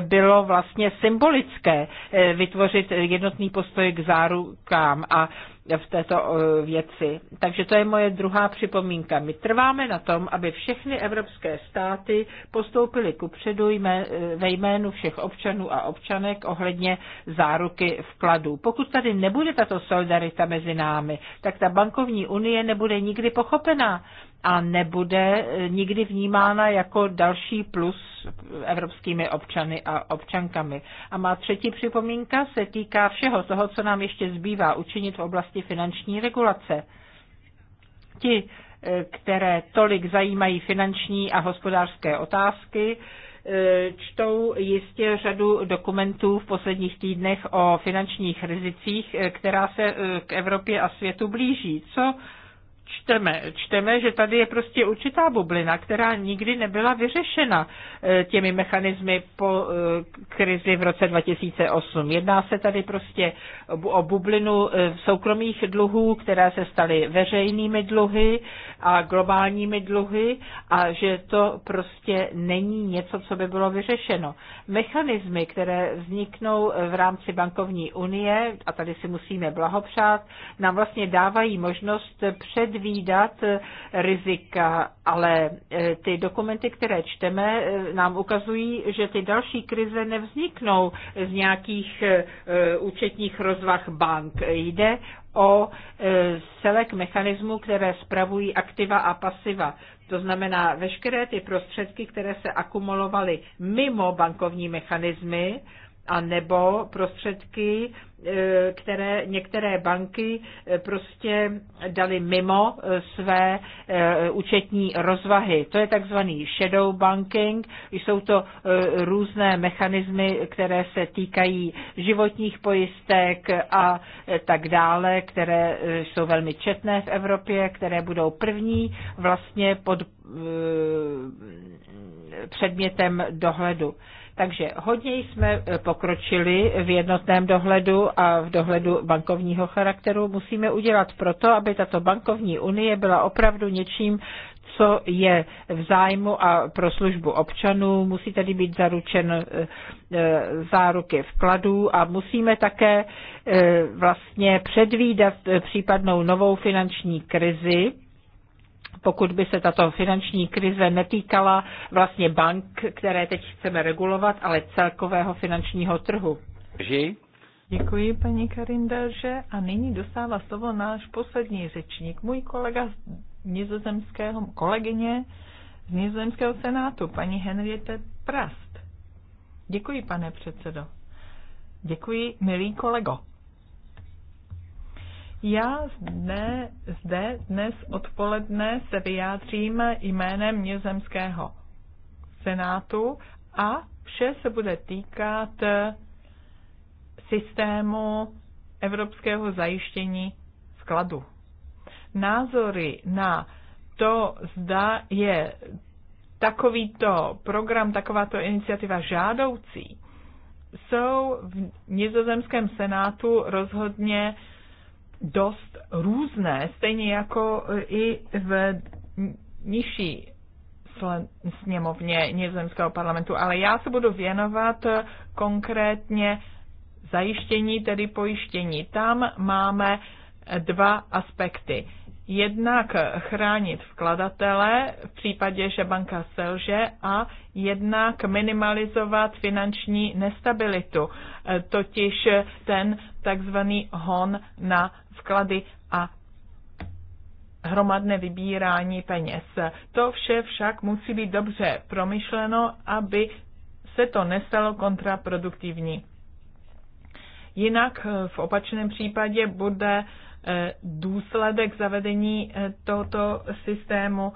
bylo vlastně symbolické eh, vytvořit jednotný postoj k zárukám a v této eh, věci. Takže to je moje druhá připomínka. My trváme na tom, aby všechny evropské státy postoupily kupředu eh, ve jménu všech občanů a občanek ohledně záruky vkladů. Pokud tady nebude tato solidarita mezi námi, tak ta bankovní unie nebude nikdy pochopená a nebude eh, nikdy vnímána jako další plus evropskými občany a občankami. A má třetí připomínka se týká všeho toho, co nám ještě zbývá učinit v oblasti finanční regulace. Ti, eh, které tolik zajímají finanční a hospodářské otázky, eh, čtou jistě řadu dokumentů v posledních týdnech o finančních rizicích, která se k Evropě a světu blíží. Co čteme? Čteme, že tady je prostě určitá bublina, která nikdy nebyla vyřešena eh, těmi mechanismy po eh, krizi v roce 2008. Jedná se tady prostě o bublinu eh, soukromých dluhů, které se staly veřejnými dluhy a globálními dluhy a že to prostě není něco, co by bylo vyřešeno. Mechanismy, které vzniknou v rámci bankovní unie, a tady si musíme blahopřát, nám vlastně dávají možnost předvídat předvídat eh, rizika, ale eh, ty dokumenty, které čteme, eh, nám ukazují, že ty další krize nevzniknou z nějakých účetních rozvah bank. Jde o celek mechanismů, které spravují aktiva a pasiva. To znamená, veškeré ty prostředky, které se akumulovaly mimo bankovní mechanismy, a nebo prostředky, eh, které některé banky eh, prostě dali mimo eh, své účetní rozvahy. To je takzvaný shadow banking, jsou to různé mechanismy, které se týkají životních pojistek a tak dále, které jsou velmi četné v Evropě, které budou první vlastně pod předmětem dohledu. Takže hodně jsme eh, pokročili v jednotném dohledu a v dohledu bankovního charakteru. Musíme udělat proto, aby tato bankovní unie byla opravdu něčím, co je v zájmu a pro službu občanů. Musí tady být zaručen eh, eh, záruky vkladů a musíme také vlastně předvídat případnou novou finanční krizi pokud by se tato finanční krize netýkala vlastně bank, které teď chceme regulovat, ale celkového finančního trhu. Ži? Děkuji, paní Karindaže. A nyní dostává slovo náš poslední řečník, můj kolega z nizozemského, kolegyně z nizozemského senátu, paní Henriette Prast. Děkuji, pane předsedo. Děkuji, milý kolego. Já zde, zde dnes odpoledne se vyjádřím jménem Nizozemského senátu a vše se bude týkat systému evropského zajištění vkladu. Názory na to, zda je takovýto program, takováto iniciativa žádoucí, jsou v nizozemském senátu rozhodně dost různé, stejně jako e, i v nižší sněmovně nizozemského parlamentu, ale já se budu věnovat e, konkrétně zajištění, tedy pojištění. Tam máme e, dva aspekty jednak chránit vkladatele v případě, že banka selže a jednak minimalizovat finanční nestabilitu, eh, totiž ten takzvaný hon na vklady a hromadné vybírání peněz. To vše však musí být dobře promyšleno, aby se to nestalo kontraproduktivní. Jinak eh, v opačném případě bude uh, Eh, důsledek zavedení eh, tohoto systému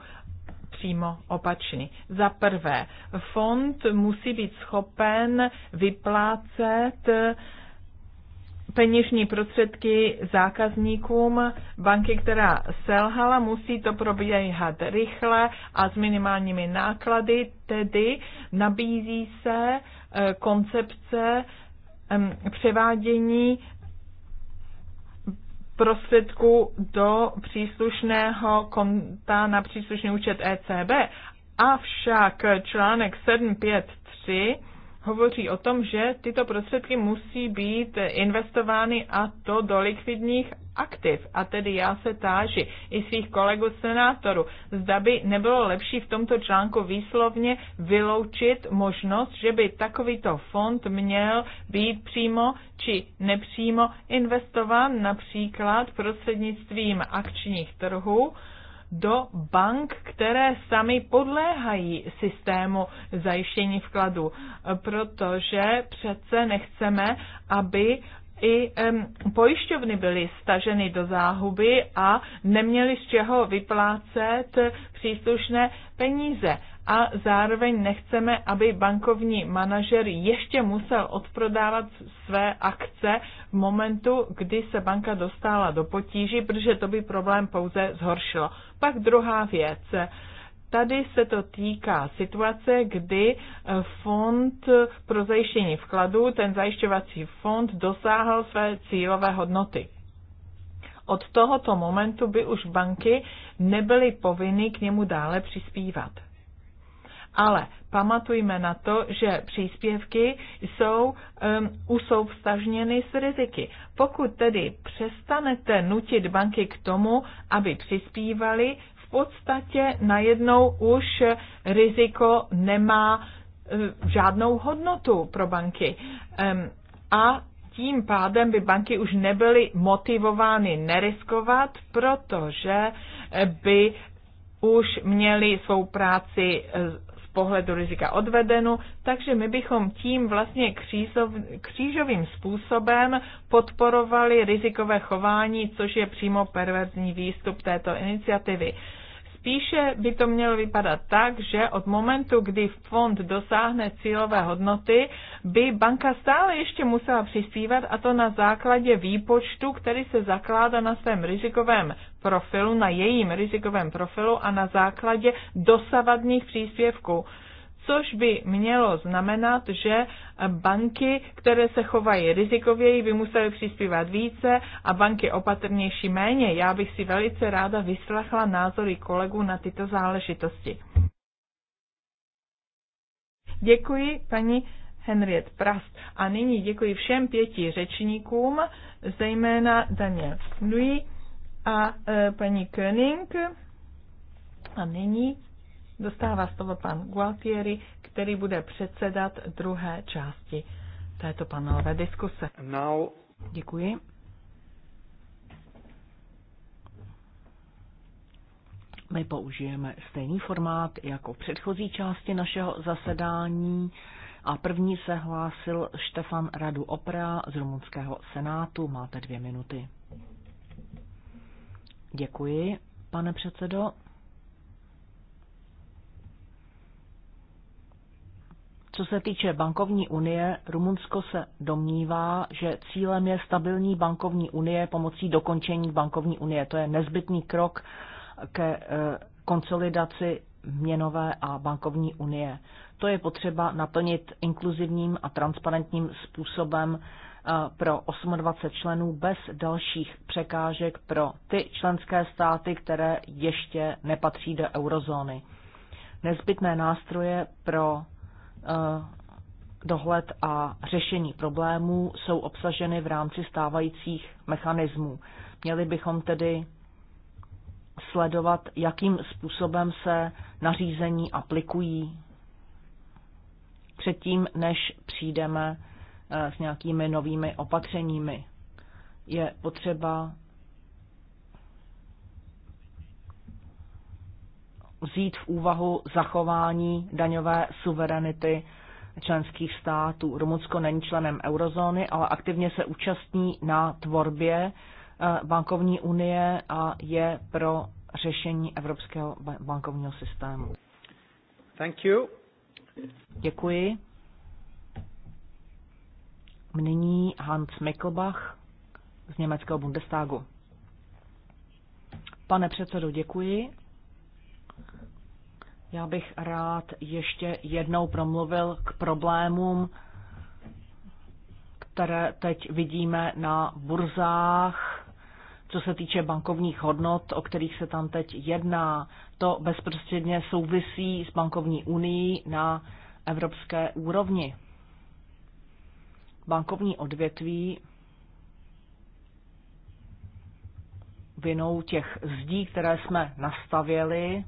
přímo opačný. Za prvé, fond musí být schopen vyplácet eh, peněžní prostředky zákazníkům. Banky, která selhala, musí to probíhat rychle a s minimálními náklady, tedy nabízí se koncepce převádění prostředků do příslušného konta na příslušný účet ECB. Avšak článek 753 hovoří o tom, že tyto prostředky musí být investovány a to do likvidních aktiv. A tedy já se táži i svých kolegů senátorů, zda by nebylo lepší v tomto článku výslovně vyloučit možnost, že by takovýto fond měl být přímo či nepřímo investován například prostřednictvím akčních trhů, do bank, které sami podléhají systému zajištění vkladu, protože přece nechceme, aby i um, pojišťovny byly staženy do záhuby a neměly z čeho vyplácet příslušné peníze. A zároveň nechceme, aby bankovní manažer ještě musel odprodávat své akce v momentu, kdy se banka dostala do potíží, protože to by problém pouze zhoršilo. Pak druhá věc. Tady se to týká situace, kdy eh, fond eh, pro zajištění vkladu, ten zajišťovací fond, dosáhl své cílové hodnoty. Od tohoto momentu by už banky nebyly povinny k němu dále přispívat. Ale pamatujme na to, že příspěvky jsou um, ehm, usouvstažněny s riziky. Pokud tedy přestanete nutit banky k tomu, aby přispívali, v podstatě najednou už riziko nemá eh, žádnou hodnotu pro banky. A tím pádem by banky už nebyly motivovány neriskovat, protože by už měli svou práci eh, pohledu rizika odvedenu, takže my bychom tím vlastně křízov, křížovým způsobem podporovali rizikové chování, což je přímo perverzní výstup této iniciativy. Spíše by to mělo vypadat tak, že od momentu, kdy fond dosáhne cílové hodnoty, by banka stále ještě musela přispívat a to na základě výpočtu, který se zakládá na svém rizikovém profilu, na jejím rizikovém profilu a na základě dosavadních příspěvků což by mělo znamenat, že banky, které se chovají rizikověji, by musely přispívat více a banky opatrnější méně. Já bych si velice ráda vyslechla názory kolegů na tyto záležitosti. Děkuji paní Henriet Prast. A nyní děkuji všem pěti řečníkům, zejména Daniel Nui, a e, paní König. A nyní dostává slovo pan Gualtieri, který bude předsedat druhé části této panelové diskuse. Now... Děkuji. My použijeme stejný formát jako v předchozí části našeho zasedání a první se hlásil Štefan Radu Opera z rumunského senátu. Máte dvě minuty. Děkuji, pane předsedo. Co se týče bankovní unie, Rumunsko se domnívá, že cílem je stabilní bankovní unie pomocí dokončení bankovní unie. To je nezbytný krok ke eh, konsolidaci měnové a bankovní unie. To je potřeba naplnit inkluzivním a transparentním způsobem pro 28 členů bez dalších překážek pro ty členské státy, které ještě nepatří do eurozóny. Nezbytné nástroje pro eh, dohled a řešení problémů jsou obsaženy v rámci stávajících mechanismů. Měli bychom tedy sledovat, jakým způsobem se nařízení aplikují předtím, než přijdeme Eh, s nějakými novými opatřeními. Je potřeba vzít v úvahu zachování daňové suverenity členských států. Rumunsko není členem eurozóny, ale aktivně se účastní na tvorbě eh, bankovní unie a je pro řešení evropského bankovního systému. Thank you. Děkuji. Nyní Hans Mikkelbach z německého Bundestagu. Pane předsedo, děkuji. Já bych rád ještě jednou promluvil k problémům, které teď vidíme na burzách, co se týče bankovních hodnot, o kterých se tam teď jedná. To bezprostředně souvisí s bankovní unii na evropské úrovni bankovní odvětví vinou těch zdí, které jsme nastavili,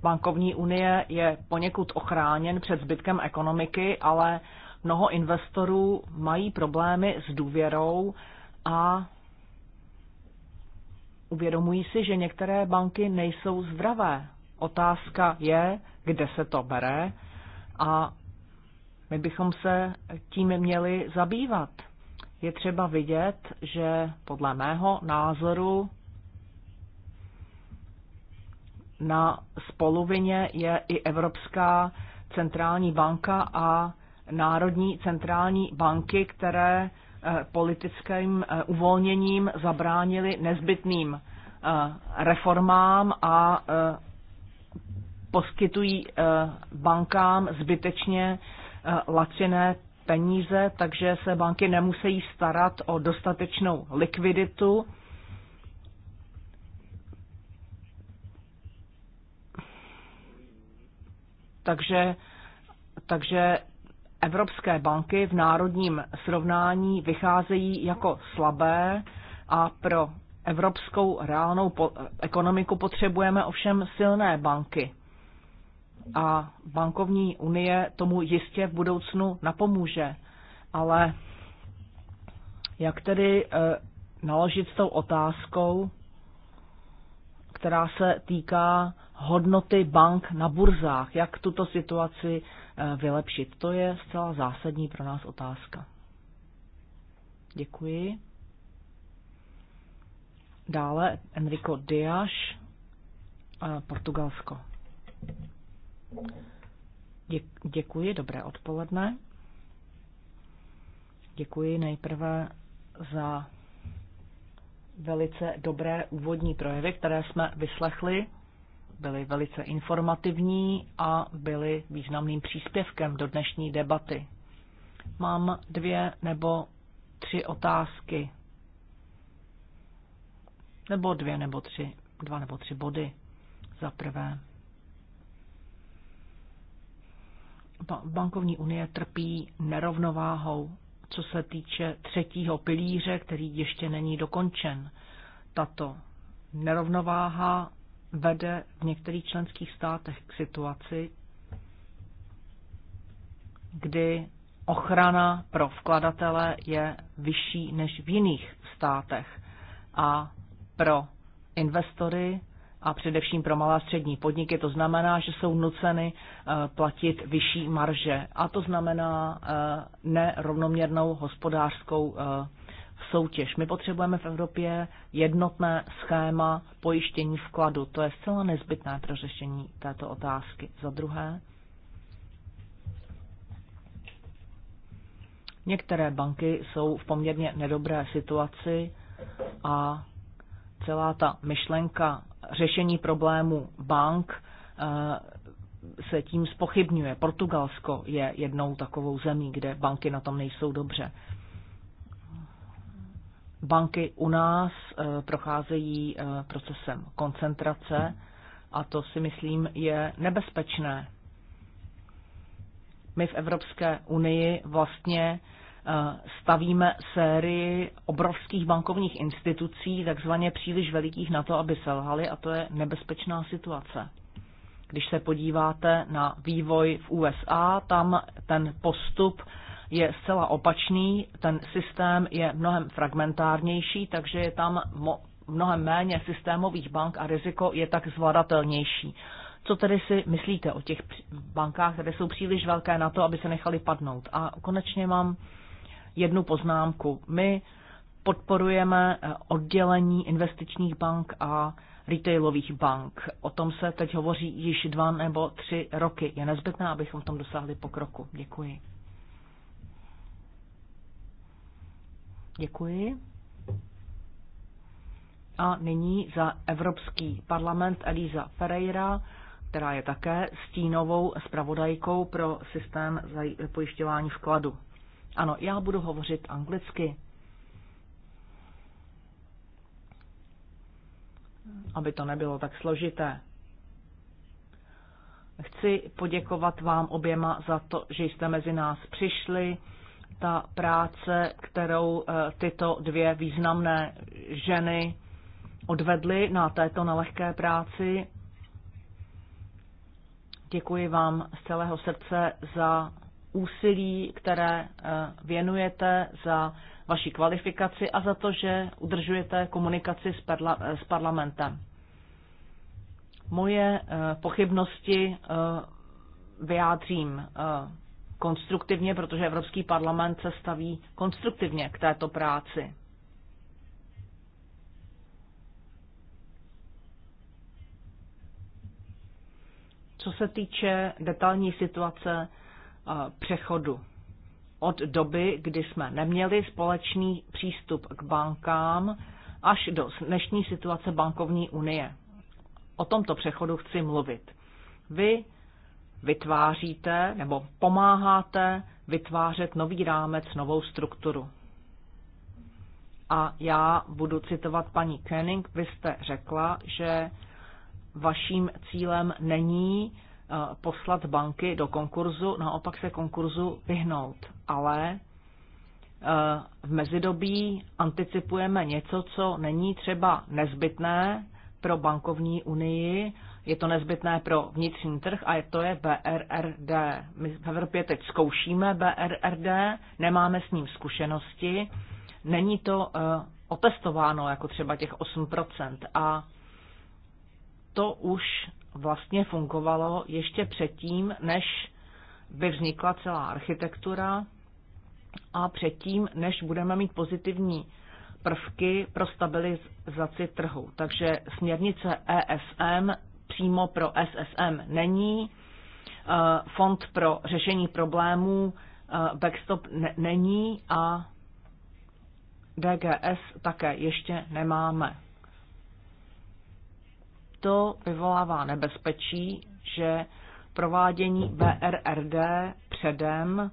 bankovní unie je poněkud ochráněn před zbytkem ekonomiky, ale mnoho investorů mají problémy s důvěrou a uvědomují si, že některé banky nejsou zdravé. Otázka je, kde se to bere a my bychom se tím měli zabývat. Je třeba vidět, že podle mého názoru na spoluvině je i Evropská centrální banka a národní centrální banky, které eh, politickým eh, uvolněním zabránili nezbytným eh, reformám a poskytují bankám zbytečně Eh, laciné peníze, takže se banky nemusí starat o dostatečnou likviditu. Takže, takže evropské banky v národním srovnání vycházejí jako slabé a pro evropskou reálnou po- ekonomiku potřebujeme ovšem silné banky a bankovní unie tomu jistě v budoucnu napomůže. Ale jak tedy eh, naložit s tou otázkou, která se týká hodnoty bank na burzách, jak tuto situaci eh, vylepšit. To je zcela zásadní pro nás otázka. Děkuji. Dále Enrico Dias, eh, Portugalsko. Děkuji, dobré odpoledne. Děkuji nejprve za velice dobré úvodní projevy, které jsme vyslechli. Byly velice informativní a byly významným příspěvkem do dnešní debaty. Mám dvě nebo tři otázky. Nebo dvě nebo tři, dva nebo tři body. Za prvé, bankovní unie trpí nerovnováhou, co se týče třetího pilíře, který ještě není dokončen. Tato nerovnováha vede v některých členských státech k situaci, kdy ochrana pro vkladatele je vyšší než v jiných státech a pro investory a především pro malé a střední podniky. To znamená, že jsou nuceny eh, platit vyšší marže a to znamená eh, nerovnoměrnou hospodářskou eh, soutěž. My potřebujeme v Evropě jednotné schéma pojištění vkladu. To je zcela nezbytné pro řešení této otázky. Za druhé, některé banky jsou v poměrně nedobré situaci a celá ta myšlenka řešení problému bank eh, se tím spochybňuje. Portugalsko je jednou takovou zemí, kde banky na tom nejsou dobře. Banky u nás eh, procházejí eh, procesem koncentrace a to si myslím je nebezpečné. My v Evropské unii vlastně Eh, stavíme sérii obrovských bankovních institucí, takzvaně příliš velikých na to, aby selhaly, a to je nebezpečná situace. Když se podíváte na vývoj v USA, tam ten postup je zcela opačný, ten systém je mnohem fragmentárnější, takže je tam mnohem méně systémových bank a riziko je tak zvladatelnější. Co tedy si myslíte o těch bankách, které jsou příliš velké na to, aby se nechali padnout? A konečně mám jednu poznámku. My podporujeme eh, oddělení investičních bank a retailových bank. O tom se teď hovoří již dva nebo tři roky. Je nezbytné, abychom tom dosáhli pokroku. Děkuji. Děkuji. A nyní za Evropský parlament Elisa Ferreira, která je také stínovou zpravodajkou pro systém pojišťování vkladu. Ano, já budu hovořit anglicky. Aby to nebylo tak složité. Chci poděkovat vám oběma za to, že jste mezi nás přišli. Ta práce, kterou eh, tyto dvě významné ženy odvedly na této nelehké práci. Děkuji vám z celého srdce za úsilí, které eh, věnujete za vaši kvalifikaci a za to, že udržujete komunikaci s, parla- eh, s parlamentem. Moje eh, pochybnosti vyjádřím konstruktivně, protože Evropský parlament se staví konstruktivně k této práci. Co se týče detailní situace Eh, přechodu od doby, kdy jsme neměli společný přístup k bankám až do dnešní situace bankovní unie. O tomto přechodu chci mluvit. Vy vytváříte nebo pomáháte vytvářet nový rámec, novou strukturu. A já budu citovat paní Kenning, vy jste řekla, že vaším cílem není poslat banky do konkurzu, naopak se konkurzu vyhnout. Ale e, v mezidobí anticipujeme něco, co není třeba nezbytné pro bankovní unii, je to nezbytné pro vnitřní trh a to je BRRD. My v Evropě teď zkoušíme BRRD, nemáme s ním zkušenosti, není to e, otestováno jako třeba těch 8%. A to už vlastně fungovalo ještě předtím, než by vznikla celá architektura a předtím, než budeme mít pozitivní prvky pro stabilizaci trhu. Takže směrnice ESM přímo pro SSM není, eh, fond pro řešení problémů eh, backstop není a DGS také ještě nemáme to vyvolává nebezpečí, že provádění BRRD předem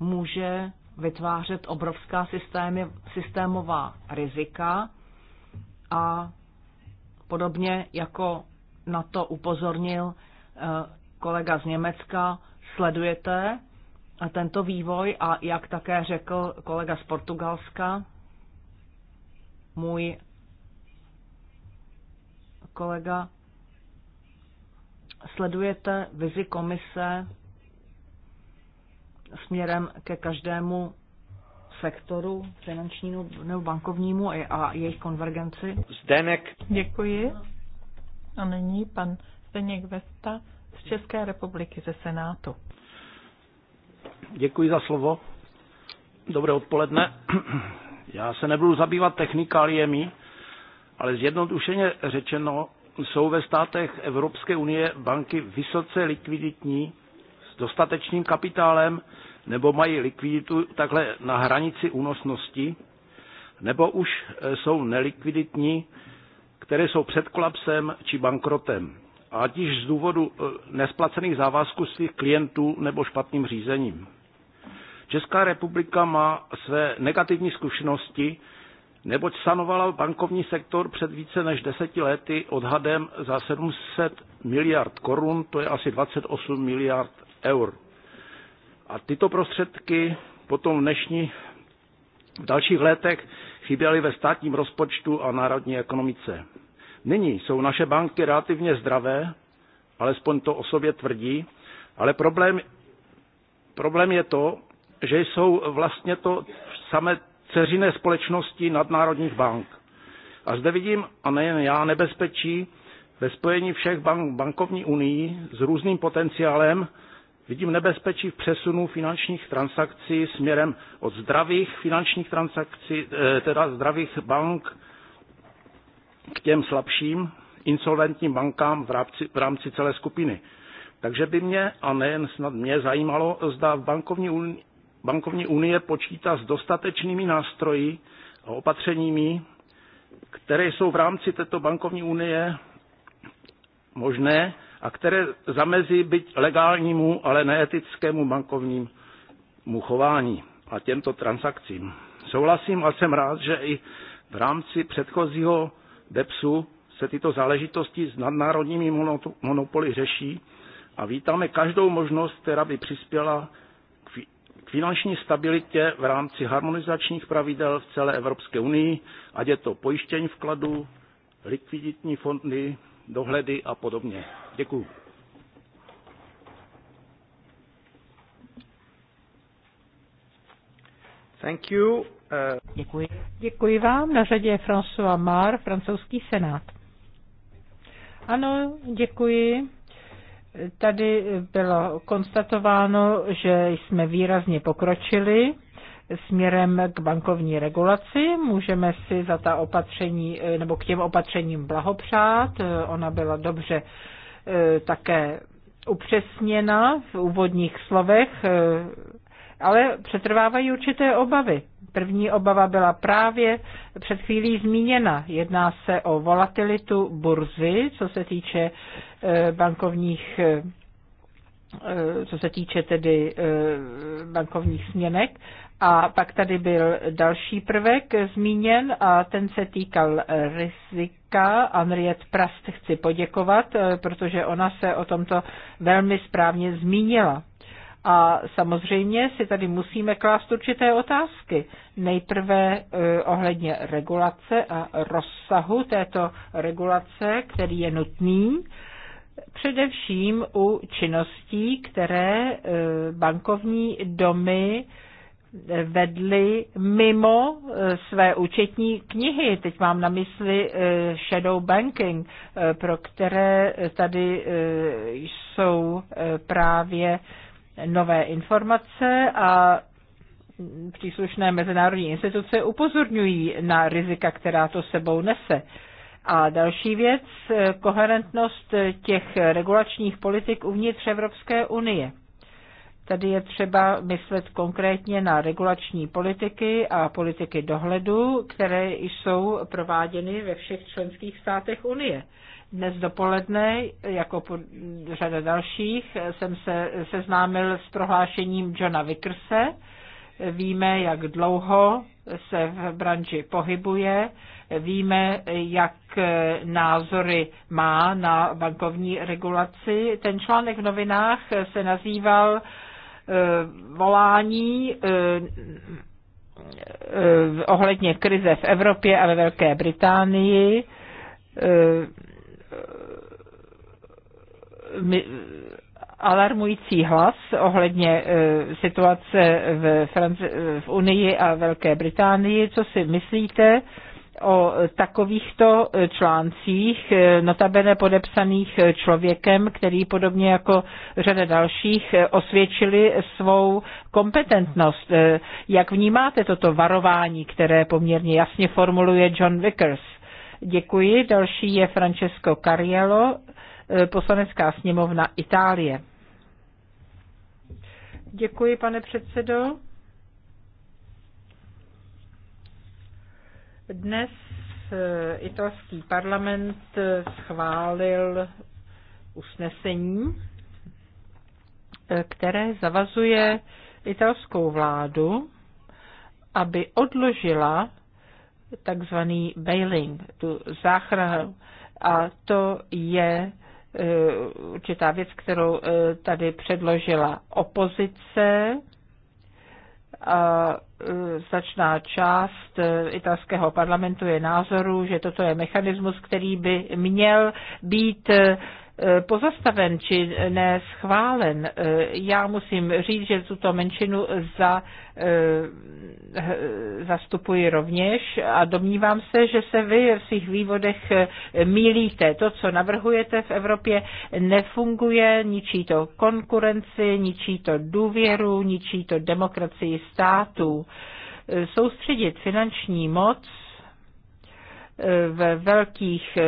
může vytvářet obrovská systémy, systémová rizika a podobně jako na to upozornil eh, kolega z Německa, sledujete tento vývoj a jak také řekl kolega z Portugalska, můj kolega, sledujete vizi komise směrem ke každému sektoru finančnímu nebo bankovnímu a jejich konvergenci? Zdenek. Děkuji. A nyní pan Zdeněk Vesta z České republiky ze Senátu. Děkuji za slovo. Dobré odpoledne. Já se nebudu zabývat technikáliemi, ale zjednodušeně řečeno jsou ve státech Evropské unie banky vysoce likviditní s dostatečným kapitálem nebo mají likviditu takhle na hranici únosnosti, nebo už e, jsou nelikviditní, které jsou před kolapsem či bankrotem, ať již z důvodu e, nesplacených závazků svých klientů nebo špatným řízením. Česká republika má své negativní zkušenosti neboť sanovala bankovní sektor před více než deseti lety odhadem za 700 miliard korun, to je asi 28 miliard eur. A tyto prostředky potom v dnešní v dalších letech chyběly ve státním rozpočtu a národní ekonomice. Nyní jsou naše banky relativně zdravé, alespoň to o sobě tvrdí, ale problém, problém je to, že jsou vlastně to samé dceřiné společnosti nadnárodních bank. A zde vidím, a nejen já, nebezpečí ve spojení všech bank, bankovní unii s různým potenciálem, vidím nebezpečí v přesunu finančních transakcí směrem od zdravých finančních transakcí, eh, teda zdravých bank k těm slabším insolventním bankám v rámci, v rámci celé skupiny. Takže by mě, a nejen snad mě, zajímalo, zda v bankovní bankovní unie počítá s dostatečnými nástroji a opatřeními, které jsou v rámci této bankovní unie možné a které zamezí byť legálnímu, ale neetickému bankovnímu chování a těmto transakcím. Souhlasím a jsem rád, že i v rámci předchozího DEPSu se tyto záležitosti s nadnárodními monopoly řeší a vítáme každou možnost, která by přispěla finanční stabilitě v rámci harmonizačních pravidel v celé Evropské unii, ať je to pojištění vkladů, likviditní fondy, dohledy a podobně. Děkuji. Thank you. Uh... Děkuji. Děkuji vám. Na řadě je François Mar, francouzský senát. Ano, děkuji. Tady bylo konstatováno, že jsme výrazně pokročili směrem k bankovní regulaci. Můžeme si za ta opatření nebo k těm opatřením blahopřát. Ona byla dobře eh, také upřesněna v úvodních slovech eh, ale přetrvávají určité obavy. První obava byla právě před chvílí zmíněna. Jedná se o volatilitu burzy, co se týče eh, bankovních eh, eh, co se týče tedy bankovních směnek. A pak tady byl další prvek zmíněn a ten se týkal rizika. Anriet Prast chci poděkovat, protože ona se o tomto velmi správně zmínila. A samozřejmě si tady musíme klást určité otázky. Nejprve eh, ohledně regulace a rozsahu této regulace, který je nutný, především u činností, které eh, bankovní domy eh, vedly mimo své účetní knihy. Teď mám na mysli shadow banking, pro které tady jsou právě nové informace a příslušné mezinárodní instituce upozorňují na rizika, která to sebou nese. A další věc, koherentnost těch regulačních politik uvnitř Evropské unie. Tady je třeba myslet konkrétně na regulační politiky a politiky dohledu, které jsou prováděny ve všech členských státech Unie. Dnes dopoledne, jako řada dalších, jsem se seznámil s prohlášením Johna Vickerse. Víme, jak dlouho se v branži pohybuje, víme, jak názory má na bankovní regulaci. Ten článek v novinách se nazýval eh, volání eh, eh, ohledně krize v Evropě a ve Velké Británii alarmující hlas ohledně e, situace v, Franci- v Unii a Velké Británii. Co si myslíte o takovýchto e, článcích, e, notabene podepsaných člověkem, který podobně jako řada dalších osvědčili svou kompetentnost? Jak vnímáte toto varování, které poměrně jasně formuluje John Vickers? Děkuji. Další je Francesco Cariello E, poslanecká sněmovna Itálie. Děkuji, pane předsedo. Dnes e, italský parlament schválil usnesení, e, které zavazuje italskou vládu, aby odložila takzvaný bailing, tu záchranu. A to je Eh, určitá věc, kterou eh, tady předložila opozice a eh, značná část italského parlamentu je názoru, že toto je mechanismus, který by měl být E, pozastaven či neschválen. E, já musím říct, že tuto menšinu za, e, zastupuji rovněž a domnívám se, že se vy v svých vývodech mílíte. To, co navrhujete v Evropě, nefunguje, ničí to konkurenci, ničí to důvěru, ničí to demokracii států. Soustředit finanční moc ve velkých eh,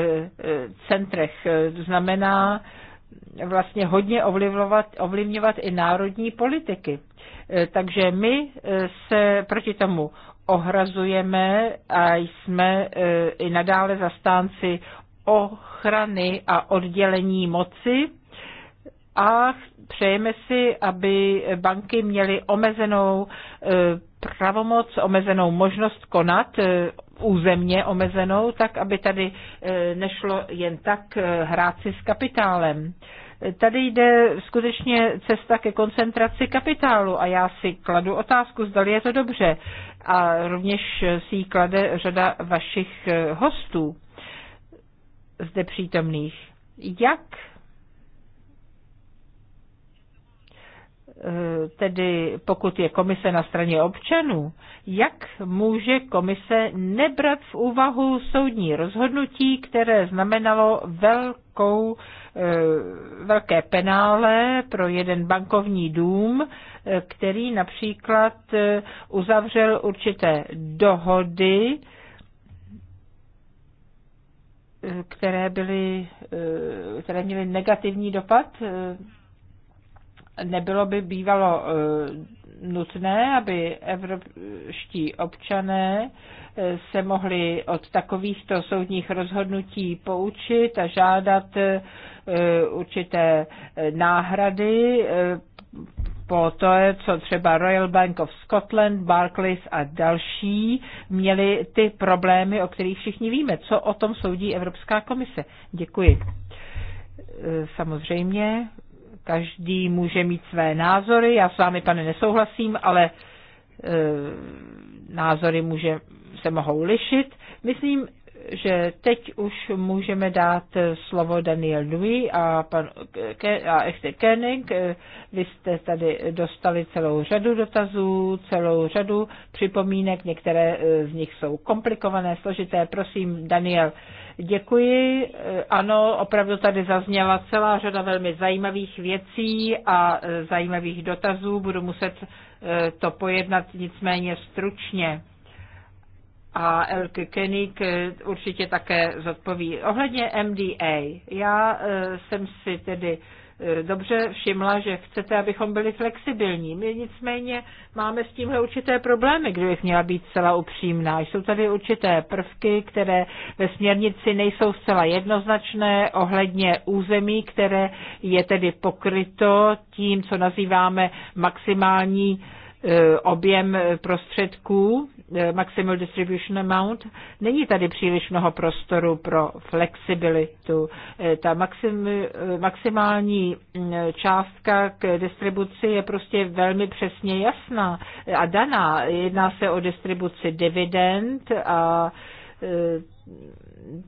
eh, centrech znamená vlastně hodně ovlivňovat, ovlivňovat i národní politiky. Eh, takže my se proti tomu ohrazujeme a jsme i nadále zastánci ochrany a oddělení moci a přejeme si, aby banky měly omezenou pravomoc, omezenou možnost konat územně omezenou, tak aby tady e, nešlo jen tak e, hrát si s kapitálem. Tady jde skutečně cesta ke koncentraci kapitálu a já si kladu otázku, zda je to dobře. A rovněž si ji klade řada vašich e, hostů zde přítomných. Jak Eh, tedy pokud je komise na straně občanů, jak může komise nebrat v úvahu soudní rozhodnutí, které znamenalo velkou, eh, velké penále pro jeden bankovní dům, eh, který například uzavřel určité dohody, které, byly, které měly negativní dopad nebylo by bývalo eh, nutné, aby evropští občané eh, se mohli od takovýchto soudních rozhodnutí poučit a žádat eh, určité náhrady po to, co třeba Royal Bank of Scotland, Barclays a další měli ty problémy, o kterých všichni víme. Co o tom soudí Evropská komise? Děkuji. Samozřejmě Každý může mít své názory, já s vámi, pane, nesouhlasím, ale e, názory může, se mohou lišit. Myslím, že teď už můžeme dát slovo Daniel Nui a, pan, a Esther Koenig. E, vy jste tady dostali celou řadu dotazů, celou řadu připomínek, některé e, z nich jsou komplikované, složité. Prosím, Daniel, Děkuji. Ano, opravdu tady zazněla celá řada velmi zajímavých věcí a e, zajímavých dotazů. Budu muset e, to pojednat nicméně stručně. A Elke Koenig e, určitě také zodpoví. Ohledně MDA, já jsem si tedy Eh, dobře všimla, že chcete, abychom byli flexibilní. My nicméně máme s tímhle určité problémy, kdybych měla být celá upřímná. Jsou tady určité prvky, které ve směrnici nejsou zcela jednoznačné ohledně území, které je tedy pokryto tím, co nazýváme maximální eh, objem prostředků Eh, maximal Distribution Amount, není tady příliš mnoho prostoru pro flexibilitu. Eh, ta maxim, eh, maximální mm, částka k distribuci je prostě velmi přesně jasná a daná. Jedná se o distribuci dividend a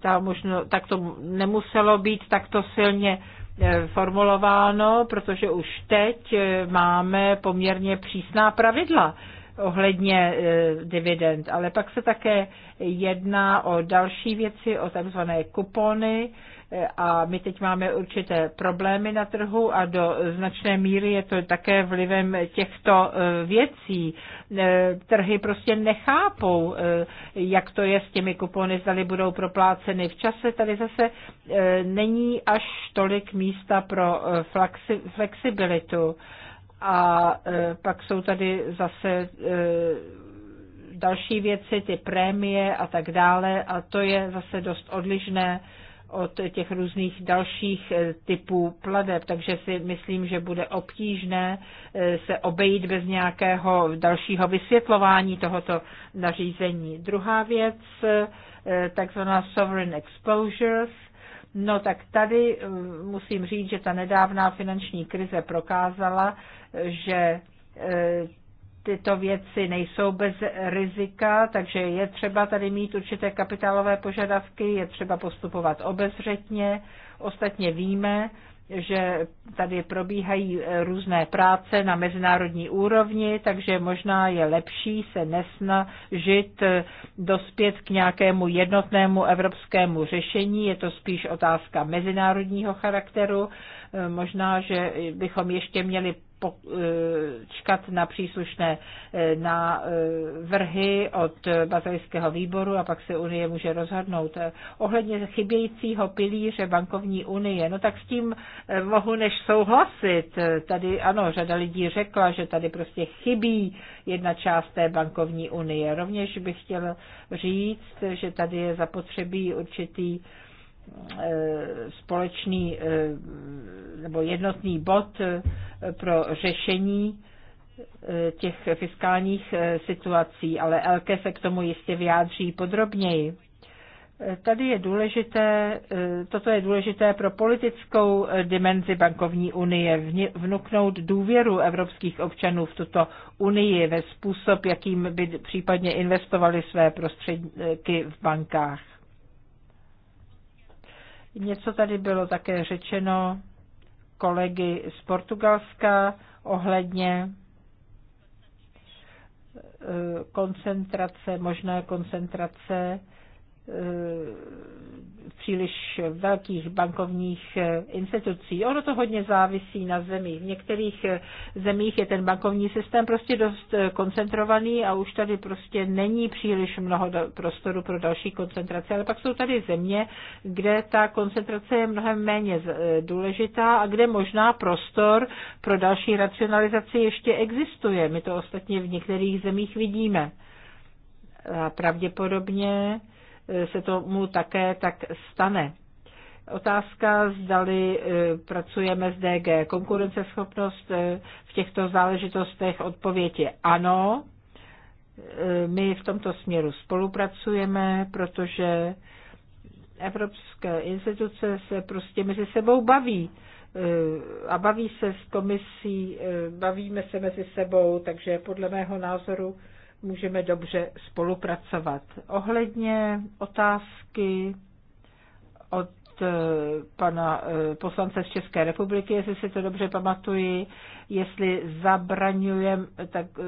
ta možno, tak to nemuselo být takto silně formulováno, protože už teď máme poměrně přísná pravidla ohledně e, dividend, ale pak se také jedná o další věci, o takzvané kupony e, a my teď máme určité problémy na trhu a do značné míry je to také vlivem těchto e, věcí. Trhy prostě nechápou, jak to je s těmi kupony, zdali budou propláceny v čase. Tady zase není až tolik místa pro flexibilitu. A e, pak jsou tady zase e, další věci, ty prémie a tak dále. A to je zase dost odlišné od těch různých dalších e, typů pladeb, takže si myslím, že bude obtížné se obejít bez nějakého dalšího vysvětlování tohoto nařízení. Druhá věc, takzvaná sovereign exposures, No tak tady eh, musím říct, že ta nedávná finanční krize prokázala, že eh, tyto věci nejsou bez rizika, takže je třeba tady mít určité kapitálové požadavky, je třeba postupovat obezřetně. Ostatně víme, že tady probíhají eh, různé práce na mezinárodní úrovni, takže možná je lepší se nesnažit eh, dospět k nějakému jednotnému evropskému řešení. Je to spíš otázka mezinárodního charakteru Eh, možná, že bychom ještě měli počkat eh, na příslušné eh, na vrhy od bazajského výboru a pak se Unie může rozhodnout. Ohledně chybějícího pilíře bankovní unie, no tak s tím mohu než souhlasit. Tady ano, řada lidí řekla, že tady prostě chybí jedna část té bankovní unie. Rovněž bych chtěl říct, že tady je zapotřebí určitý Eh, společný eh, nebo jednotný bod eh, pro řešení těch fiskálních situací, ale Elke se k tomu jistě vyjádří podrobněji. Tady je důležité, toto je důležité pro politickou dimenzi bankovní unie, vnuknout důvěru evropských občanů v tuto unii ve způsob, jakým by případně investovali své prostředky v bankách. Něco tady bylo také řečeno kolegy z Portugalska ohledně eh, koncentrace, možné koncentrace eh, příliš velkých bankovních eh, institucí. Ono to hodně závisí na zemích. V některých eh, zemích je ten bankovní systém prostě dost eh, koncentrovaný a už tady prostě není příliš mnoho prostoru pro další koncentraci. Ale pak jsou tady země, kde ta koncentrace je mnohem méně důležitá a kde možná prostor pro další racionalizaci ještě existuje. My to ostatně v některých zemích vidíme. A pravděpodobně se tomu také tak stane. Otázka, zdali e, pracujeme s DG konkurenceschopnost e, v těchto záležitostech, odpověď je ano. E, my v tomto směru spolupracujeme, protože evropské instituce se prostě mezi sebou baví a baví se s komisí, bavíme se mezi sebou, takže podle mého názoru můžeme dobře spolupracovat. Ohledně otázky od eh, pana eh, poslance z České republiky, jestli si to dobře pamatuji, jestli zabraňujeme tak, eh,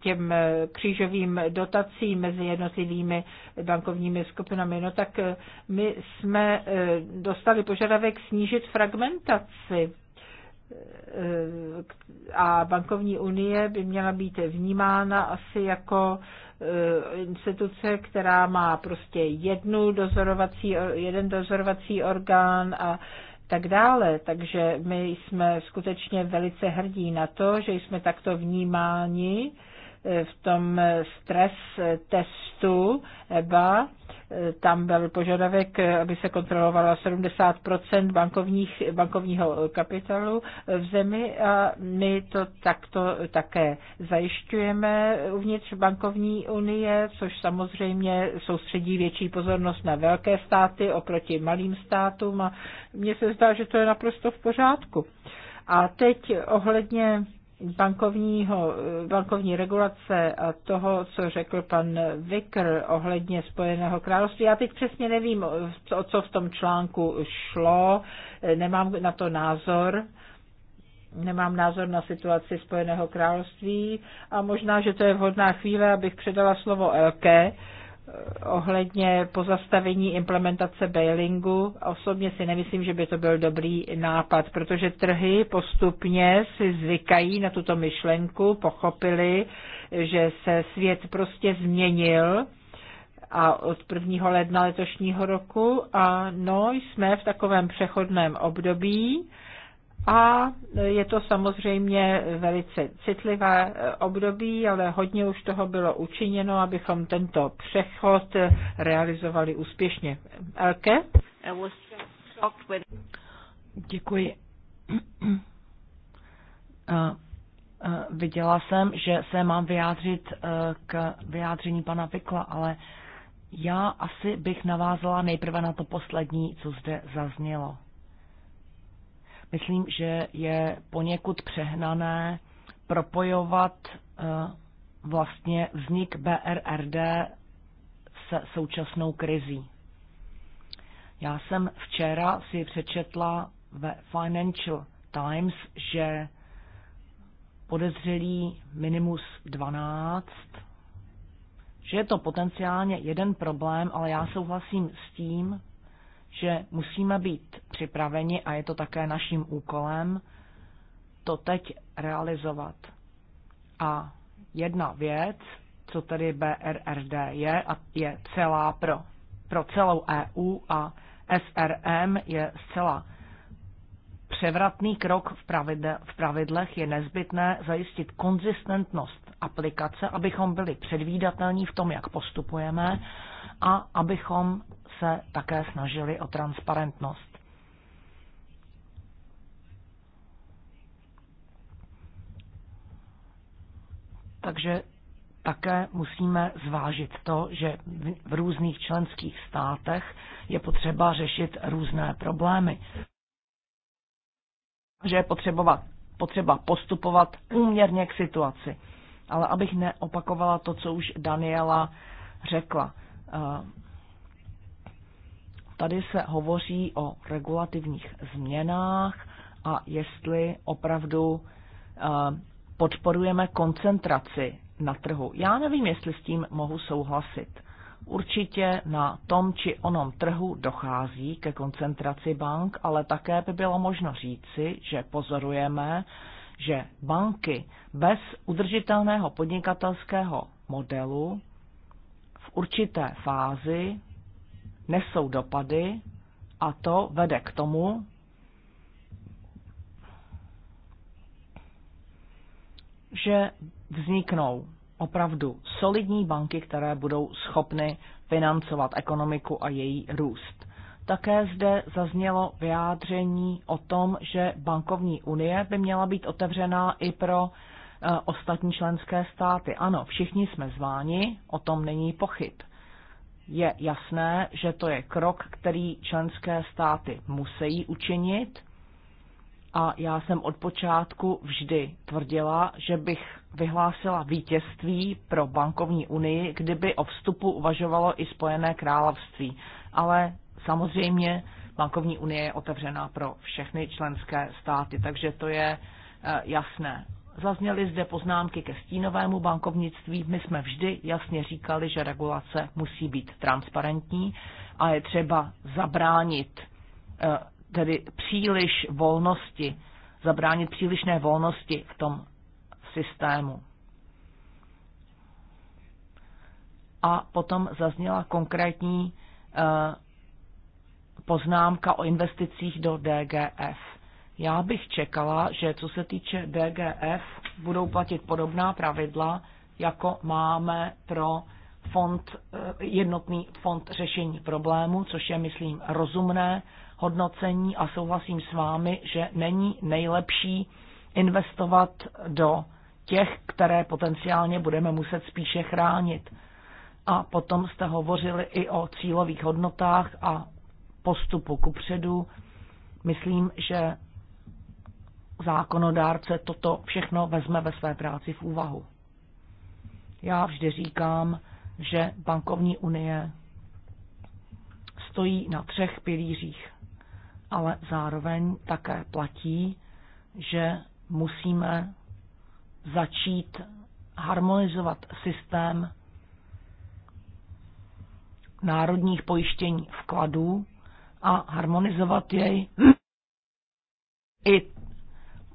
těm křížovým dotacím mezi jednotlivými bankovními skupinami. No tak my jsme dostali požadavek snížit fragmentaci a bankovní unie by měla být vnímána asi jako e, instituce, která má prostě jednu dozorovací, jeden dozorovací orgán a tak dále. Takže my jsme skutečně velice hrdí na to, že jsme takto vnímáni e, v tom stres testu EBA tam byl požadavek, aby se kontrolovalo 70 bankovních, bankovního kapitálu v zemi a my to takto také zajišťujeme uvnitř bankovní unie, což samozřejmě soustředí větší pozornost na velké státy oproti malým státům a mně se zdá, že to je naprosto v pořádku. A teď ohledně bankovního, bankovní regulace a toho, co řekl pan Vikr ohledně Spojeného království. Já teď přesně nevím, o co v tom článku šlo, nemám na to názor, nemám názor na situaci Spojeného království a možná, že to je vhodná chvíle, abych předala slovo Elke, Eh, ohledně pozastavení implementace bailingu. Osobně si nemyslím, že by to byl dobrý nápad, protože trhy postupně si zvykají na tuto myšlenku, pochopili, že se svět prostě změnil a od 1. ledna letošního roku a no, jsme v takovém přechodném období, a je to samozřejmě velice citlivé eh, období, ale hodně už toho bylo učiněno, abychom tento přechod eh, realizovali úspěšně. Elke? Děkuji. Eh, viděla jsem, že se mám vyjádřit k vyjádření pana Vikla, ale já asi bych navázala nejprve na to poslední, co zde zaznělo. Myslím, že je poněkud přehnané propojovat eh, vlastně vznik BRRD se současnou krizí. Já jsem včera si přečetla ve Financial Times, že podezřelí minimus 12, že je to potenciálně jeden problém, ale já souhlasím s tím, že musíme být připraveni a je to také naším úkolem to teď realizovat. A jedna věc, co tedy BRRD je, a je celá pro, pro celou EU a SRM je zcela převratný krok v, pravidle, v pravidlech je nezbytné zajistit konzistentnost aplikace, abychom byli předvídatelní v tom, jak postupujeme a abychom se také snažili o transparentnost. Takže také musíme zvážit to, že v různých členských státech je potřeba řešit různé problémy. Že je potřeba, potřeba postupovat úměrně k situaci. Ale abych neopakovala to, co už Daniela řekla. Eh, Tady se hovoří o regulativních změnách a jestli opravdu eh, podporujeme koncentraci na trhu. Já nevím, jestli s tím mohu souhlasit. Určitě na tom či onom trhu dochází ke koncentraci bank, ale také by bylo možno říci, že pozorujeme, že banky bez udržitelného podnikatelského modelu v určité fázi nesou dopady a to vede k tomu, že vzniknou opravdu solidní banky, které budou schopny financovat ekonomiku a její růst. Také zde zaznělo vyjádření o tom, že bankovní unie by měla být otevřená i pro eh, ostatní členské státy. Ano, všichni jsme zváni, o tom není pochyb je jasné, že to je krok, který členské státy musí učinit. A já jsem od počátku vždy tvrdila, že bych vyhlásila vítězství pro bankovní unii, kdyby o vstupu uvažovalo i Spojené království. Ale samozřejmě bankovní unie je otevřená pro všechny členské státy, takže to je eh, jasné. Zazněly zde poznámky ke stínovému bankovnictví. My jsme vždy jasně říkali, že regulace musí být transparentní a je třeba zabránit eh, tedy příliš volnosti, zabránit přílišné volnosti v tom systému. A potom zazněla konkrétní eh, poznámka o investicích do DGF já bych čekala, že co se týče DGF, budou platit podobná pravidla, jako máme pro fond, eh, jednotný fond řešení problému, což je, myslím, rozumné hodnocení a souhlasím s vámi, že není nejlepší investovat do těch, které potenciálně budeme muset spíše chránit. A potom jste hovořili i o cílových hodnotách a postupu kupředu. Myslím, že zákonodárce toto všechno vezme ve své práci v úvahu. Já vždy říkám, že bankovní unie stojí na třech pilířích, ale zároveň také platí, že musíme začít harmonizovat systém národních pojištění vkladů a harmonizovat jej i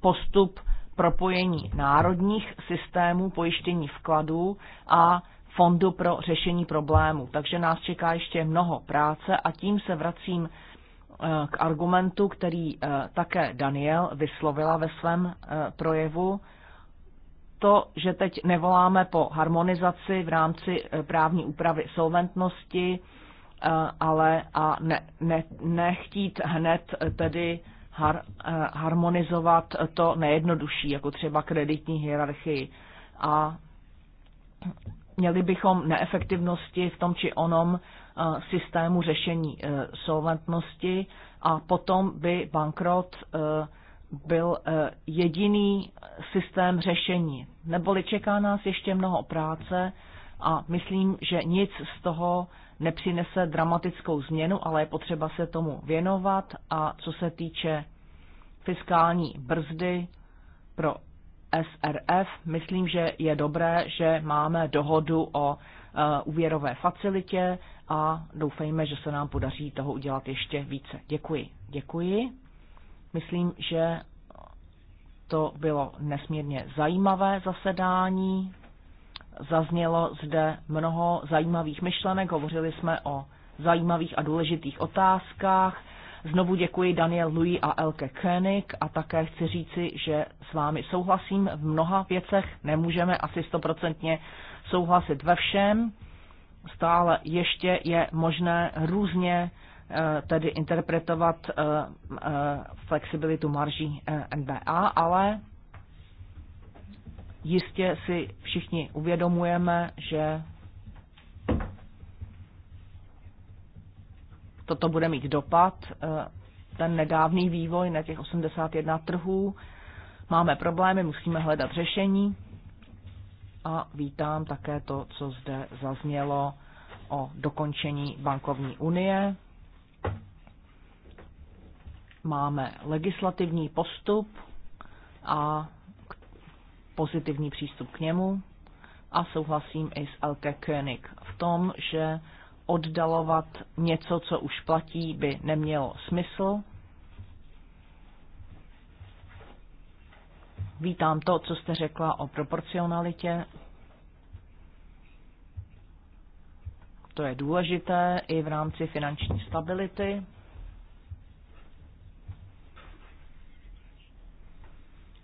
postup propojení národních systémů pojištění vkladů a fondu pro řešení problémů. Takže nás čeká ještě mnoho práce a tím se vracím eh, k argumentu, který eh, také Daniel vyslovila ve svém eh, projevu. To, že teď nevoláme po harmonizaci v rámci právní úpravy solventnosti, ale a ne, ne, nechtít hned tedy har, eh, harmonizovat to nejjednodušší, jako třeba kreditní hierarchii. A měli bychom neefektivnosti v tom či onom eh, systému řešení eh, solventnosti a potom by bankrot byl jediný systém řešení. Neboli čeká nás ještě mnoho práce a myslím, že nic z toho nepřinese dramatickou změnu, ale je potřeba se tomu věnovat. A co se týče fiskální brzdy pro SRF, myslím, že je dobré, že máme dohodu o e, úvěrové facilitě a doufejme, že se nám podaří toho udělat ještě více. Děkuji. Děkuji. Myslím, že to bylo nesmírně zajímavé zasedání. Zaznělo zde mnoho zajímavých myšlenek, hovořili jsme o zajímavých a důležitých otázkách. Znovu děkuji Daniel Louis a Elke Koenig a také chci říci, že s vámi souhlasím v mnoha věcech, nemůžeme asi stoprocentně souhlasit ve všem. Stále ještě je možné různě eh, tedy interpretovat eh, eh, flexibilitu marží NBA, ale Jistě si všichni uvědomujeme, že toto bude mít dopad, eh, ten nedávný vývoj na těch 81 trhů. Máme problémy, musíme hledat řešení a vítám také to, co zde zaznělo o dokončení bankovní unie. Máme legislativní postup a pozitivní přístup k němu a souhlasím i s Elke König v tom, že oddalovat něco, co už platí, by nemělo smysl. Vítám to, co jste řekla o proporcionalitě. To je důležité i v rámci finanční stability.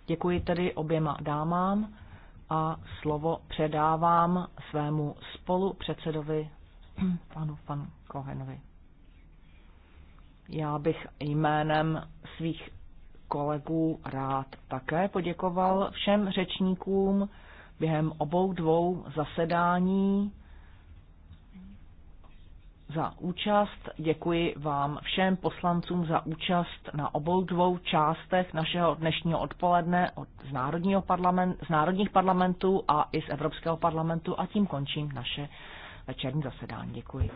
Děkuji tedy oběma dámám a slovo předávám svému spolupředsedovi panu Van Kohenovi. Já bych jménem svých kolegů rád také poděkoval všem řečníkům během obou dvou zasedání za účast. Děkuji vám všem poslancům za účast na obou dvou částech našeho dnešního odpoledne od z, národního parlament, z národních parlamentů a i z Evropského parlamentu a tím končím naše večerní zasedání. Děkuji.